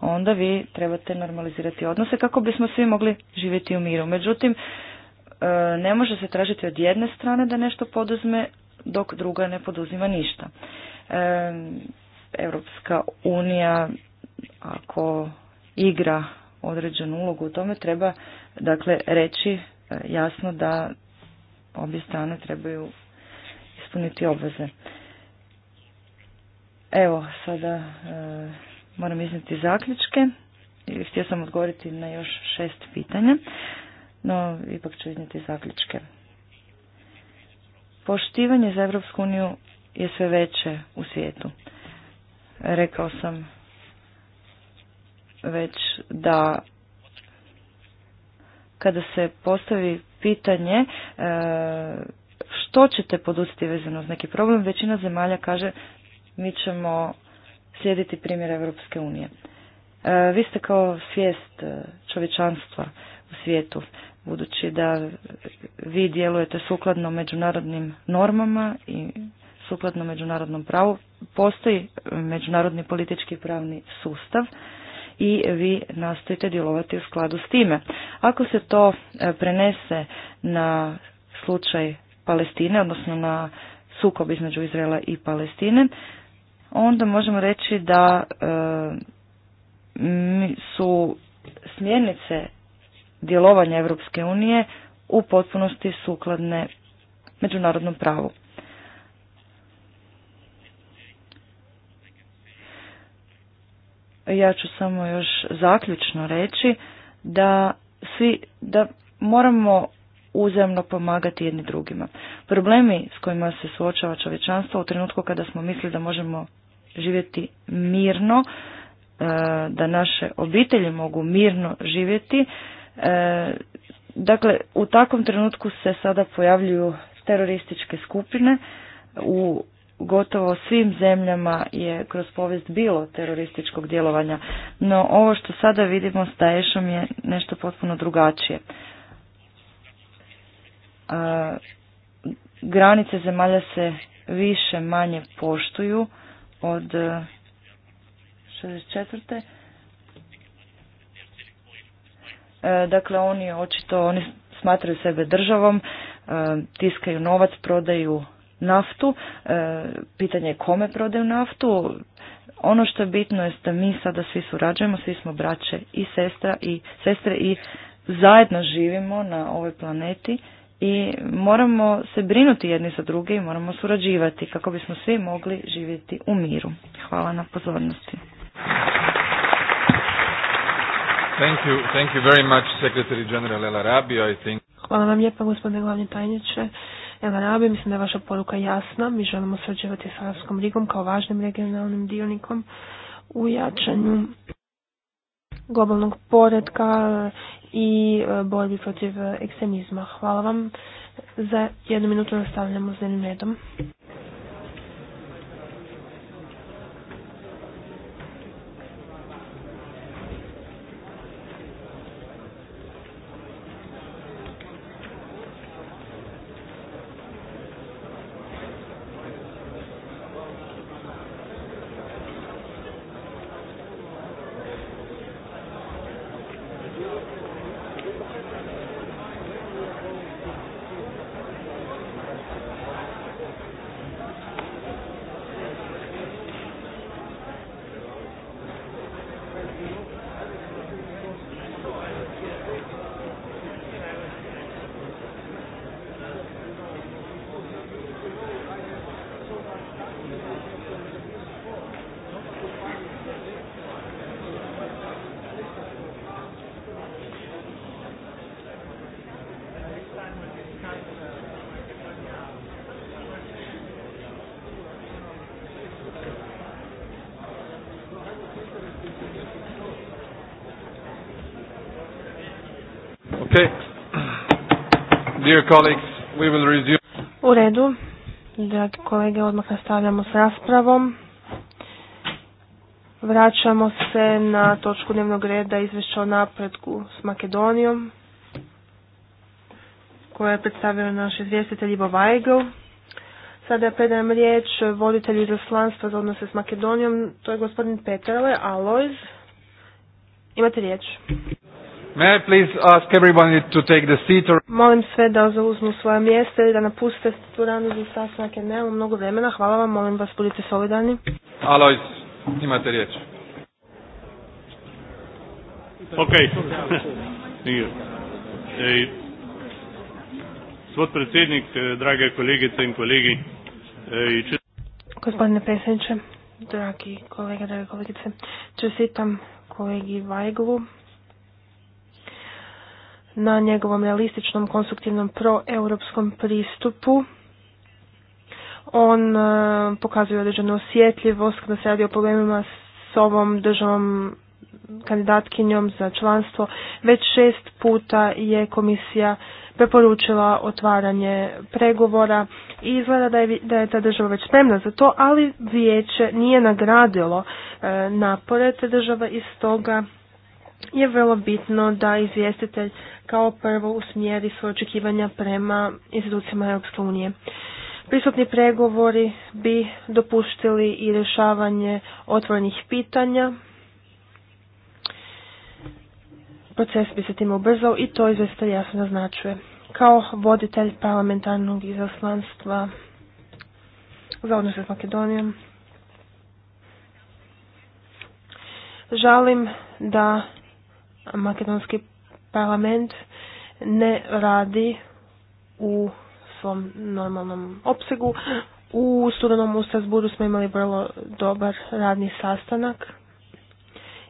onda vi trebate normalizirati odnose kako bismo svi mogli živjeti u miru. Međutim, e, ne može se tražiti od jedne strane da nešto poduzme dok druga ne poduzima ništa. Europska unija ako igra određenu ulogu u tome, treba dakle reći e, jasno da obje strane trebaju ispuniti obveze. Evo, sada e, moram iznijeti zaključke. Htio sam odgovoriti na još šest pitanja, no ipak ću iznijeti zaključke. Poštivanje za Europsku uniju je sve veće u svijetu. Rekao sam već da kada se postavi pitanje e, što ćete poduzeti vezano uz neki problem, većina zemalja kaže mi ćemo slijediti primjer Europske unije. E, vi ste kao svijest e, čovječanstva u svijetu, budući da vi djelujete sukladno međunarodnim normama i sukladno međunarodnom pravu, postoji međunarodni politički pravni sustav i vi nastojite djelovati u skladu s time. Ako se to e, prenese na slučaj Palestine, odnosno na sukob između Izraela i Palestine, onda možemo reći da e, su smjernice djelovanja Europske unije u potpunosti sukladne međunarodnom pravu. ja ću samo još zaključno reći da svi da moramo uzemno pomagati jedni drugima. Problemi s kojima se suočava čovječanstvo u trenutku kada smo mislili da možemo živjeti mirno, e, da naše obitelji mogu mirno živjeti. E, dakle, u takvom trenutku se sada pojavljuju terorističke skupine u gotovo svim zemljama je kroz povijest bilo terorističkog djelovanja. No ovo što sada vidimo s Daeshom je nešto potpuno drugačije. granice zemalja se više manje poštuju od 64. E, e, dakle, oni očito oni smatraju sebe državom, e, tiskaju novac, prodaju naftu, e, pitanje je kome prodaju naftu. Ono što je bitno je da mi sada svi surađujemo, svi smo braće i sestra i sestre i zajedno živimo na ovoj planeti i moramo se brinuti jedni za druge i moramo surađivati kako bismo svi mogli živjeti u miru. Hvala na pozornosti. Thank you, thank you very much, Hvala vam lijepa, gospodine glavni tajniče. El Rabi, Mislim da je vaša poruka jasna. Mi želimo srđevati s Arabskom ligom kao važnim regionalnim dionikom u jačanju globalnog poredka i e, borbi protiv e, ekstremizma. Hvala vam. Za jednu minutu nastavljamo s jednim redom. U redu, dragi kolege, odmah nastavljamo s raspravom. Vraćamo se na točku dnevnog reda izvješća o napretku s Makedonijom, koja je predstavio naš izvjestitelj Ivo Weigl. Sada je predajem riječ voditelju izaslanstva za odnose s Makedonijom, to je gospodin Petrele, Alojz. Imate riječ. May I please ask everybody to take the seat or... Molim sve da zauzmu svoje mjesta i da napuste dvoranu za sastanak jer nemamo mnogo vremena. Hvala vam, molim vas budite solidarni. Alois, imate riječ. Ok. svod predsjednik, eh, drage kolegice i kolegi. Gospodine predsjedniče, dragi kolega, drage kolegice, čestitam kolegi Vajgovu na njegovom realističnom, konstruktivnom proeuropskom pristupu. On e, pokazuje određenu osjetljivost kada se radi o problemima s ovom državom kandidatkinjom za članstvo. Već šest puta je komisija preporučila otvaranje pregovora i izgleda da je, da je ta država već spremna za to, ali vijeće nije nagradilo e, napore te države i stoga je vrlo bitno da izvjestitelj kao prvo usmjeri svoje očekivanja prema institucijama Europske unije. Pristupni pregovori bi dopuštili i rješavanje otvorenih pitanja. Proces bi se time ubrzao i to izvesta jasno naznačuje. Kao voditelj parlamentarnog izaslanstva za odnose s Makedonijom. Žalim da makedonski parlament ne radi u svom normalnom opsegu. U studenom u smo imali vrlo dobar radni sastanak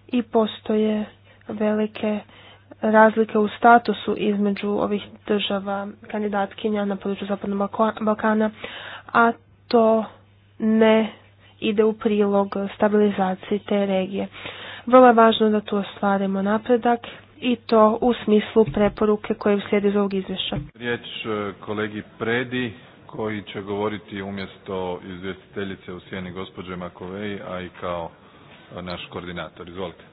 i postoje velike razlike u statusu između ovih država kandidatkinja na području Zapadnog Balkana, a to ne ide u prilog stabilizaciji te regije. Vrlo je važno da tu ostvarimo napredak i to u smislu preporuke koje slijede iz ovog izvješća. Riječ e, kolegi Predi koji će govoriti umjesto izvjestiteljice u sjeni gospođe Makovej, a i kao e, naš koordinator. Izvolite.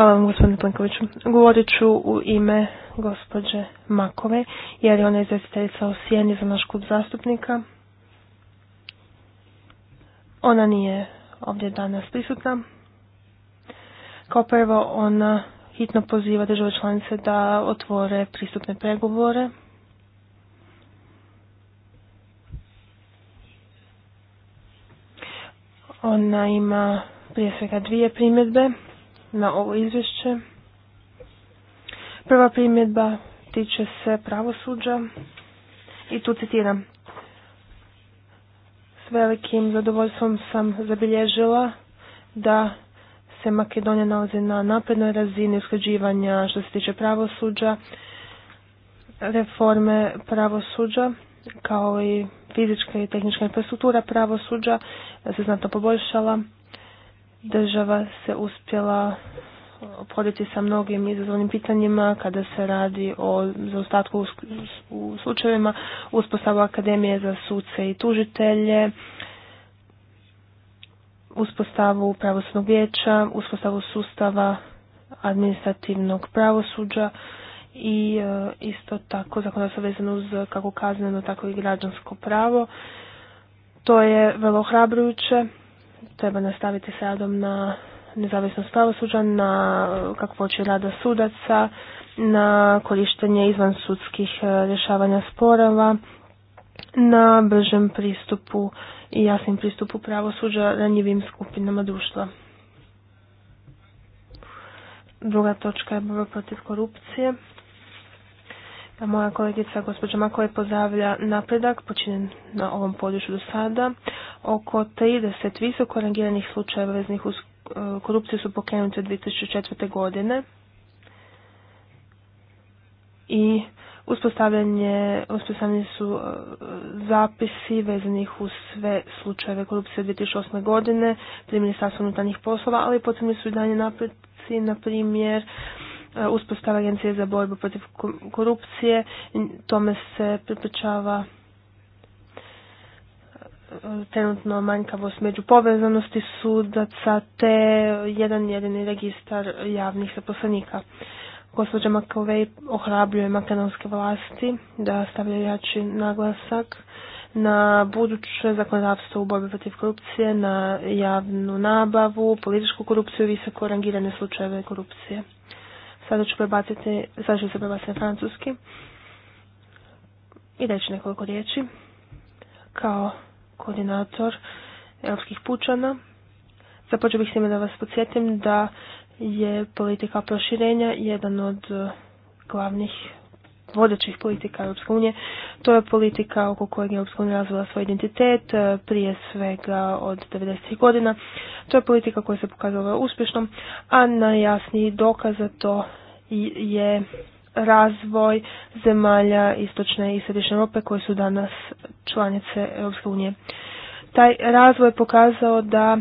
Hvala vam gospodine Plenkoviću. Govorit ću u ime gospođe Makove, jer je ona izvjestiteljica o sjeni za naš klub zastupnika. Ona nije ovdje danas prisutna. Kao prvo, ona hitno poziva države članice da otvore pristupne pregovore. Ona ima prije svega dvije primjedbe na ovo izvješće. Prva primjedba tiče se pravosuđa i tu citiram. S velikim zadovoljstvom sam zabilježila da se Makedonija nalazi na naprednoj razini usklađivanja što se tiče pravosuđa, reforme pravosuđa kao i fizička i tehnička infrastruktura pravosuđa se znatno poboljšala država se uspjela podjeti sa mnogim izazovnim pitanjima kada se radi o zaostatku u slučajevima, uspostavu akademije za suce i tužitelje, uspostavu pravosudnog vijeća, uspostavu sustava administrativnog pravosuđa i e, isto tako zakonodavstvo vezano uz kako kazneno tako i građansko pravo. To je vrlo hrabrujuće Treba nastaviti s radom na nezavisnost pravosuđa, na kakvoće rada sudaca, na korištenje izvan sudskih e, rješavanja sporova, na bržem pristupu i jasnim pristupu pravosuđa ranjivim skupinama društva. Druga točka je borba protiv korupcije. Pa moja kolegica gospođa Makove pozdravlja napredak počinjen na ovom području do sada. Oko 30 visoko rangiranih slučajeva veznih uz e, korupciju su pokrenute 2004. godine i uspostavljanje, uspostavljeni su e, zapisi vezanih uz sve slučajeve korupcije 2008. godine pri Ministarstvu unutarnjih poslova, ali potrebni su i danje napredci, na primjer E, uspostava agencije za borbu protiv korupcije, tome se pripričava e, trenutno manjkavost među povezanosti sudaca te jedan jedini registar javnih zaposlenika. Gospođa Makovej ohrabljuje makedonske vlasti da stavlja jači naglasak na buduće zakonodavstvo u borbi protiv korupcije, na javnu nabavu, političku korupciju i visoko rangirane slučajeve korupcije. Sada ću prebaciti, sada ću se prebaciti francuski i reći nekoliko riječi. Kao koordinator europskih pučana započeo bih s time da vas podsjetim da je politika proširenja jedan od glavnih vodećih politika Europske unije. To je politika oko kojeg je Europska unija razvila svoj identitet e, prije svega od 90. godina. To je politika koja se pokazala uspješnom, a najjasniji dokaz za to je razvoj zemalja istočne i središnje Europe koje su danas članice Europske unije. Taj razvoj je pokazao da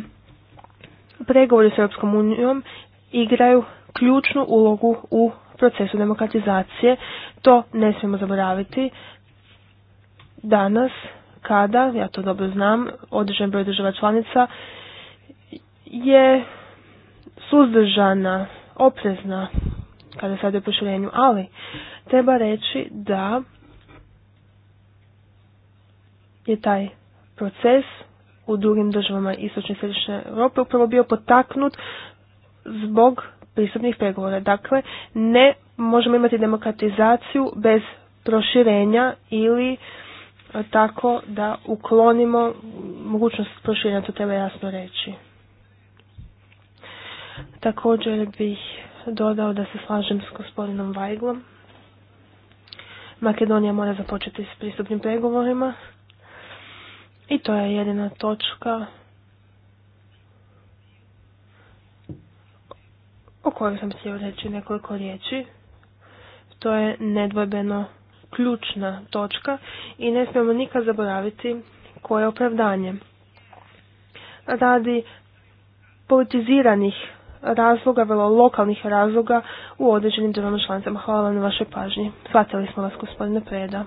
pregovori s Europskom unijom igraju ključnu ulogu u procesu demokratizacije. To ne smijemo zaboraviti. Danas, kada, ja to dobro znam, određen broj država članica je suzdržana, oprezna kada se radi o proširenju, ali treba reći da je taj proces u drugim državama istočne i središnje Europe upravo bio potaknut zbog pristupnih pregovora. Dakle, ne možemo imati demokratizaciju bez proširenja ili e, tako da uklonimo mogućnost proširenja, to treba jasno reći. Također bih dodao da se slažem s gospodinom Vajglom. Makedonija mora započeti s pristupnim pregovorima i to je jedina točka o kojoj sam htio reći nekoliko riječi. To je nedvojbeno ključna točka i ne smijemo nikad zaboraviti koje opravdanje. Radi politiziranih razloga, velo lokalnih razloga u određenim državama članicama. Hvala vam na vašoj pažnji. Shvatili smo vas, gospodine Preda.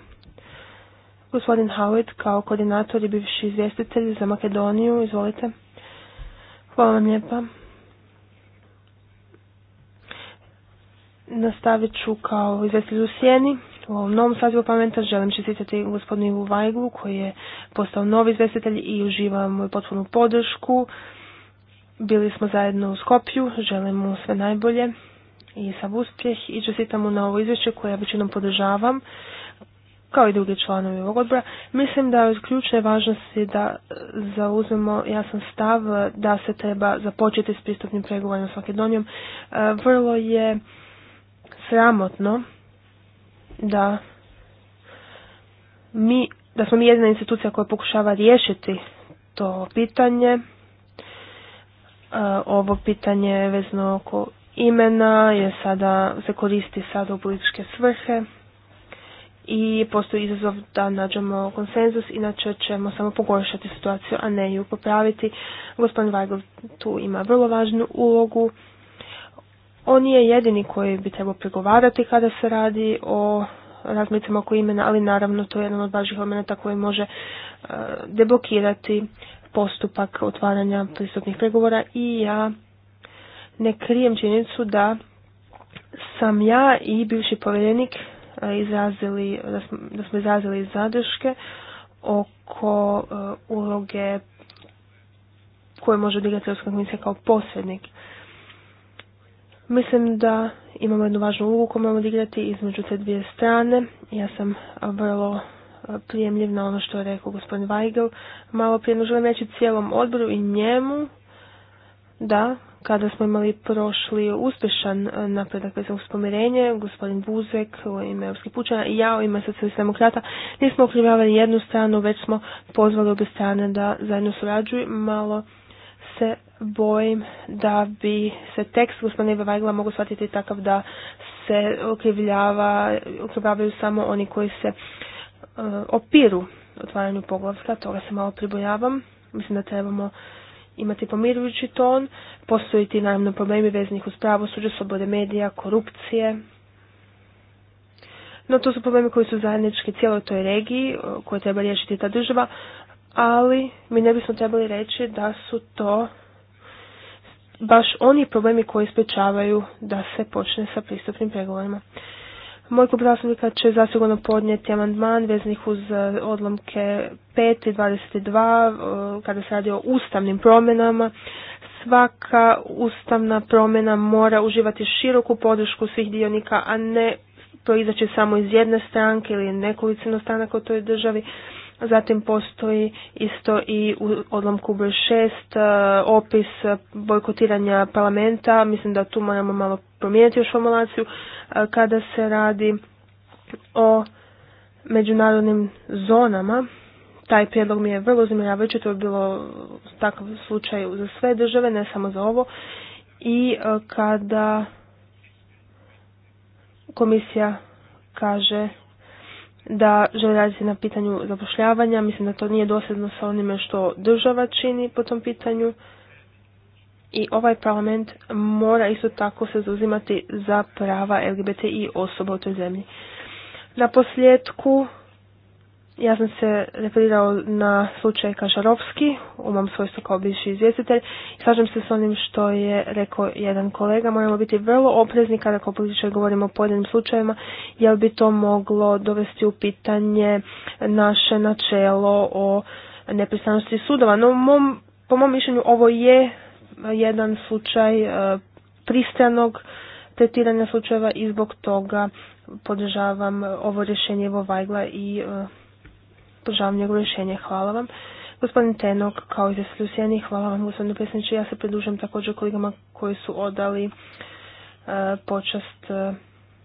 Gospodin Howitt, kao koordinator i bivši izvjestitelj za Makedoniju, izvolite. Hvala vam lijepa. Nastavit ću kao izvjestitelj u Sjeni. U ovom novom sazivu pamenta, želim čestitati gospodinu Ivu Vajglu koji je postao novi izvestitelj i uživa moju potpunu podršku. Bili smo zajedno u Skopju, želim mu sve najbolje i sav uspjeh i čestitam mu na ovo izvješće koje ja većinom podržavam kao i drugi članovi ovog odbora. Mislim da je od ključne važnosti da zauzmemo jasan stav da se treba započeti s pristupnim pregovorima s Makedonijom. E, vrlo je sramotno da mi, da smo mi jedina institucija koja pokušava riješiti to pitanje, e, ovo pitanje vezno oko imena je sada, se koristi sada u političke svrhe i postoji izazov da nađemo konsenzus, inače ćemo samo pogoršati situaciju, a ne ju popraviti. Gospodin Weigl tu ima vrlo važnu ulogu on nije jedini koji bi trebao pregovarati kada se radi o razmicama oko imena, ali naravno to je jedan od važnih elemenata koji može e, deblokirati postupak otvaranja pristupnih pregovora i ja ne krijem činjenicu da sam ja i bivši povjerenik e, izrazili, da, smo, da smo izrazili zadrške oko e, uloge koje može odigrati Europska komisija kao posrednik. Mislim da imamo jednu važnu ulogu koju moramo odigrati između te dvije strane. Ja sam vrlo e, prijemljiv na ono što je rekao gospodin Weigel. Malo prije no želim reći cijelom odboru i njemu da kada smo imali prošli uspješan e, napredak vezan uz pomirenje, gospodin Buzek u ime Europskih pučana i ja u ime socijalista demokrata, nismo okrivljavali jednu stranu, već smo pozvali obje strane da zajedno surađuju. Malo se bojim da bi se tekst gospodina Vajgla mogu shvatiti takav da se okrivljava, okrivljavaju samo oni koji se e, opiru otvaranju poglavska. toga se malo pribojavam. Mislim da trebamo imati pomirujući ton, postoji naravno problemi veznih uz pravosuđe, slobode medija, korupcije. No to su problemi koji su zajednički cijeloj toj regiji e, koje treba riješiti ta država, ali mi ne bismo trebali reći da su to baš oni problemi koji sprečavaju da se počne sa pristupnim pregovorima. Moj klub zastupnika će zasigurno podnijeti amandman veznih uz e, odlomke 5 i 22 e, kada se radi o ustavnim promjenama. Svaka ustavna promjena mora uživati široku podršku svih dionika, a ne proizaći samo iz jedne stranke ili nekolicino stranaka u toj državi. Zatim postoji isto i u odlomku broj 6 e, opis bojkotiranja parlamenta. Mislim da tu moramo malo promijeniti još formulaciju e, kada se radi o međunarodnim zonama. Taj prijedlog mi je vrlo uznemiravajući, to je bilo takav slučaj za sve države, ne samo za ovo. I e, kada komisija kaže da želi raditi na pitanju zapošljavanja. Mislim da to nije dosljedno sa onime što država čini po tom pitanju. I ovaj parlament mora isto tako se zauzimati za prava LGBTI osoba u toj zemlji. Na posljedku ja sam se referirao na slučaj Kašarovski, u mom svojstvu kao bivši izvjestitelj i slažem se s onim što je rekao jedan kolega. Moramo biti vrlo oprezni kada kao političar govorimo o pojedinim slučajevima jer bi to moglo dovesti u pitanje naše načelo o nepristanosti sudova. No, mom, po mom mišljenju ovo je jedan slučaj pristanog e, pristranog tretiranja slučajeva i zbog toga podržavam ovo rješenje Evo Vajgla i e, podržavam njegove rješenje. Hvala vam. Gospodin Tenok, kao i za Sjeni, hvala vam gospodine predsjedniče. Ja se pridružujem također kolegama koji su odali e, počast e,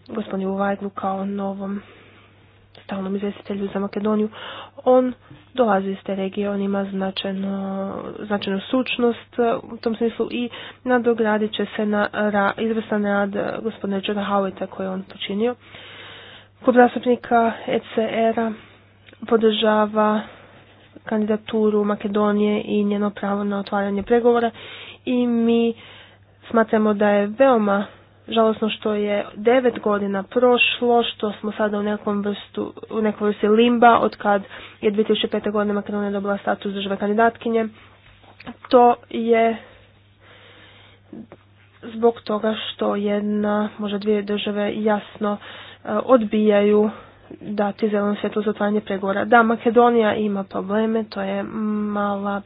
gospodinu Vajglu kao novom stalnom izvjestitelju za Makedoniju. On dolazi iz te regije, on ima značajno, značajnu sučnost e, u tom smislu i nadogradit će se na ra, izvrstan rad gospodina Đora koji je on počinio. kod zastupnika ECR-a podržava kandidaturu Makedonije i njeno pravo na otvaranje pregovora i mi smatramo da je veoma žalosno što je devet godina prošlo, što smo sada u nekom vrstu, u nekoj vrstu limba od kad je 2005. godine Makedonija dobila status države kandidatkinje. To je zbog toga što jedna, možda dvije države jasno e, odbijaju dati zeleno svjetlo za otvaranje pregovora. Da, Makedonija ima probleme, to je mala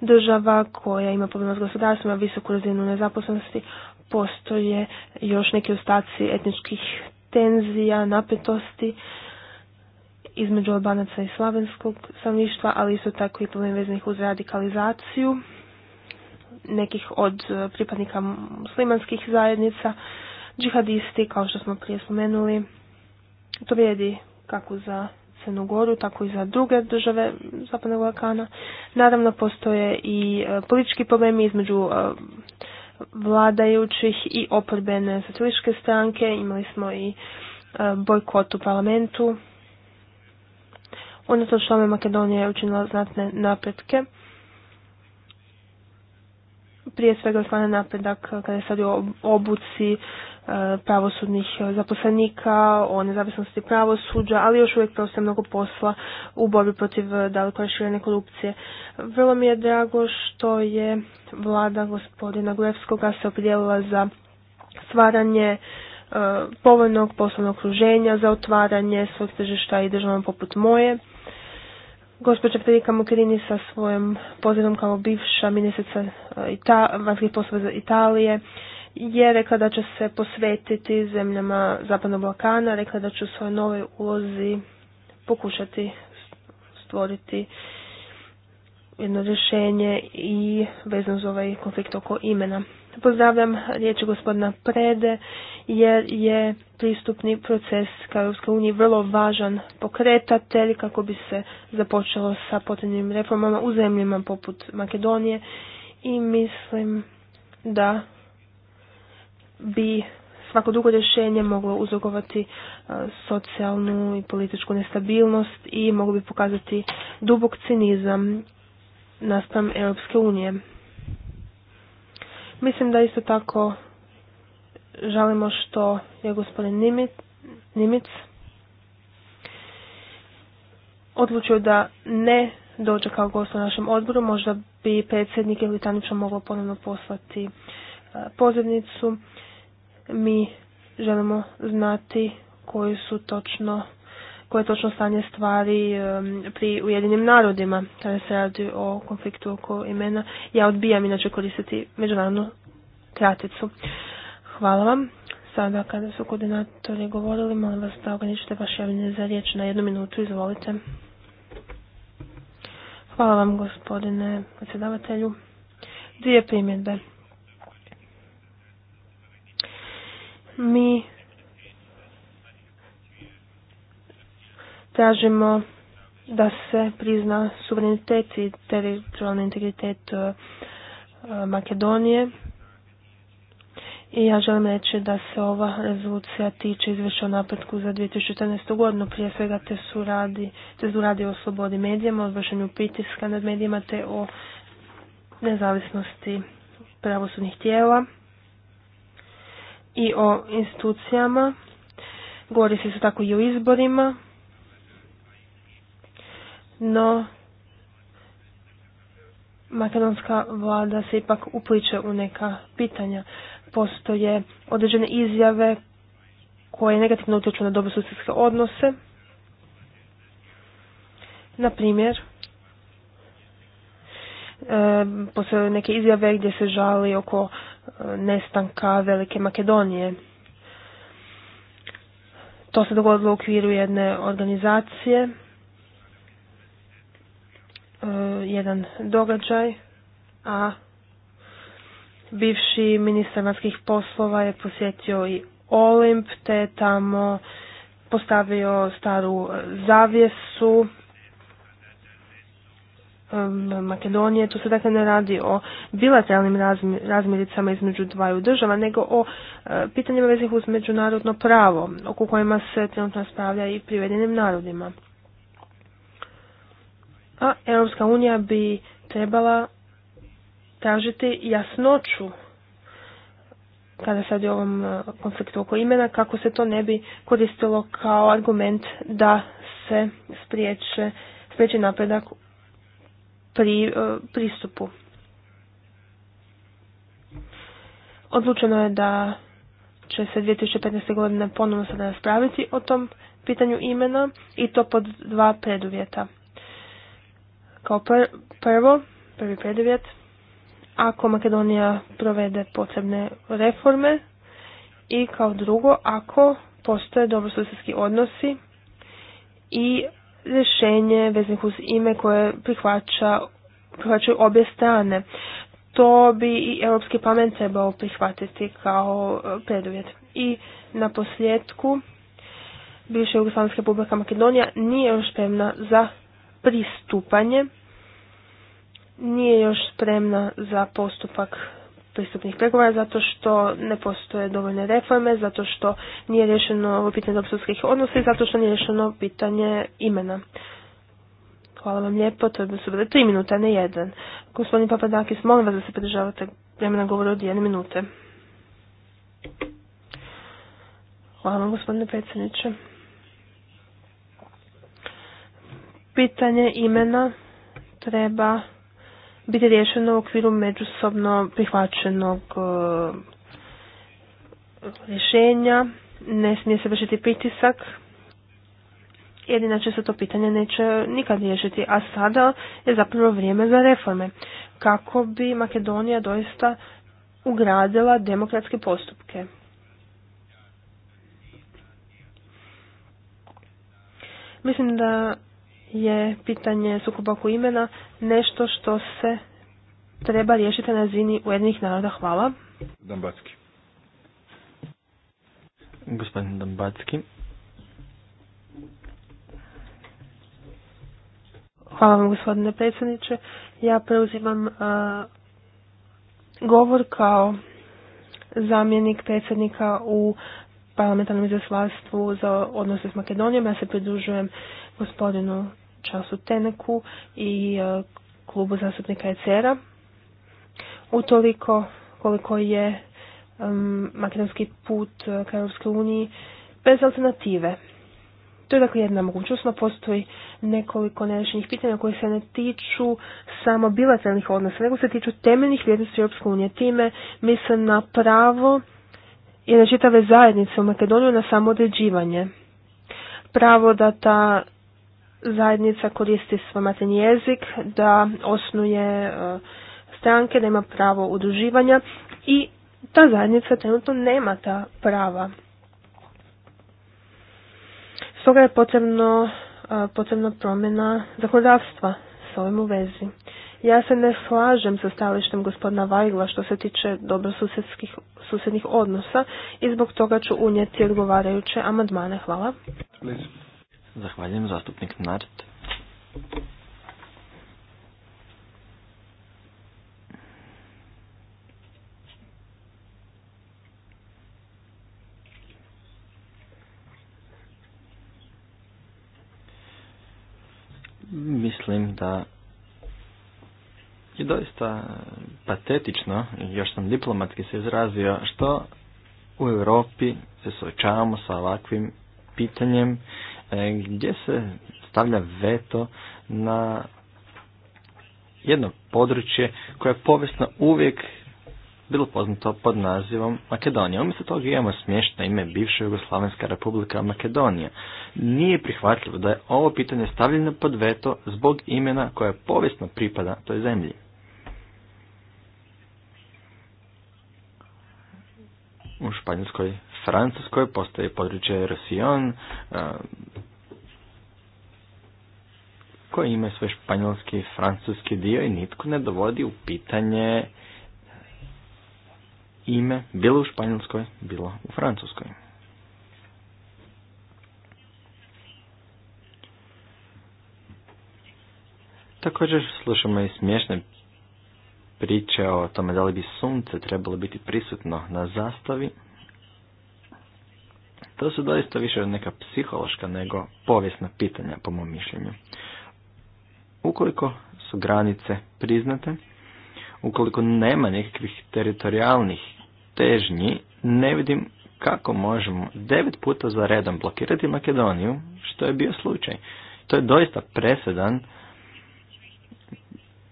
država koja ima problema s gospodarstvom, ima visoku razinu nezaposlenosti, postoje još neki ostaci etničkih tenzija, napetosti između Albanaca i slavenskog stanovništva, ali isto tako i problem vezanih uz radikalizaciju nekih od pripadnika muslimanskih zajednica, džihadisti, kao što smo prije spomenuli, to vrijedi kako za Crnu Goru, tako i za druge države Zapadnog Balkana. Naravno, postoje i e, politički problemi između e, vladajućih i oporbene satiričke stranke. Imali smo i e, bojkot u parlamentu. Unatoč tome Makedonija je učinila znatne napretke. Prije svega stvarno napredak kada je sad o obuci E, pravosudnih e, zaposlenika, o nezavisnosti pravosuđa, ali još uvijek preostaje mnogo posla u borbi protiv e, daleko raširene korupcije. Vrlo mi je drago što je vlada gospodina Gurevskoga se opredijelila za stvaranje povoljnog poslovnog okruženja, za otvaranje svog tržišta i državama poput moje. Gospođa Federica Mukerini sa svojom pozivom kao bivša ministrica Ita vanjskih poslova za Italije je rekla da će se posvetiti zemljama Zapadnog Balkana, rekla da će u svojoj novoj ulozi pokušati stvoriti jedno rješenje i vezano za ovaj konflikt oko imena. Pozdravljam riječi gospodina Prede jer je pristupni proces kao europske vrlo važan pokretatelj kako bi se započelo sa potrebnim reformama u zemljama poput Makedonije i mislim da bi svako drugo rješenje moglo uzrokovati e, socijalnu i političku nestabilnost i moglo bi pokazati dubok cinizam naspram Europske unije. Mislim da isto tako žalimo što je gospodin Nimic, odlučio da ne dođe kao gost u našem odboru, možda bi predsjednik ili tanica moglo ponovno poslati e, pozivnicu mi želimo znati koji su točno koje točno stanje stvari pri Ujedinim narodima, kada se radi o konfliktu oko imena. Ja odbijam inače koristiti međunarodnu kraticu. Hvala vam. Sada kada su koordinatori govorili, molim vas da ograničite vaše javljanje za riječ na jednu minutu. Izvolite. Hvala vam gospodine predsjedavatelju. Dvije primjedbe. Mi tražimo da se prizna suverenitet i teritorijalni integritet e, Makedonije. I ja želim reći da se ova rezolucija tiče izvješća o napretku za 2014. godinu. Prije svega te su radi, te su radi o slobodi medijama, o vršenju pritiska nad medijima te o nezavisnosti pravosudnih tijela i o institucijama, govori se tako i o izborima, no makedonska vlada se ipak upliče u neka pitanja. Postoje određene izjave koje negativno utječu na dobrosusjedske odnose. Na primjer, e, postoje neke izjave gdje se žali oko nestanka Velike Makedonije. To se dogodilo u okviru jedne organizacije, e, jedan događaj, a bivši ministar vanjskih poslova je posjetio i Olimp, te je tamo postavio staru zavjesu Makedonije. Tu se dakle ne radi o bilateralnim razmiricama između dvaju država, nego o e, pitanjima vezih uz međunarodno pravo, oko kojima se trenutno raspravlja i privedenim narodima. A Europska unija bi trebala tražiti jasnoću kada sad je ovom e, konfliktu oko imena, kako se to ne bi koristilo kao argument da se spriječe, spriječi napredak pri, e, pristupu. Odlučeno je da će se 2015. godine ponovno sada raspraviti o tom pitanju imena i to pod dva preduvjeta. Kao prvo, prvi preduvjet, ako Makedonija provede potrebne reforme i kao drugo, ako postoje dobrosusjedski odnosi i rješenje veznih uz ime koje prihvaća, prihvaćaju obje strane. To bi i Europski parlament trebao prihvatiti kao e, preduvjet. I na posljedku, bivša Jugoslavijska republika Makedonija nije još spremna za pristupanje, nije još spremna za postupak pristupnih pregovora zato što ne postoje dovoljne reforme, zato što nije rješeno ovo pitanje doktorskih odnosa i zato što nije rješeno pitanje imena. Hvala vam lijepo, to su bile tri minuta, ne jedan. Gospodin Papadakis, molim vas da se pridržavate vremena govora od jedne minute. Hvala vam gospodine predsjedniče. Pitanje imena treba biti riješeno u okviru međusobno prihvaćenog e, rješenja, ne smije se vršiti pritisak, jer inače se to pitanje neće nikad riješiti, a sada je zapravo vrijeme za reforme, kako bi Makedonija doista ugradila demokratske postupke. Mislim da je pitanje sukoba oko imena nešto što se treba riješiti na razini Ujednih naroda. Hvala. Gospodin Hvala vam gospodine predsjedniče. Ja preuzimam govor kao zamjenik predsjednika u parlamentarnom izaslavstvu za odnose s Makedonijom. Ja se pridružujem gospodinu Času Teneku i e, klubu zastupnika ECR-a. Utoliko koliko je makedonski put e, ka Europskoj uniji bez alternative. To je dakle jedna mogućnost, no postoji nekoliko nerešenih pitanja koje se ne tiču samo bilateralnih odnosa, nego se tiču temeljnih vrijednosti Europske unije. Time mislim na pravo jedne čitave zajednice u Makedoniju na samoodređivanje. Pravo da ta zajednica koristi svoj materni jezik, da osnuje e, stranke, da ima pravo udruživanja i ta zajednica trenutno nema ta prava. Stoga je potrebno, e, potrebna promjena zakonodavstva s ovim u vezi. Ja se ne slažem sa stavištem gospodina Vajgla što se tiče dobrosusjedskih susjednih odnosa i zbog toga ću unijeti odgovarajuće amandmane. Hvala. Zahvaljujem zastupnik Nart. Mislim da je doista patetično, još sam diplomatski se izrazio, što u Europi se suočavamo sa ovakvim pitanjem E, gdje se stavlja veto na jedno područje koje je povijesno uvijek bilo poznato pod nazivom Makedonija. Umjesto toga imamo smješno ime bivša Jugoslavenska republika Makedonija. Nije prihvatljivo da je ovo pitanje stavljeno pod veto zbog imena koje povijesno pripada toj zemlji. U Španjolskoj Francuskoj, postoji područje Roussillon, e, koji ima svoj španjolski i francuski dio i nitko ne dovodi u pitanje ime bilo u Španjolskoj, bilo u Francuskoj. Također slušamo i smiješne priče o tome da li bi sunce trebalo biti prisutno na zastavi. To su doista više neka psihološka nego povijesna pitanja po mom mišljenju. Ukoliko su granice priznate, ukoliko nema nekakvih teritorijalnih težnji, ne vidim kako možemo devet puta za redom blokirati Makedoniju, što je bio slučaj. To je doista presedan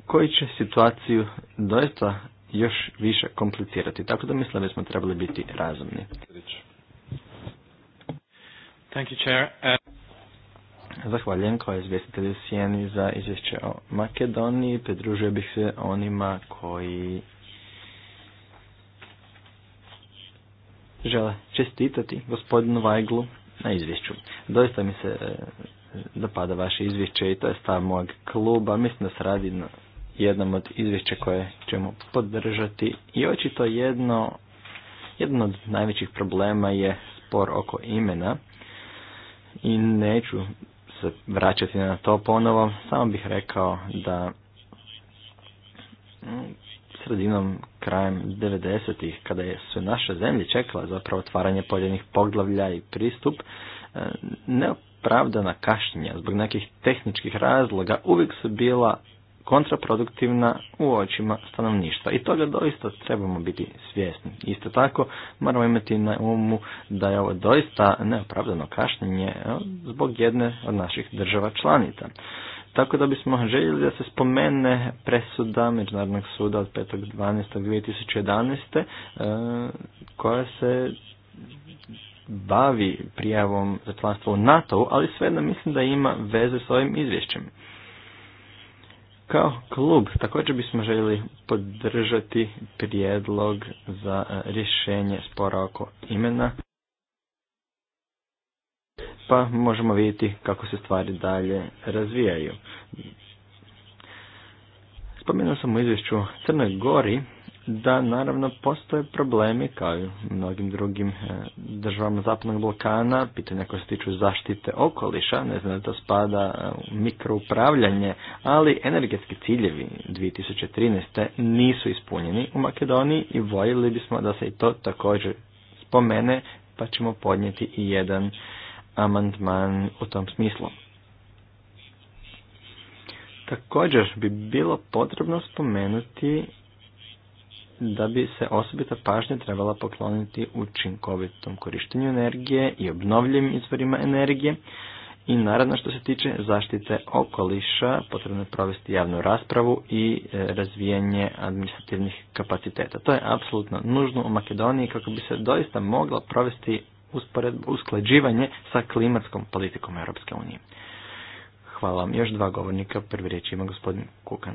koji će situaciju doista još više komplicirati. Tako da mislim da smo trebali biti razumni. Thank you, Chair. Uh, Zahvaljujem kao izvjestitelju Sijeni za izvješće o Makedoniji. Pridružio bih se onima koji žele čestitati gospodinu Vajglu na izvješću. Doista mi se dopada eh, vaše izvješće i to je stav mog kluba. Mislim da se radi na jednom od izvješća koje ćemo podržati i očito jedno, jedno od najvećih problema je spor oko imena i neću se vraćati na to ponovo, samo bih rekao da mm, sredinom, krajem 90-ih, kada sve naše zemlje čekala zapravo otvaranje pojedinih poglavlja i pristup, e, neopravdana kašnjenja zbog nekih tehničkih razloga uvijek su bila kontraproduktivna u očima stanovništva. I toga doista trebamo biti svjesni. Isto tako moramo imati na umu da je ovo doista neopravdano kašnjenje e, zbog jedne od naših država članica. Tako da bismo željeli da se spomene presuda Međunarodnog suda od 5.12.2011. E, koja se bavi prijavom za članstvo u NATO, ali svejedno mislim da ima veze s ovim izvješćem. Kao klub također bismo željeli podržati prijedlog za e, rješenje spora oko imena. Pa možemo vidjeti kako se stvari dalje razvijaju. Spomenuo sam u izvješću Crnoj Gori da naravno postoje problemi kao i u mnogim drugim e, državama zapadnog Balkana, pitanja koje se tiču zaštite okoliša, ne znam da to spada e, u mikroupravljanje, ali energetski ciljevi 2013. nisu ispunjeni u Makedoniji i voljeli bismo da se i to također spomene, pa ćemo podnijeti i jedan amandman u tom smislu. Također bi bilo potrebno spomenuti da bi se osobita pažnja trebala pokloniti učinkovitom korištenju energije i obnovljivim izvorima energije. I naravno što se tiče zaštite okoliša, potrebno je provesti javnu raspravu i e, razvijanje administrativnih kapaciteta. To je apsolutno nužno u Makedoniji kako bi se doista mogla provesti usklađivanje sa klimatskom politikom Europske unije. Hvala vam. Još dva govornika. Prvi riječ ima gospodin Kukan.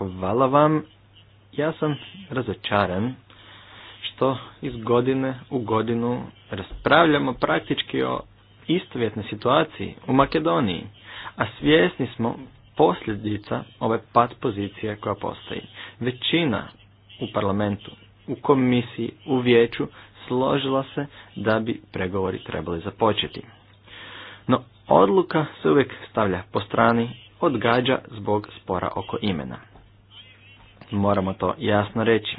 Hvala vam. Ja sam razočaran što iz godine u godinu raspravljamo praktički o istovjetnoj situaciji u Makedoniji, a svjesni smo posljedica ove pat pozicije koja postoji. Većina u parlamentu, u komisiji, u vijeću složila se da bi pregovori trebali započeti. No, odluka se uvijek stavlja po strani, odgađa zbog spora oko imena. Moramo to jasno reći.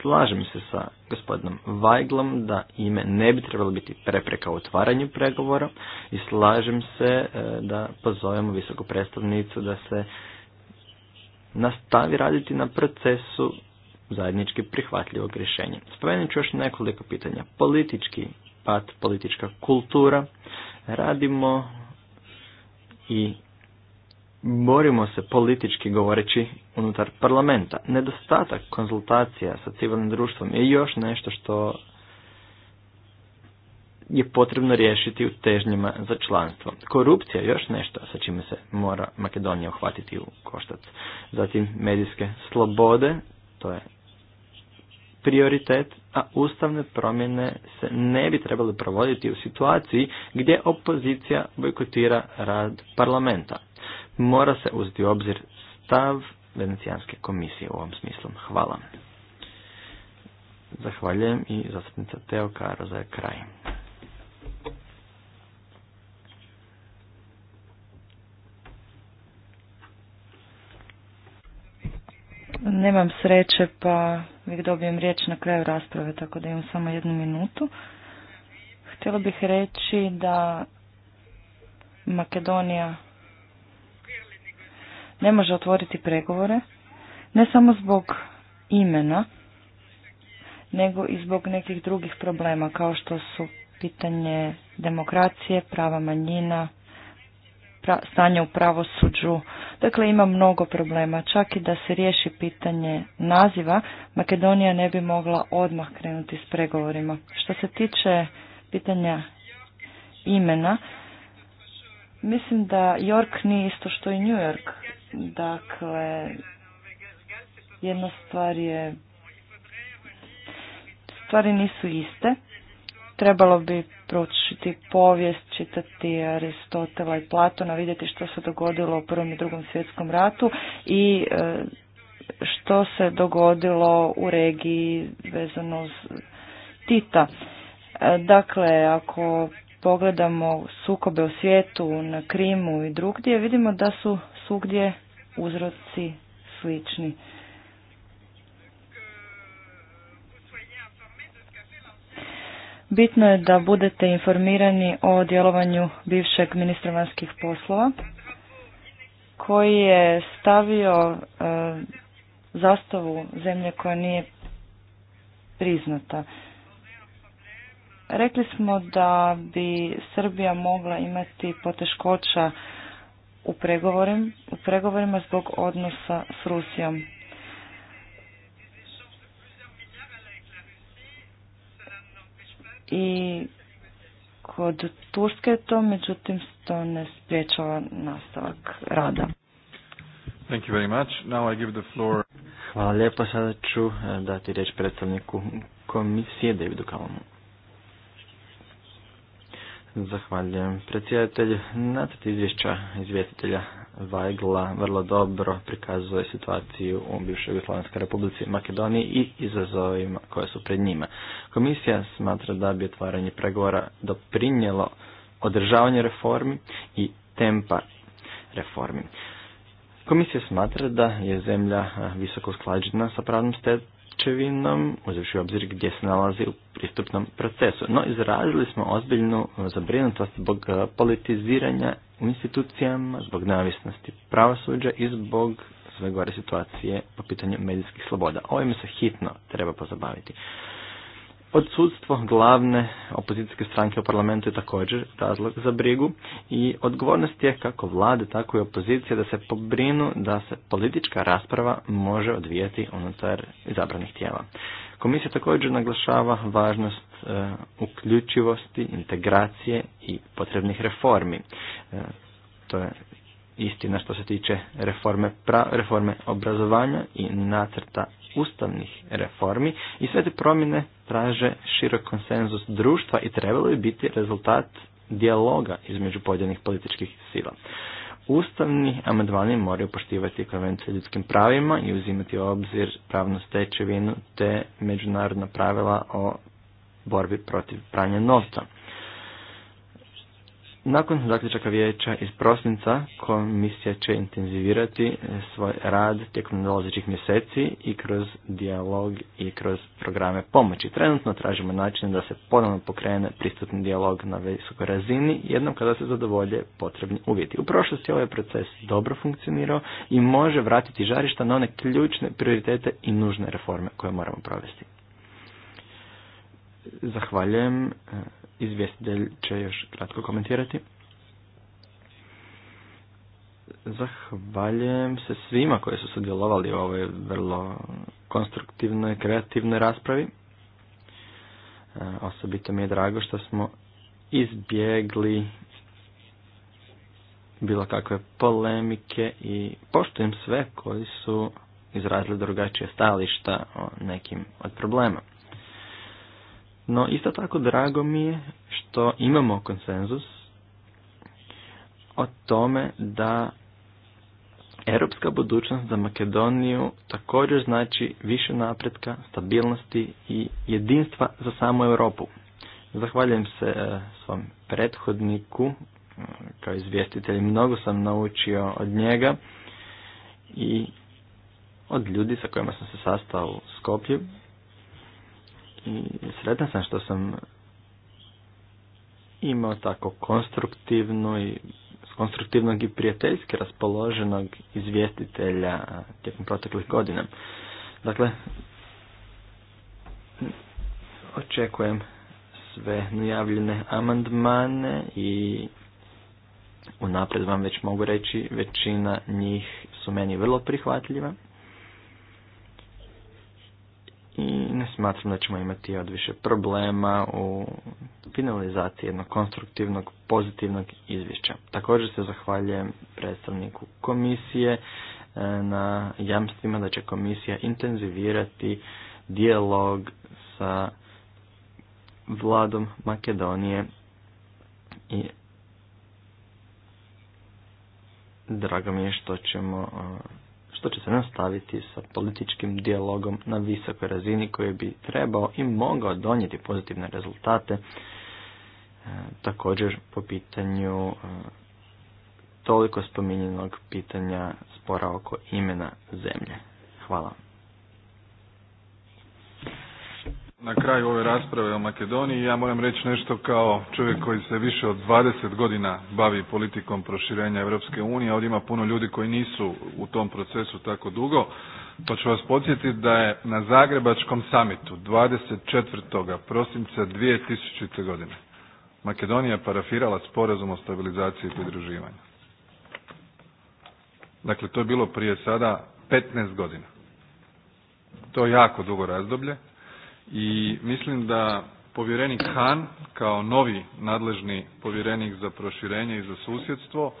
Slažem se sa gospodinom Vajglom da ime ne bi trebalo biti prepreka u otvaranju pregovora i slažem se e, da pozovemo visoku predstavnicu da se nastavi raditi na procesu zajednički prihvatljivog rješenja. Spomenut ću još nekoliko pitanja. Politički pat, politička kultura. Radimo i borimo se politički govoreći unutar parlamenta. Nedostatak konzultacija sa civilnim društvom je još nešto što je potrebno riješiti u težnjima za članstvo. Korupcija je još nešto sa čime se mora Makedonija uhvatiti u koštac. Zatim medijske slobode, to je prioritet, a ustavne promjene se ne bi trebale provoditi u situaciji gdje opozicija bojkotira rad parlamenta mora se uzeti u obzir stav Venecijanske komisije u ovom smislu. Hvala. Zahvaljujem i zastupnica Teo Karo za kraj. Nemam sreće pa uvijek dobijem riječ na kraju rasprave tako da imam samo jednu minutu. Htjela bih reći da Makedonija ne može otvoriti pregovore, ne samo zbog imena, nego i zbog nekih drugih problema kao što su pitanje demokracije, prava manjina, pra, stanje u pravosuđu. Dakle, ima mnogo problema. Čak i da se riješi pitanje naziva, Makedonija ne bi mogla odmah krenuti s pregovorima. Što se tiče pitanja imena, mislim da York nije isto što i New York Dakle, jedna stvar je, stvari nisu iste. Trebalo bi pročiti povijest, čitati Aristotela i Platona, vidjeti što se dogodilo u Prvom i Drugom svjetskom ratu i e, što se dogodilo u regiji vezano s Tita. E, dakle, ako pogledamo sukobe u svijetu, na Krimu i drugdje, vidimo da su svugdje uzroci slični. Bitno je da budete informirani o djelovanju bivšeg ministra vanjskih poslova koji je stavio e, zastavu zemlje koja nije priznata. Rekli smo da bi Srbija mogla imati poteškoća u pregovorima, pregovorima zbog odnosa s Rusijom. I kod Turske to međutim to ne spriječava nastavak rada. Thank you very much. Now I give the floor. Hvala lijepo, sada ću eh, dati riječ predstavniku komisije Davidu Kalomu. Zahvaljujem. Predsjedatelj, nacrt izvješća izvjestitelja Vajgla vrlo dobro prikazuje situaciju u bivšoj Jugoslavenskoj republici Makedoniji i izazovima koje su pred njima. Komisija smatra da bi otvaranje pregovora doprinjelo održavanje reformi i tempa reformi. Komisija smatra da je zemlja visoko usklađena sa pravnom očevinom uzevši u obzir gdje se nalazi u pristupnom procesu. No, izrazili smo ozbiljnu zabrinutost zbog e, politiziranja u institucijama, zbog navisnosti pravosuđa i zbog sve gore situacije po pitanju medijskih sloboda. Ovime se hitno treba pozabaviti. Odsudstvo glavne opozicijske stranke u parlamentu je također razlog za brigu i odgovornost je kako vlade, tako i opozicije da se pobrinu da se politička rasprava može odvijati unutar izabranih tijela. Komisija također naglašava važnost e, uključivosti, integracije i potrebnih reformi. E, to je istina što se tiče reforme, reforme obrazovanja i nacrta ustavnih reformi i sve te promjene traže širok konsenzus društva i trebalo bi biti rezultat dijaloga između pojedinih političkih sila. Ustavni amandmani moraju poštivati konvenciju o ljudskim pravima i uzimati u obzir pravnu stečevinu te međunarodna pravila o borbi protiv pranja novca. Nakon zaključaka vijeća iz prosinca komisija će intenzivirati svoj rad tijekom dolazećih mjeseci i kroz dijalog i kroz programe pomoći. Trenutno tražimo način da se ponovno pokrene pristupni dijalog na visokoj razini jednom kada se zadovolje potrebni uvjeti. U prošlosti ovaj proces dobro funkcionirao i može vratiti žarišta na one ključne prioritete i nužne reforme koje moramo provesti. Zahvaljujem. Izvjestitelj će još kratko komentirati. Zahvaljujem se svima koji su sudjelovali u ovoj vrlo konstruktivnoj, kreativnoj raspravi. E, osobito mi je drago što smo izbjegli bilo kakve polemike i poštujem sve koji su izrazili drugačije stajališta o nekim od problema. No, isto tako drago mi je što imamo konsenzus o tome da europska budućnost za Makedoniju također znači više napretka, stabilnosti i jedinstva za samu Europu. Zahvaljujem se e, svom prethodniku, e, kao izvjestitelj, mnogo sam naučio od njega i od ljudi sa kojima sam se sastao u i sretan sam što sam imao tako konstruktivno i konstruktivnog i prijateljski raspoloženog izvjestitelja tijekom proteklih godina. Dakle, očekujem sve najavljene amandmane i unaprijed vam već mogu reći većina njih su meni vrlo prihvatljiva i ne smatram da ćemo imati odviše problema u finalizaciji jednog konstruktivnog, pozitivnog izvješća. Također se zahvaljujem predstavniku komisije e, na jamstvima da će komisija intenzivirati dijalog sa vladom Makedonije i drago mi je što ćemo e, što pa će se nastaviti sa političkim dijalogom na visokoj razini koji bi trebao i mogao donijeti pozitivne rezultate e, također po pitanju e, toliko spominjenog pitanja spora oko imena zemlje. Hvala. na kraju ove rasprave o Makedoniji. Ja moram reći nešto kao čovjek koji se više od 20 godina bavi politikom proširenja Europske unije. Ovdje ima puno ljudi koji nisu u tom procesu tako dugo. Pa ću vas podsjetiti da je na Zagrebačkom samitu 24. prosinca 2000. godine Makedonija parafirala sporazum o stabilizaciji i pridruživanju. Dakle, to je bilo prije sada 15 godina. To je jako dugo razdoblje i mislim da povjerenik Han kao novi nadležni povjerenik za proširenje i za susjedstvo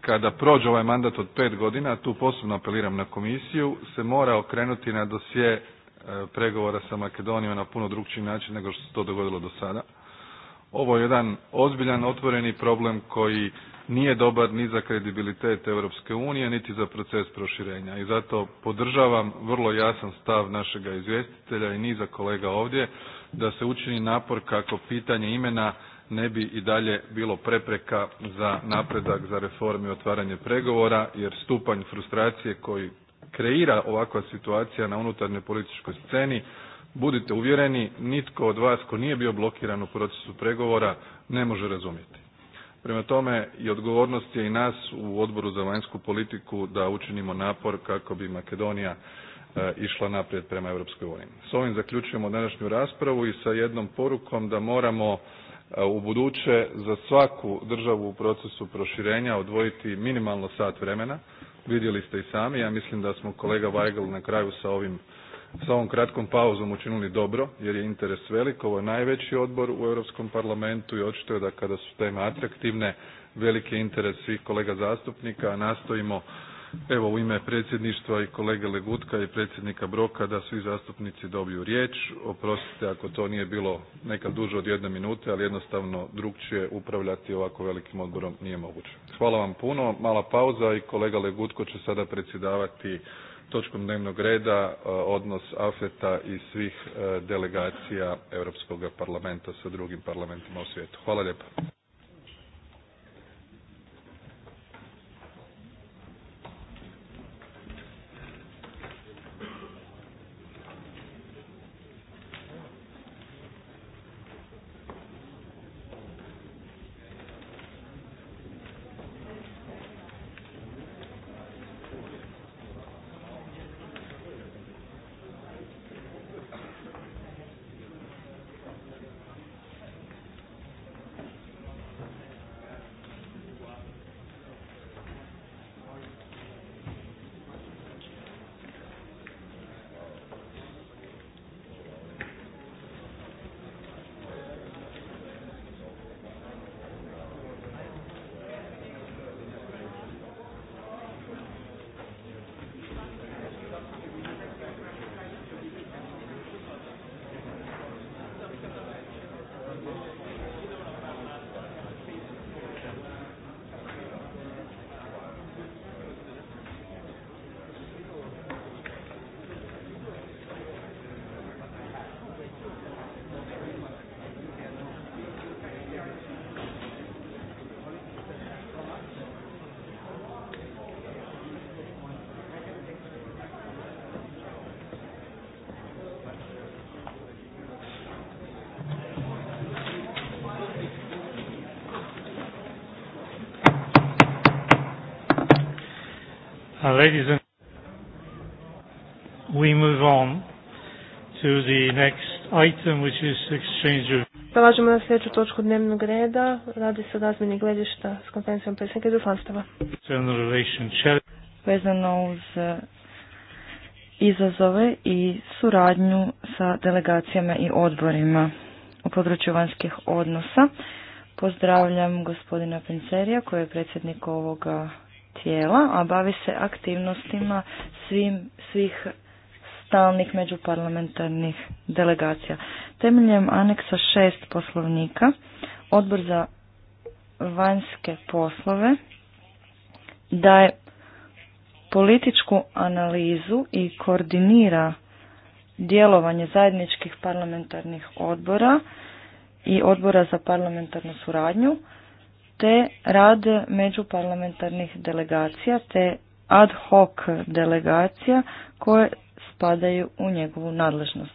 kada prođe ovaj mandat od pet godina, tu posebno apeliram na komisiju, se mora okrenuti na dosje e, pregovora sa Makedonijom na puno drugčiji način nego što se to dogodilo do sada. Ovo je jedan ozbiljan otvoreni problem koji nije dobar ni za kredibilitet Europske unije niti za proces proširenja i zato podržavam vrlo jasan stav našega izvjestitelja i niza kolega ovdje da se učini napor kako pitanje imena ne bi i dalje bilo prepreka za napredak za reforme i otvaranje pregovora jer stupanj frustracije koji kreira ovakva situacija na unutarnjoj političkoj sceni budite uvjereni nitko od vas tko nije bio blokiran u procesu pregovora ne može razumjeti. Prema tome i odgovornost je i nas u odboru za vanjsku politiku da učinimo napor kako bi Makedonija e, išla naprijed prema Europskoj uniji. S ovim zaključujemo današnju raspravu i sa jednom porukom da moramo e, u buduće za svaku državu u procesu proširenja odvojiti minimalno sat vremena. Vidjeli ste i sami, ja mislim da smo kolega Vajgal na kraju sa ovim sa ovom kratkom pauzom učinili dobro jer je interes velik. Ovo je najveći odbor u Europskom parlamentu i očito je da kada su teme atraktivne veliki je interes svih kolega zastupnika. Nastojimo evo u ime predsjedništva i kolege Legutka i predsjednika Broka da svi zastupnici dobiju riječ. Oprostite ako to nije bilo nekad duže od jedne minute, ali jednostavno drukčije upravljati ovako velikim odborom nije moguće. Hvala vam puno. Mala pauza i kolega Legutko će sada predsjedavati točkom dnevnog reda e, odnos AFETA i svih e, delegacija Europskog parlamenta sa drugim parlamentima u svijetu. Hvala lijepa. Ladies and we move on to the next item which is exchange of na sljedeću točku dnevnog reda. Radi se o razmjeni gledišta s konferencijom predsjednika Izoslanstava. Vezano uz eh, izazove i suradnju sa delegacijama i odborima u području vanjskih odnosa. Pozdravljam gospodina Pencerija koji je predsjednik ovoga tijela, a bavi se aktivnostima svim, svih stalnih međuparlamentarnih delegacija. Temeljem aneksa šest poslovnika, odbor za vanjske poslove daje političku analizu i koordinira djelovanje zajedničkih parlamentarnih odbora i odbora za parlamentarnu suradnju te rad međuparlamentarnih delegacija te ad hoc delegacija koje spadaju u njegovu nadležnost.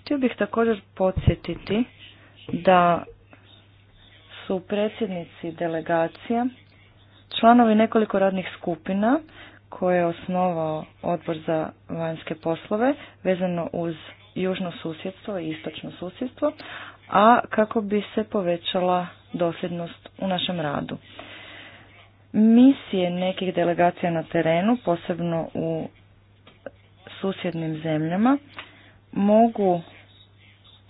Htio bih također podsjetiti da su predsjednici delegacija članovi nekoliko radnih skupina koje je osnovao odbor za vanjske poslove vezano uz južno susjedstvo i istočno susjedstvo, a kako bi se povećala dosljednost u našem radu. Misije nekih delegacija na terenu, posebno u susjednim zemljama, mogu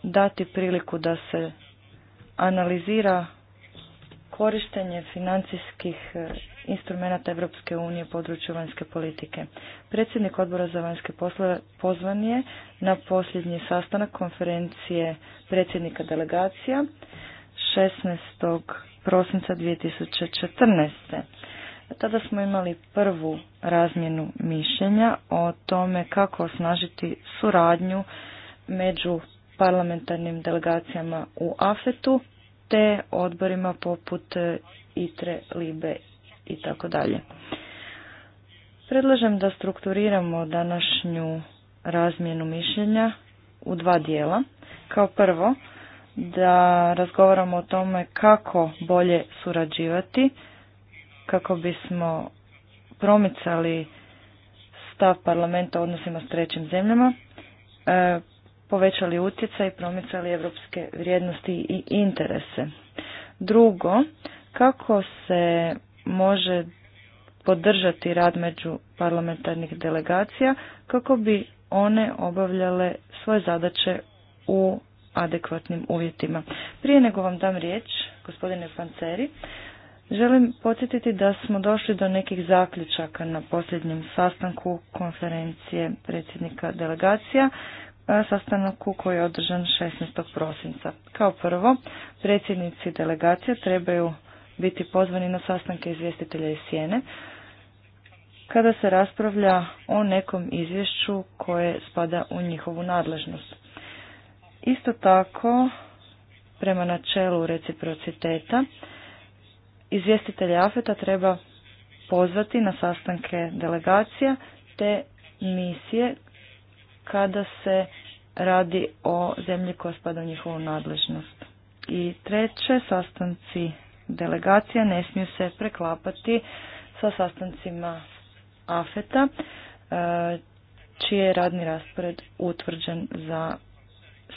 dati priliku da se analizira korištenje financijskih e, instrumenata Europske unije u području vanjske politike. Predsjednik odbora za vanjske poslove pozvan je na posljednji sastanak konferencije predsjednika delegacija 16. prosinca 2014. Tada smo imali prvu razmjenu mišljenja o tome kako osnažiti suradnju među parlamentarnim delegacijama u AFET-u te odborima poput e, ITRE, LIBE i tako dalje. Predlažem da strukturiramo današnju razmjenu mišljenja u dva dijela. Kao prvo, da razgovaramo o tome kako bolje surađivati, kako bismo promicali stav parlamenta odnosima s trećim zemljama. E, povećali utjecaj i promicali evropske vrijednosti i interese. Drugo, kako se može podržati rad među parlamentarnih delegacija kako bi one obavljale svoje zadaće u adekvatnim uvjetima. Prije nego vam dam riječ, gospodine Panceri, želim podsjetiti da smo došli do nekih zaključaka na posljednjem sastanku konferencije predsjednika delegacija E, sastanku koji je održan 16. prosinca. Kao prvo, predsjednici delegacija trebaju biti pozvani na sastanke izvjestitelja iz Sjene kada se raspravlja o nekom izvješću koje spada u njihovu nadležnost. Isto tako, prema načelu reciprociteta, izvjestitelja AFETA treba pozvati na sastanke delegacija te misije kada se radi o zemlji koja spada u njihovu nadležnost. I treće, sastanci delegacija ne smiju se preklapati sa sastancima AFETA, e, čiji je radni raspored utvrđen za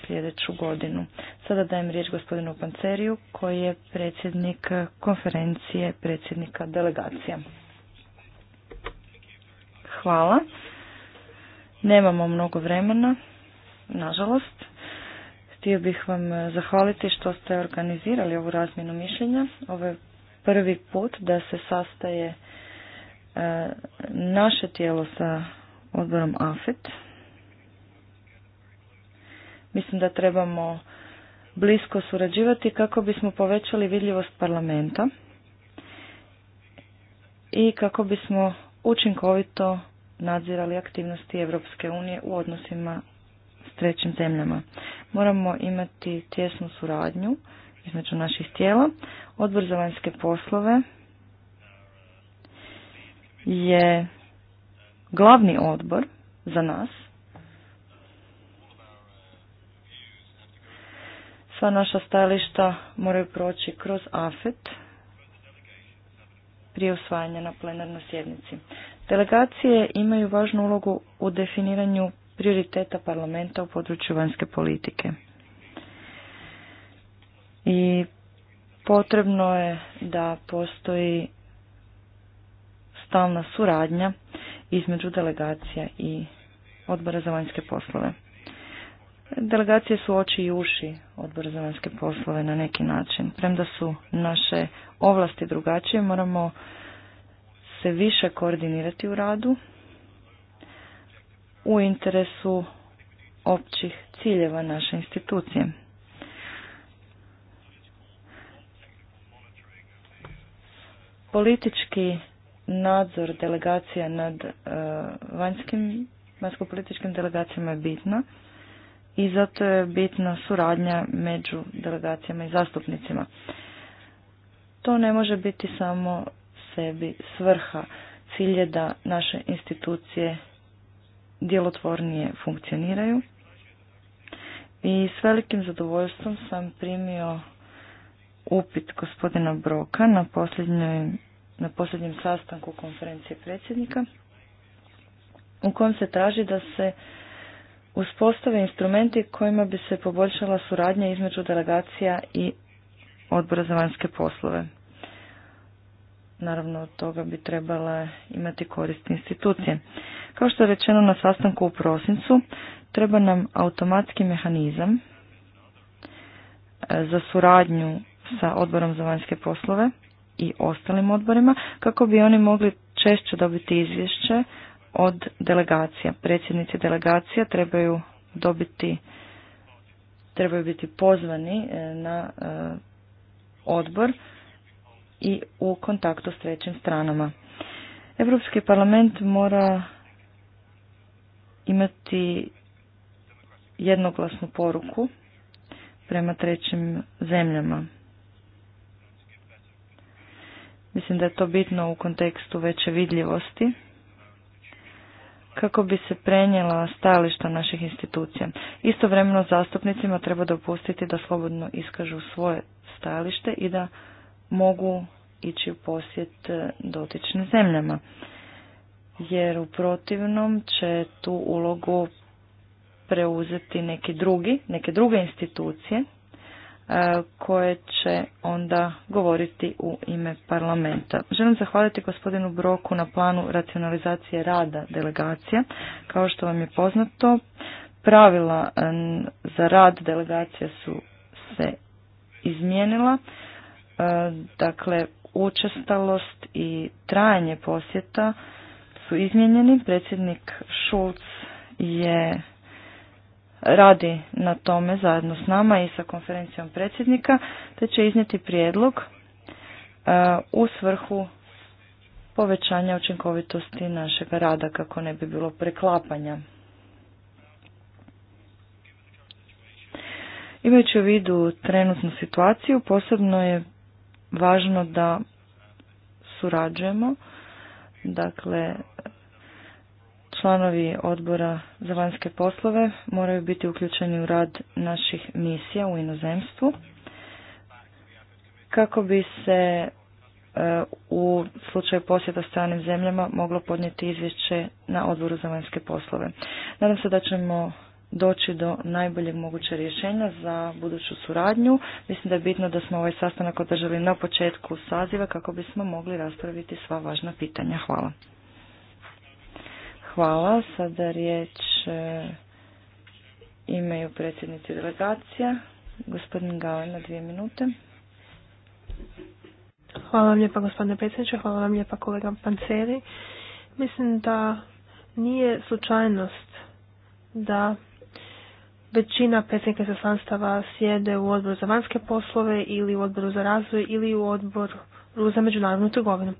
sljedeću godinu. Sada dajem riječ gospodinu Panceriju koji je predsjednik konferencije predsjednika delegacija. Hvala. Nemamo mnogo vremena, nažalost. Htio bih vam eh, zahvaliti što ste organizirali ovu razmjenu mišljenja. Ovo je prvi put da se sastaje eh, naše tijelo sa odborom AFET. Mislim da trebamo blisko surađivati kako bismo povećali vidljivost parlamenta i kako bismo učinkovito nadzirali aktivnosti Europske unije u odnosima s trećim zemljama. Moramo imati tjesnu suradnju između naših tijela. Odbor za vanjske poslove je glavni odbor za nas. Sva naša stajališta moraju proći kroz AFET prije usvajanja na plenarnoj sjednici. Delegacije imaju važnu ulogu u definiranju prioriteta parlamenta u području vanjske politike. I potrebno je da postoji stalna suradnja između delegacija i odbora za vanjske poslove. Delegacije su oči i uši odbora za vanjske poslove na neki način. Premda su naše ovlasti drugačije, moramo se više koordinirati u radu u interesu općih ciljeva naše institucije. Politički nadzor delegacija nad e, vanjskim, vanjsko-političkim delegacijama je bitna i zato je bitna suradnja među delegacijama i zastupnicima. To ne može biti samo sebi svrha. Cilj je da naše institucije djelotvornije funkcioniraju. I s velikim zadovoljstvom sam primio upit gospodina Broka na na posljednjem sastanku konferencije predsjednika u kojem se traži da se uspostave instrumenti kojima bi se poboljšala suradnja između delegacija i odbora za vanjske poslove. Naravno, od toga bi trebala imati korist institucije. Kao što je rečeno na sastanku u prosincu, treba nam automatski mehanizam e, za suradnju sa odborom za vanjske poslove i ostalim odborima, kako bi oni mogli češće dobiti izvješće od delegacija. Predsjednici delegacija trebaju dobiti trebaju biti pozvani e, na e, odbor i u kontaktu s trećim stranama. Europski parlament mora imati jednoglasnu poruku prema trećim zemljama. Mislim da je to bitno u kontekstu veće vidljivosti kako bi se prenijela stajališta naših institucija. Istovremeno zastupnicima treba dopustiti da slobodno iskažu svoje stajalište i da mogu ići u posjet e, dotičnim zemljama. Jer u protivnom će tu ulogu preuzeti neki drugi, neke druge institucije e, koje će onda govoriti u ime parlamenta. Želim zahvaliti gospodinu Broku na planu racionalizacije rada delegacija. Kao što vam je poznato, pravila e, za rad delegacija su se izmijenila E, dakle, učestalost i trajanje posjeta su izmijenjeni. Predsjednik Šulc je radi na tome zajedno s nama i sa konferencijom predsjednika, te će iznijeti prijedlog e, u svrhu povećanja učinkovitosti našega rada kako ne bi bilo preklapanja. Imajući u vidu trenutnu situaciju, posebno je važno da surađujemo. Dakle, članovi odbora za vanjske poslove moraju biti uključeni u rad naših misija u inozemstvu kako bi se e, u slučaju posjeta stranim zemljama moglo podnijeti izvješće na odboru za vanjske poslove. Nadam se da ćemo doći do najboljeg moguće rješenja za buduću suradnju. Mislim da je bitno da smo ovaj sastanak održali na početku saziva kako bismo mogli raspraviti sva važna pitanja. Hvala. Hvala. Sada riječ e, imaju predsjednici delegacija. Gospodin Galen na dvije minute. Hvala vam lijepa gospodine predsjedniče, hvala vam lijepa kolega Panceri. Mislim da nije slučajnost da Većina predsjednika izaslanstava sjede u odboru za vanjske poslove ili u odboru za razvoj ili u odboru za međunarodnu trgovinu.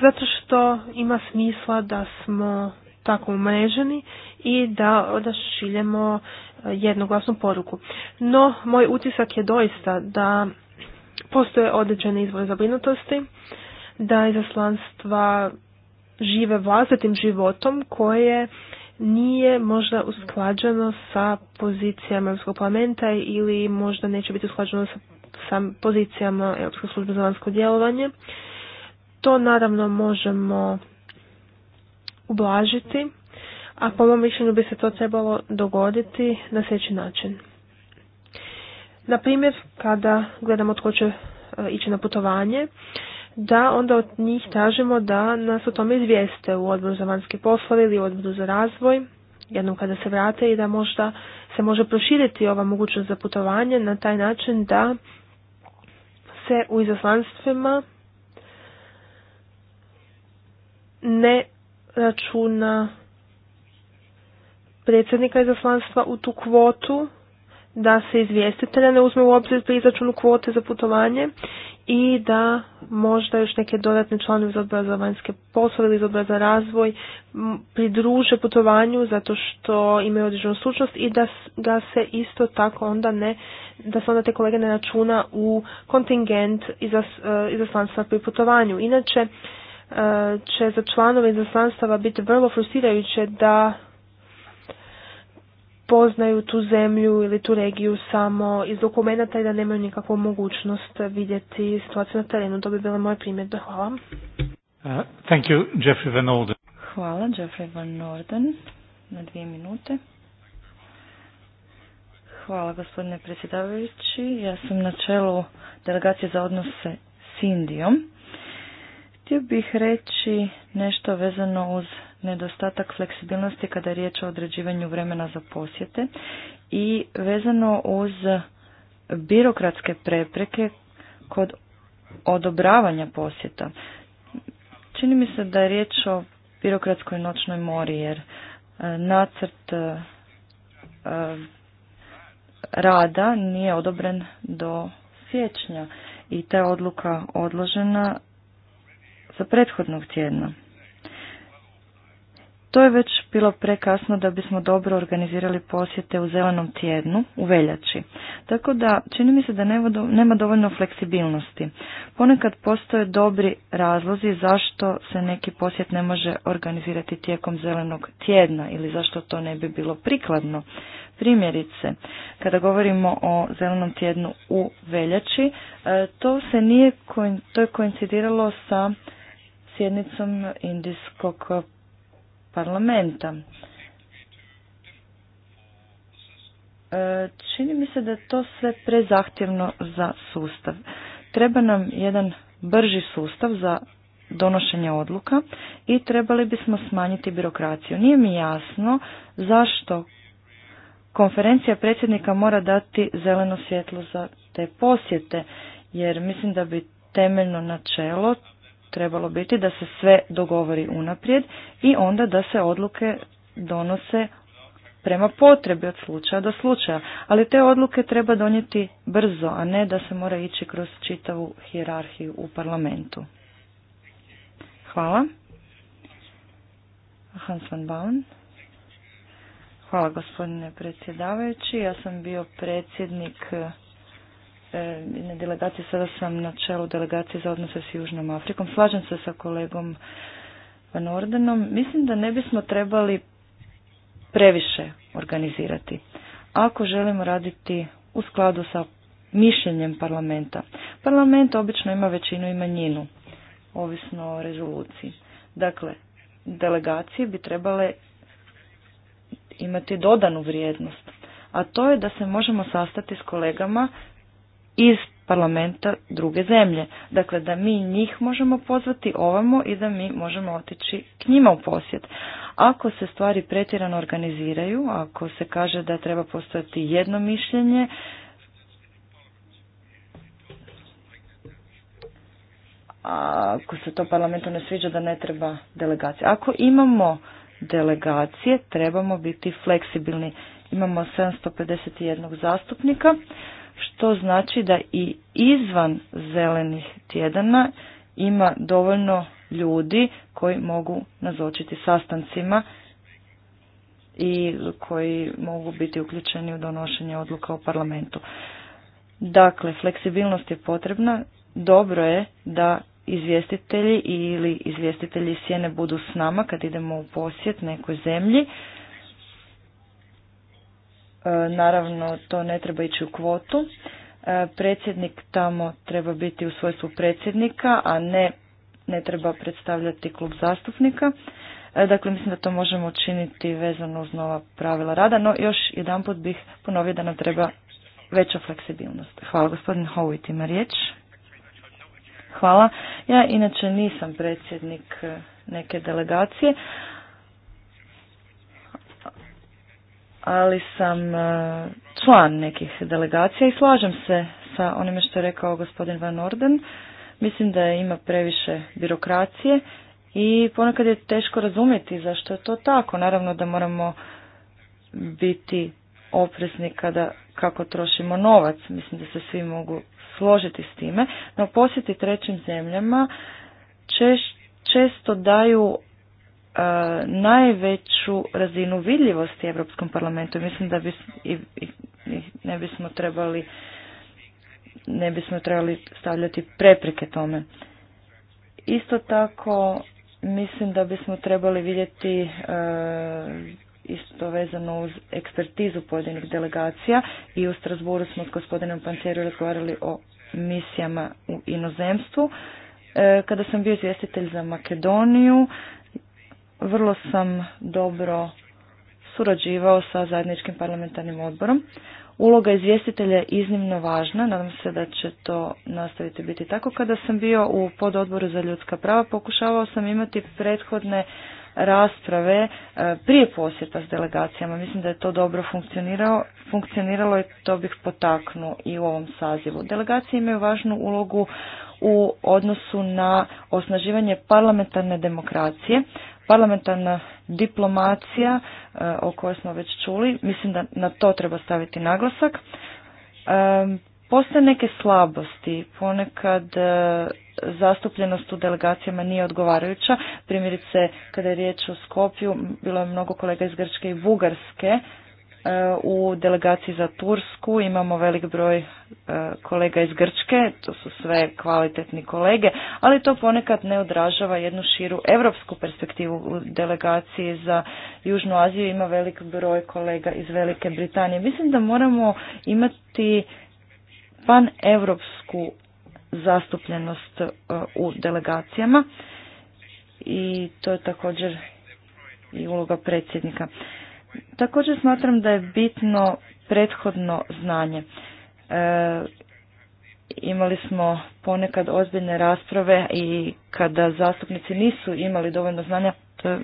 Zato što ima smisla da smo tako umreženi i da odašiljemo e, jednoglasnu poruku. No, moj utisak je doista da postoje određene izvore zabrinutosti, da izaslanstva žive vlastitim životom koje nije možda usklađeno sa pozicijama Europskog parlamenta ili možda neće biti usklađeno sa, sa pozicijama Europske službe za vanjsko djelovanje. To naravno možemo ublažiti, a po mom mišljenju bi se to trebalo dogoditi na sljedeći način. Na primjer, kada gledamo tko će e, ići na putovanje, da onda od njih tražimo da nas o tome izvijeste u odboru za vanjske poslove ili u odboru za razvoj, jednom kada se vrate i da možda se može proširiti ova mogućnost za putovanje na taj način da se u izaslanstvima ne računa predsjednika izaslanstva u tu kvotu da se izvjestitelja ne uzme u obzir pri izračunu kvote za putovanje i da možda još neke dodatne članovi iz odbora za vanjske poslove ili iz odbora za razvoj pridruže putovanju zato što imaju određenu slučnost i da ga se isto tako onda ne, da se onda te kolege ne računa u kontingent e, izaslanstva pri putovanju. Inače e, će za članove izaslanstava biti vrlo frustrirajuće da poznaju tu zemlju ili tu regiju samo iz dokumenata i da nemaju nikakvu mogućnost vidjeti situaciju na terenu. To bi bila moje primjedbe. Hvala. Uh, thank you, Jeffrey Van Orden. Hvala, Jeffrey Van Orden. Na dvije minute. Hvala, gospodine predsjedavajući. Ja sam na čelu delegacije za odnose s Indijom. Htio bih reći nešto vezano uz nedostatak fleksibilnosti kada je riječ o određivanju vremena za posjete i vezano uz birokratske prepreke kod odobravanja posjeta. Čini mi se da je riječ o birokratskoj noćnoj mori jer e, nacrt e, e, rada nije odobren do siječnja i ta odluka odložena za prethodnog tjedna. To je već bilo prekasno da bismo dobro organizirali posjete u zelenom tjednu, u veljači. Tako da, čini mi se da nema dovoljno fleksibilnosti. Ponekad postoje dobri razlozi zašto se neki posjet ne može organizirati tijekom zelenog tjedna ili zašto to ne bi bilo prikladno. Primjerice, kada govorimo o zelenom tjednu u veljači, e, to se nije, to je koincidiralo sa sjednicom Indijskog parlamenta. E, čini mi se da je to sve prezahtjevno za sustav. Treba nam jedan brži sustav za donošenje odluka i trebali bismo smanjiti birokraciju. Nije mi jasno zašto konferencija predsjednika mora dati zeleno svjetlo za te posjete, jer mislim da bi temeljno načelo trebalo biti da se sve dogovori unaprijed i onda da se odluke donose prema potrebi od slučaja do slučaja. Ali te odluke treba donijeti brzo, a ne da se mora ići kroz čitavu hijerarhiju u parlamentu. Hvala. Hans van Baun. Hvala gospodine predsjedavajući. Ja sam bio predsjednik E, jedne delegacije, sada sam na čelu delegacije za odnose s Južnom Afrikom. Slažem se sa kolegom Van Ordenom. Mislim da ne bismo trebali previše organizirati. Ako želimo raditi u skladu sa mišljenjem parlamenta. Parlament obično ima većinu i manjinu, ovisno o rezoluciji. Dakle, delegacije bi trebale imati dodanu vrijednost, a to je da se možemo sastati s kolegama iz parlamenta druge zemlje. Dakle, da mi njih možemo pozvati ovamo i da mi možemo otići k njima u posjet. Ako se stvari pretjerano organiziraju, ako se kaže da treba postojati jedno mišljenje, ako se to parlamentu ne sviđa da ne treba delegacija. Ako imamo delegacije, trebamo biti fleksibilni. Imamo 751 zastupnika što znači da i izvan zelenih tjedana ima dovoljno ljudi koji mogu nazočiti sastancima i koji mogu biti uključeni u donošenje odluka u parlamentu. Dakle, fleksibilnost je potrebna. Dobro je da izvjestitelji ili izvjestitelji sjene budu s nama kad idemo u posjet nekoj zemlji E, naravno to ne treba ići u kvotu. E, predsjednik tamo treba biti u svojstvu predsjednika, a ne, ne treba predstavljati klub zastupnika. E, dakle, mislim da to možemo učiniti vezano uz nova pravila rada, no još jedanput bih ponovio da nam treba veća fleksibilnost. Hvala gospodin Howitt, ima riječ. Hvala. Ja inače nisam predsjednik neke delegacije, ali sam e, član nekih delegacija i slažem se sa onime što je rekao gospodin Van Orden. Mislim da ima previše birokracije i ponekad je teško razumjeti zašto je to tako. Naravno da moramo biti oprezni kada kako trošimo novac. Mislim da se svi mogu složiti s time. No posjeti trećim zemljama često daju E, najveću razinu vidljivosti Europskom parlamentu. Mislim da bis i, ne bismo trebali ne bismo trebali stavljati prepreke tome. Isto tako mislim da bismo trebali vidjeti e, isto vezano uz ekspertizu pojedinih delegacija i u Strasburu smo s gospodinom Pancjeru razgovarali o misijama u inozemstvu. E, kada sam bio izvjestitelj za Makedoniju, vrlo sam dobro surađivao sa zajedničkim parlamentarnim odborom. Uloga izvjestitelja je iznimno važna, nadam se da će to nastaviti biti tako. Kada sam bio u pododboru za ljudska prava, pokušavao sam imati prethodne rasprave e, prije posjeta s delegacijama. Mislim da je to dobro funkcioniralo, funkcioniralo i to bih potaknuo i u ovom sazivu. Delegacije imaju važnu ulogu u odnosu na osnaživanje parlamentarne demokracije. Parlamentarna diplomacija e, o kojoj smo već čuli, mislim da na to treba staviti naglasak. E, postoje neke slabosti, ponekad e, zastupljenost u delegacijama nije odgovarajuća. Primjerice, kada je riječ o Skopju, bilo je mnogo kolega iz Grčke i Bugarske, E, u delegaciji za Tursku imamo velik broj e, kolega iz Grčke, to su sve kvalitetni kolege, ali to ponekad ne odražava jednu širu europsku perspektivu. U delegaciji za Južnu Aziju ima velik broj kolega iz Velike Britanije. Mislim da moramo imati pan-evropsku zastupljenost e, u delegacijama i to je također i uloga predsjednika. Također smatram da je bitno prethodno znanje. E, imali smo ponekad ozbiljne rasprave i kada zastupnici nisu imali dovoljno znanja, to je,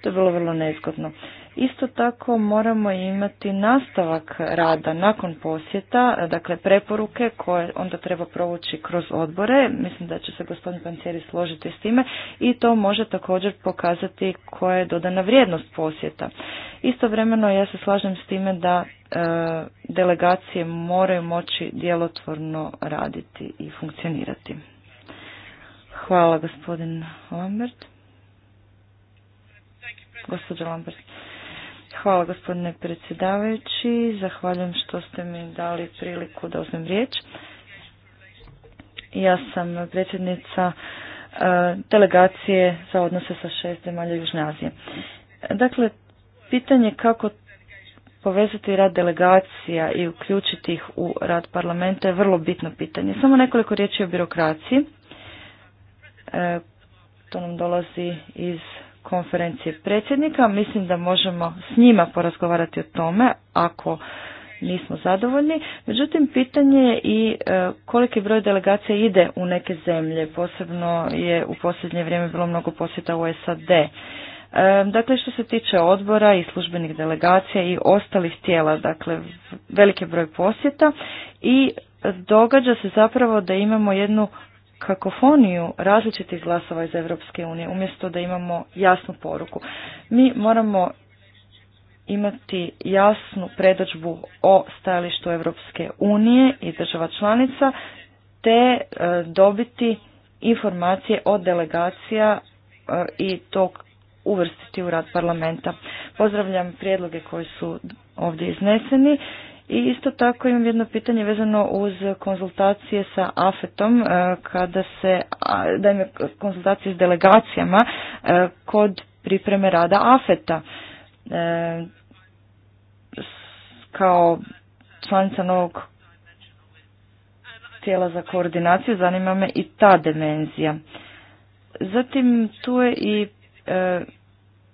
to je bilo vrlo nezgodno. Isto tako moramo imati nastavak rada nakon posjeta, dakle preporuke koje onda treba provući kroz odbore, mislim da će se gospodin Panceri složiti s time i to može također pokazati koja je dodana vrijednost posjeta. Istovremeno ja se slažem s time da e, delegacije moraju moći djelotvorno raditi i funkcionirati. Hvala gospodin Lambert. Gospodin Lambert. Hvala gospodine predsjedavajući, zahvaljujem što ste mi dali priliku da uzmem riječ. Ja sam predsjednica e, delegacije za odnose sa šest zemalja Južne Azije. Dakle, pitanje kako povezati rad delegacija i uključiti ih u rad parlamenta je vrlo bitno pitanje. Samo nekoliko riječi o birokraciji. E, to nam dolazi iz konferencije predsjednika. Mislim da možemo s njima porazgovarati o tome ako nismo zadovoljni. Međutim, pitanje je i e, koliki broj delegacija ide u neke zemlje. Posebno je u posljednje vrijeme bilo mnogo posjeta u SAD. E, dakle, što se tiče odbora i službenih delegacija i ostalih tijela, dakle, veliki broj posjeta i događa se zapravo da imamo jednu kakofoniju različitih glasova iz Europske unije, umjesto da imamo jasnu poruku. Mi moramo imati jasnu predođbu o stajalištu Europske unije i država članica, te e, dobiti informacije od delegacija e, i to uvrstiti u rad parlamenta. Pozdravljam prijedloge koji su ovdje izneseni i isto tako imam jedno pitanje vezano uz konzultacije sa AFET-om, e, kada se, dajme konzultacije s delegacijama e, kod pripreme rada AFET-a. E, kao članica novog tijela za koordinaciju zanima me i ta dimenzija. Zatim tu je i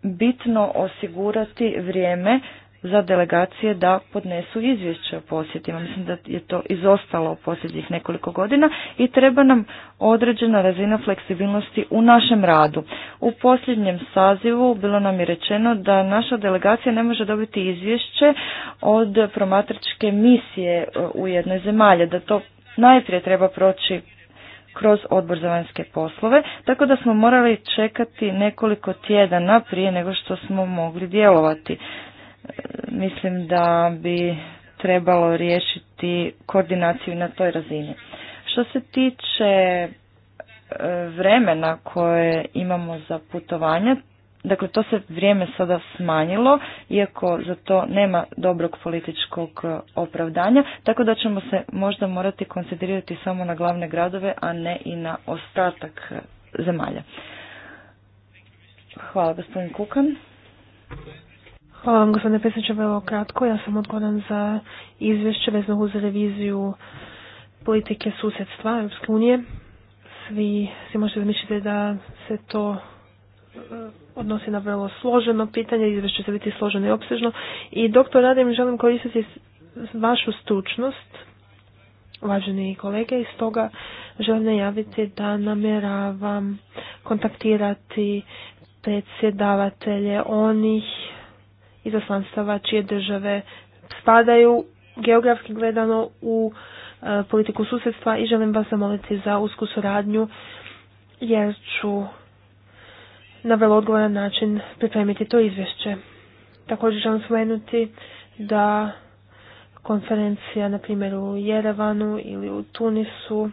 bitno osigurati vrijeme za delegacije da podnesu izvješće o posjetima. Mislim da je to izostalo u posljednjih nekoliko godina i treba nam određena razina fleksibilnosti u našem radu. U posljednjem sazivu bilo nam je rečeno da naša delegacija ne može dobiti izvješće od promatračke misije e, u jednoj zemalje, da to najprije treba proći kroz odbor za vanjske poslove, tako da smo morali čekati nekoliko tjedana prije nego što smo mogli djelovati mislim da bi trebalo riješiti koordinaciju na toj razini. Što se tiče e, vremena koje imamo za putovanja, dakle to se vrijeme sada smanjilo, iako za to nema dobrog političkog opravdanja, tako da ćemo se možda morati koncentrirati samo na glavne gradove, a ne i na ostatak zemalja. Hvala gospodin Kukan. Hvala vam gospodine predsjedniče, vrlo kratko. Ja sam odgovoran za izvješće vezno uz reviziju politike susjedstva Europske unije. Svi, svi možete zamisliti da se to e, odnosi na vrlo složeno pitanje, izvješće će biti složeno i opsežno. I doktor Radim želim koristiti vašu stručnost, uvaženi kolege, i stoga želim najaviti da namjeravam kontaktirati predsjedavatelje onih izaslanstava čije države spadaju geografski gledano u e, politiku susjedstva i želim vas zamoliti za usku suradnju jer ću na vrlo odgovoran način pripremiti to izvješće. Također želim spomenuti da konferencija na primjer u Jerevanu ili u Tunisu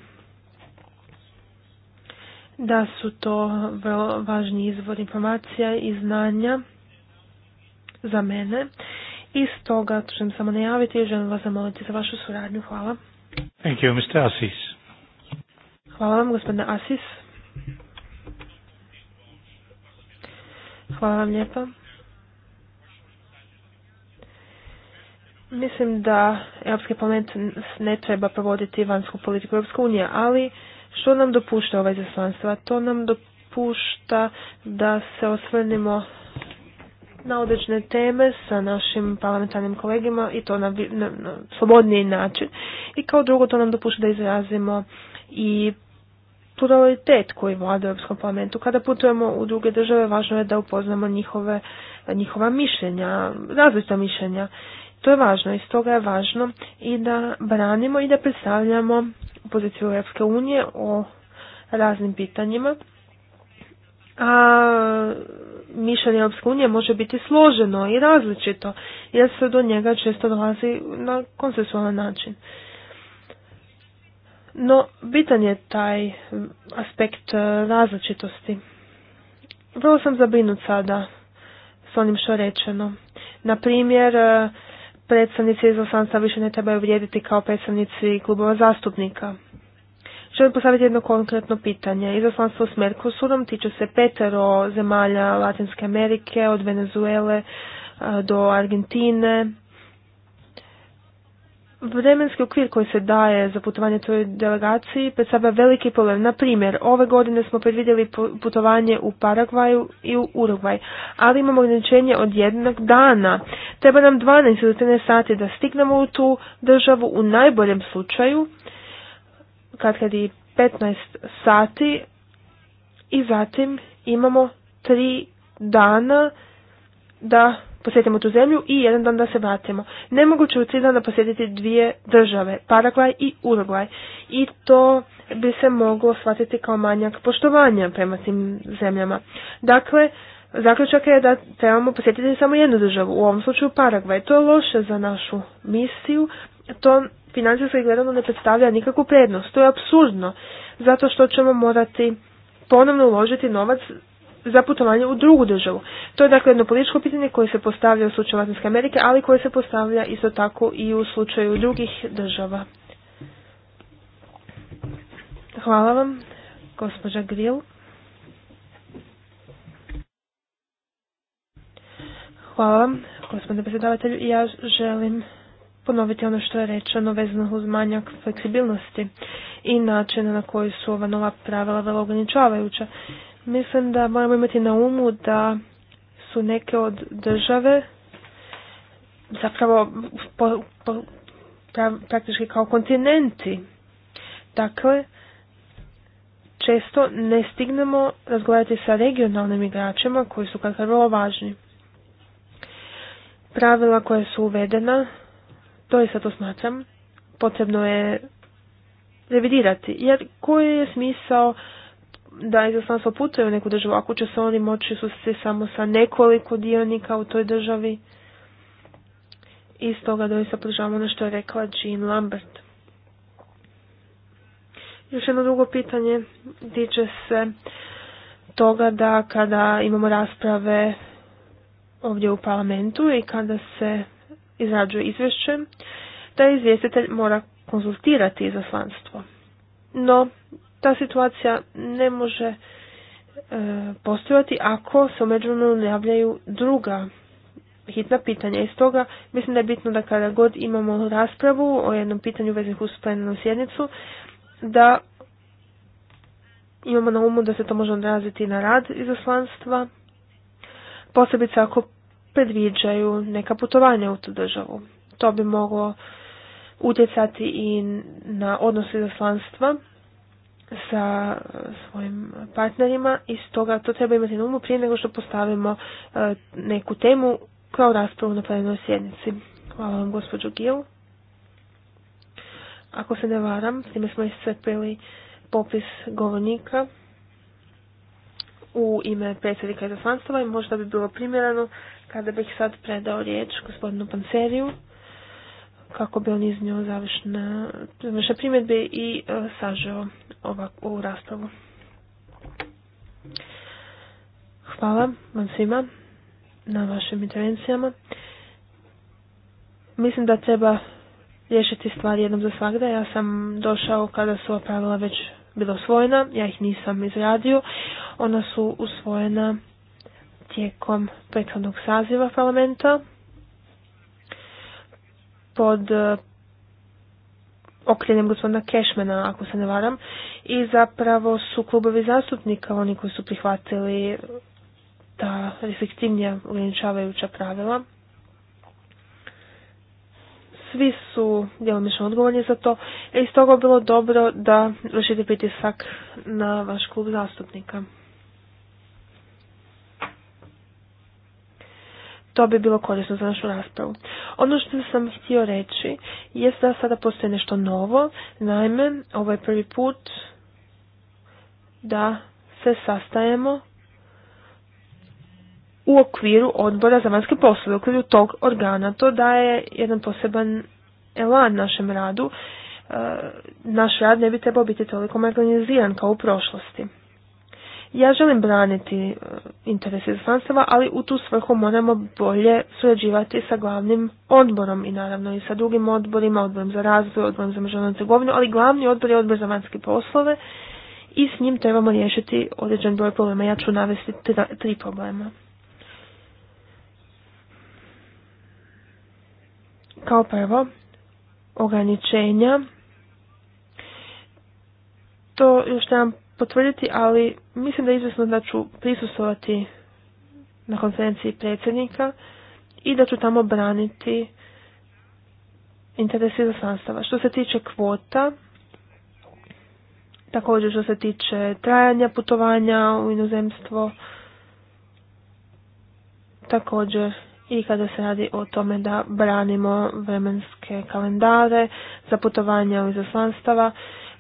da su to vrlo važni izvor informacija i znanja za mene i stoga želim samo najaviti i želim vas zamoliti za vašu suradnju. Hvala. Thank you, Mr. Asis. Hvala vam, gospodine Asis. Hvala vam lijepa. Mislim da Europski parlament ne treba provoditi vanjsku politiku Europske unije, ali što nam dopušta ovaj izaslanstva? To nam dopušta da se osvrnimo na određene teme sa našim parlamentarnim kolegima i to na, na, na slobodniji način. I kao drugo to nam dopušta da izrazimo i pluralitet koji vlada u Europskom parlamentu. Kada putujemo u druge države, važno je da upoznamo njihove, njihova mišljenja, različita mišljenja. To je važno i stoga je važno i da branimo i da predstavljamo poziciju Europske unije o raznim pitanjima. A mišljenje Europske unije može biti složeno i različito, jer se do njega često dolazi na konsensualan način. No, bitan je taj aspekt e, različitosti. Vrlo sam zabrinut sada s onim što je rečeno. Na primjer, e, predstavnici izlasanstva više ne trebaju vrijediti kao predstavnici klubova zastupnika. Želim postaviti jedno konkretno pitanje. Izaslanstvo s Merkosurom tiče se petero zemalja Latinske Amerike, od Venezuele eh, do Argentine. Vremenski okvir koji se daje za putovanje toj delegaciji predstavlja veliki problem. Na primjer, ove godine smo predvidjeli putovanje u Paragvaju i u Urugvaj, ali imamo ograničenje od jednog dana. Treba nam 12 do 13 sati da stignemo u tu državu u najboljem slučaju, kad kad i 15 sati i zatim imamo tri dana da posjetimo tu zemlju i jedan dan da se vratimo. Nemoguće u tri dana posjetiti dvije države, Paragvaj i Urugvaj. I to bi se moglo shvatiti kao manjak poštovanja prema tim zemljama. Dakle, zaključak je da trebamo posjetiti samo jednu državu, u ovom slučaju Paragvaj. To je loše za našu misiju, to financijski gledano ne predstavlja nikakvu prednost. To je absurdno, zato što ćemo morati ponovno uložiti novac za putovanje u drugu državu. To je dakle jedno političko pitanje koje se postavlja u slučaju Latinske Amerike, ali koje se postavlja isto tako i u slučaju drugih država. Hvala vam, gospođa Grill. Hvala vam, gospodine predsjedavatelju. Ja želim ponoviti ono što je rečeno vezano uz manjak fleksibilnosti i načina na koji su ova nova pravila vrlo ograničavajuća. Mislim da moramo imati na umu da su neke od države zapravo po, praktički kao kontinenti. Dakle, često ne stignemo razgovarati sa regionalnim igračima koji su kakar vrlo važni. Pravila koja su uvedena to doista to smatram, potrebno je revidirati. Jer koji je smisao da izaslanstvo putuje u neku državu ako će se oni moći susresti samo sa nekoliko dionika u toj državi? I stoga doista podržavamo ono što je rekla Jean Lambert. Još jedno drugo pitanje tiče se toga da kada imamo rasprave ovdje u parlamentu i kada se izrađuje izvješće, da izvjestitelj mora konzultirati izaslanstvo. No, ta situacija ne može e, postojati ako se međunarodno ne javljaju druga hitna pitanja. I stoga mislim da je bitno da kada god imamo raspravu o jednom pitanju vezanih uz plenarnu sjednicu, da imamo na umu da se to može odraziti na rad izaslanstva, posebice ako predviđaju neka putovanja u tu državu. To bi moglo utjecati i na odnose zaslanstva sa svojim partnerima i stoga to treba imati na umu prije nego što postavimo e, neku temu kao raspravu na plenarnoj sjednici. Hvala vam gospođo Gil. Ako se ne varam, time smo iscrpili popis govornika u ime predsjednika zaslanstva i možda bi bilo primjereno kada bih sad predao riječ gospodinu Panceriju kako bi on iznio završne, završne primjedbe i sažao e, sažeo ovu raspravu. Hvala vam svima na vašim intervencijama. Mislim da treba riješiti stvari jednom za svakda. Ja sam došao kada su opravila već bila usvojena, ja ih nisam izradio, ona su usvojena tijekom prethodnog saziva parlamenta pod eh, okrenjem gospodina Kešmena, ako se ne varam, i zapravo su klubovi zastupnika oni koji su prihvatili ta restriktivnija ograničavajuća pravila svi su djelomično odgovorni za to i iz stoga bilo dobro da vršite pritisak na vaš klub zastupnika. To bi bilo korisno za našu raspravu. Ono što sam htio reći je da sada postoji nešto novo. Naime, ovo je prvi put da se sastajemo u okviru odbora za vanjske poslove, u okviru tog organa. To daje jedan poseban elan našem radu. E, naš rad ne bi trebao biti toliko organiziran kao u prošlosti. Ja želim braniti e, interese izvanstava, ali u tu svrhu moramo bolje surađivati sa glavnim odborom i naravno i sa drugim odborima, odborom za razvoj, odborom za međunarodnu trgovinu, ali glavni odbor je odbor za vanjske poslove i s njim trebamo riješiti određen broj problema. Ja ću navesti tri problema. Kao prvo, ograničenja. To još trebam potvrditi, ali mislim da je izvjesno da ću prisustovati na konferenciji predsjednika i da ću tamo braniti interesi sastava. Što se tiče kvota, također što se tiče trajanja putovanja u inozemstvo, također i kada se radi o tome da branimo vremenske kalendare za putovanja u izaslanstava.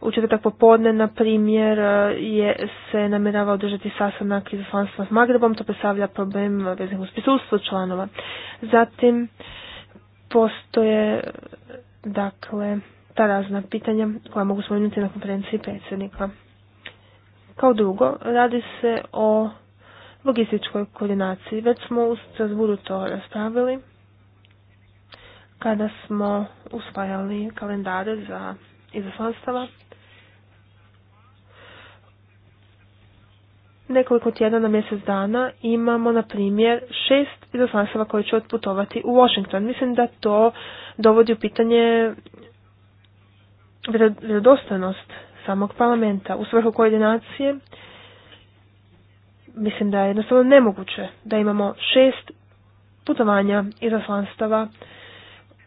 U četvrtak popodne, na primjer, je se namjerava održati sastanak izoslanstva s Magrebom, to predstavlja problem vezan uz prisustvo članova. Zatim, postoje, dakle, ta razna pitanja koja mogu spomenuti na konferenciji predsjednika. Kao drugo, radi se o logističkoj koordinaciji. Već smo u Strasburu to raspravili kada smo usvajali kalendare za izaslanstava. Nekoliko tjedana na mjesec dana imamo, na primjer, šest izaslanstava koji će otputovati u Washington. Mislim da to dovodi u pitanje vjerodostojnost samog parlamenta u svrhu koordinacije mislim da je jednostavno nemoguće da imamo šest putovanja izaslanstava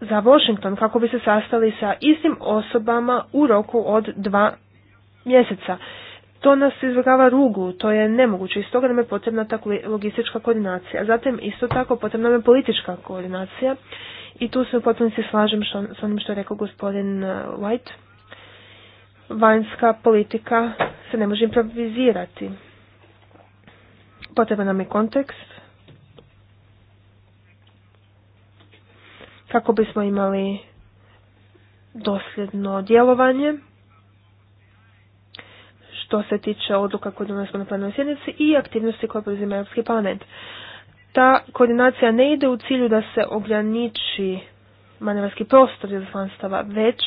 za Washington kako bi se sastali sa istim osobama u roku od dva mjeseca. To nas izvrgava rugu, to je nemoguće Iz toga nam je potrebna ta logistička koordinacija. Zatim isto tako potrebna nam je politička koordinacija i tu se u potpunosti slažem što, s onim što je rekao gospodin uh, White. Vanjska politika se ne može improvizirati. Potreban nam je kontekst kako bismo imali dosljedno djelovanje što se tiče odluka koje donosimo na plenarnoj sjednici i aktivnosti koje preuzima Europski parlament. Ta koordinacija ne ide u cilju da se ograniči manevarski prostor izaslanstava, već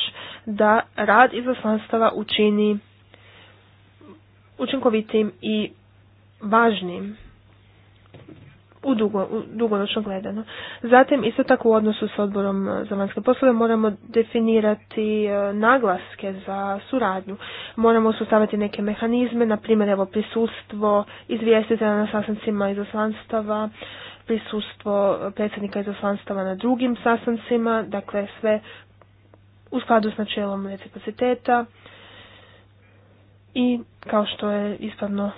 da rad izaslanstava učini učinkovitim i važnim u, dugo, u dugoročno gledano. Zatim isto tako u odnosu s odborom e, za vanjske poslove moramo definirati e, naglaske za suradnju. Moramo uspostaviti neke mehanizme, na primjer evo prisustvo izvjestitelja na sastancima izaslanstava, prisustvo predsjednika izaslanstava na drugim sastancima, dakle sve u skladu s načelom reciprociteta i kao što je ispravno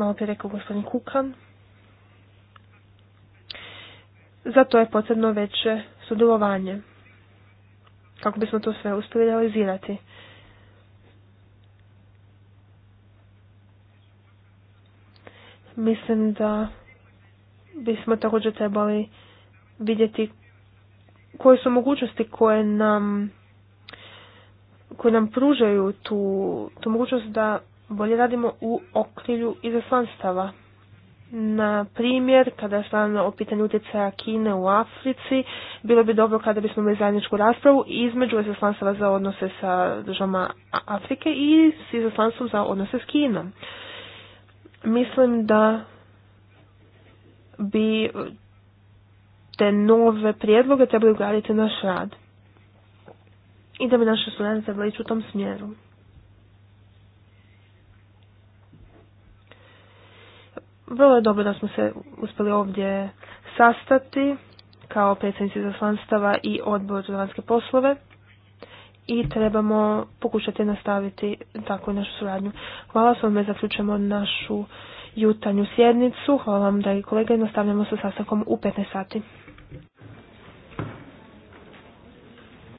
malo prije rekao gospodin Kukan. Zato je potrebno veće sudjelovanje kako bismo to sve uspjeli realizirati. Mislim da bismo također trebali vidjeti koje su mogućnosti koje nam koje nam pružaju tu, tu mogućnost da bolje radimo u okrilju izaslanstava. Na primjer, kada je stvarno o pitanju utjecaja Kine u Africi, bilo bi dobro kada bismo imali zajedničku raspravu između izaslanstava za odnose sa državama Afrike i s izaslanstvom za odnose s Kinom. Mislim da bi te nove prijedloge trebali ugraditi naš rad i da bi naše studente trebali u tom smjeru. Vrlo je dobro da smo se uspjeli ovdje sastati kao predsjednici zaslanstava i odbor za vanjske poslove i trebamo pokušati nastaviti i našu suradnju. Hvala vam zaključujemo našu jutarnju sjednicu. Hvala vam, i kolege, nastavljamo sa sastankom u 15 sati.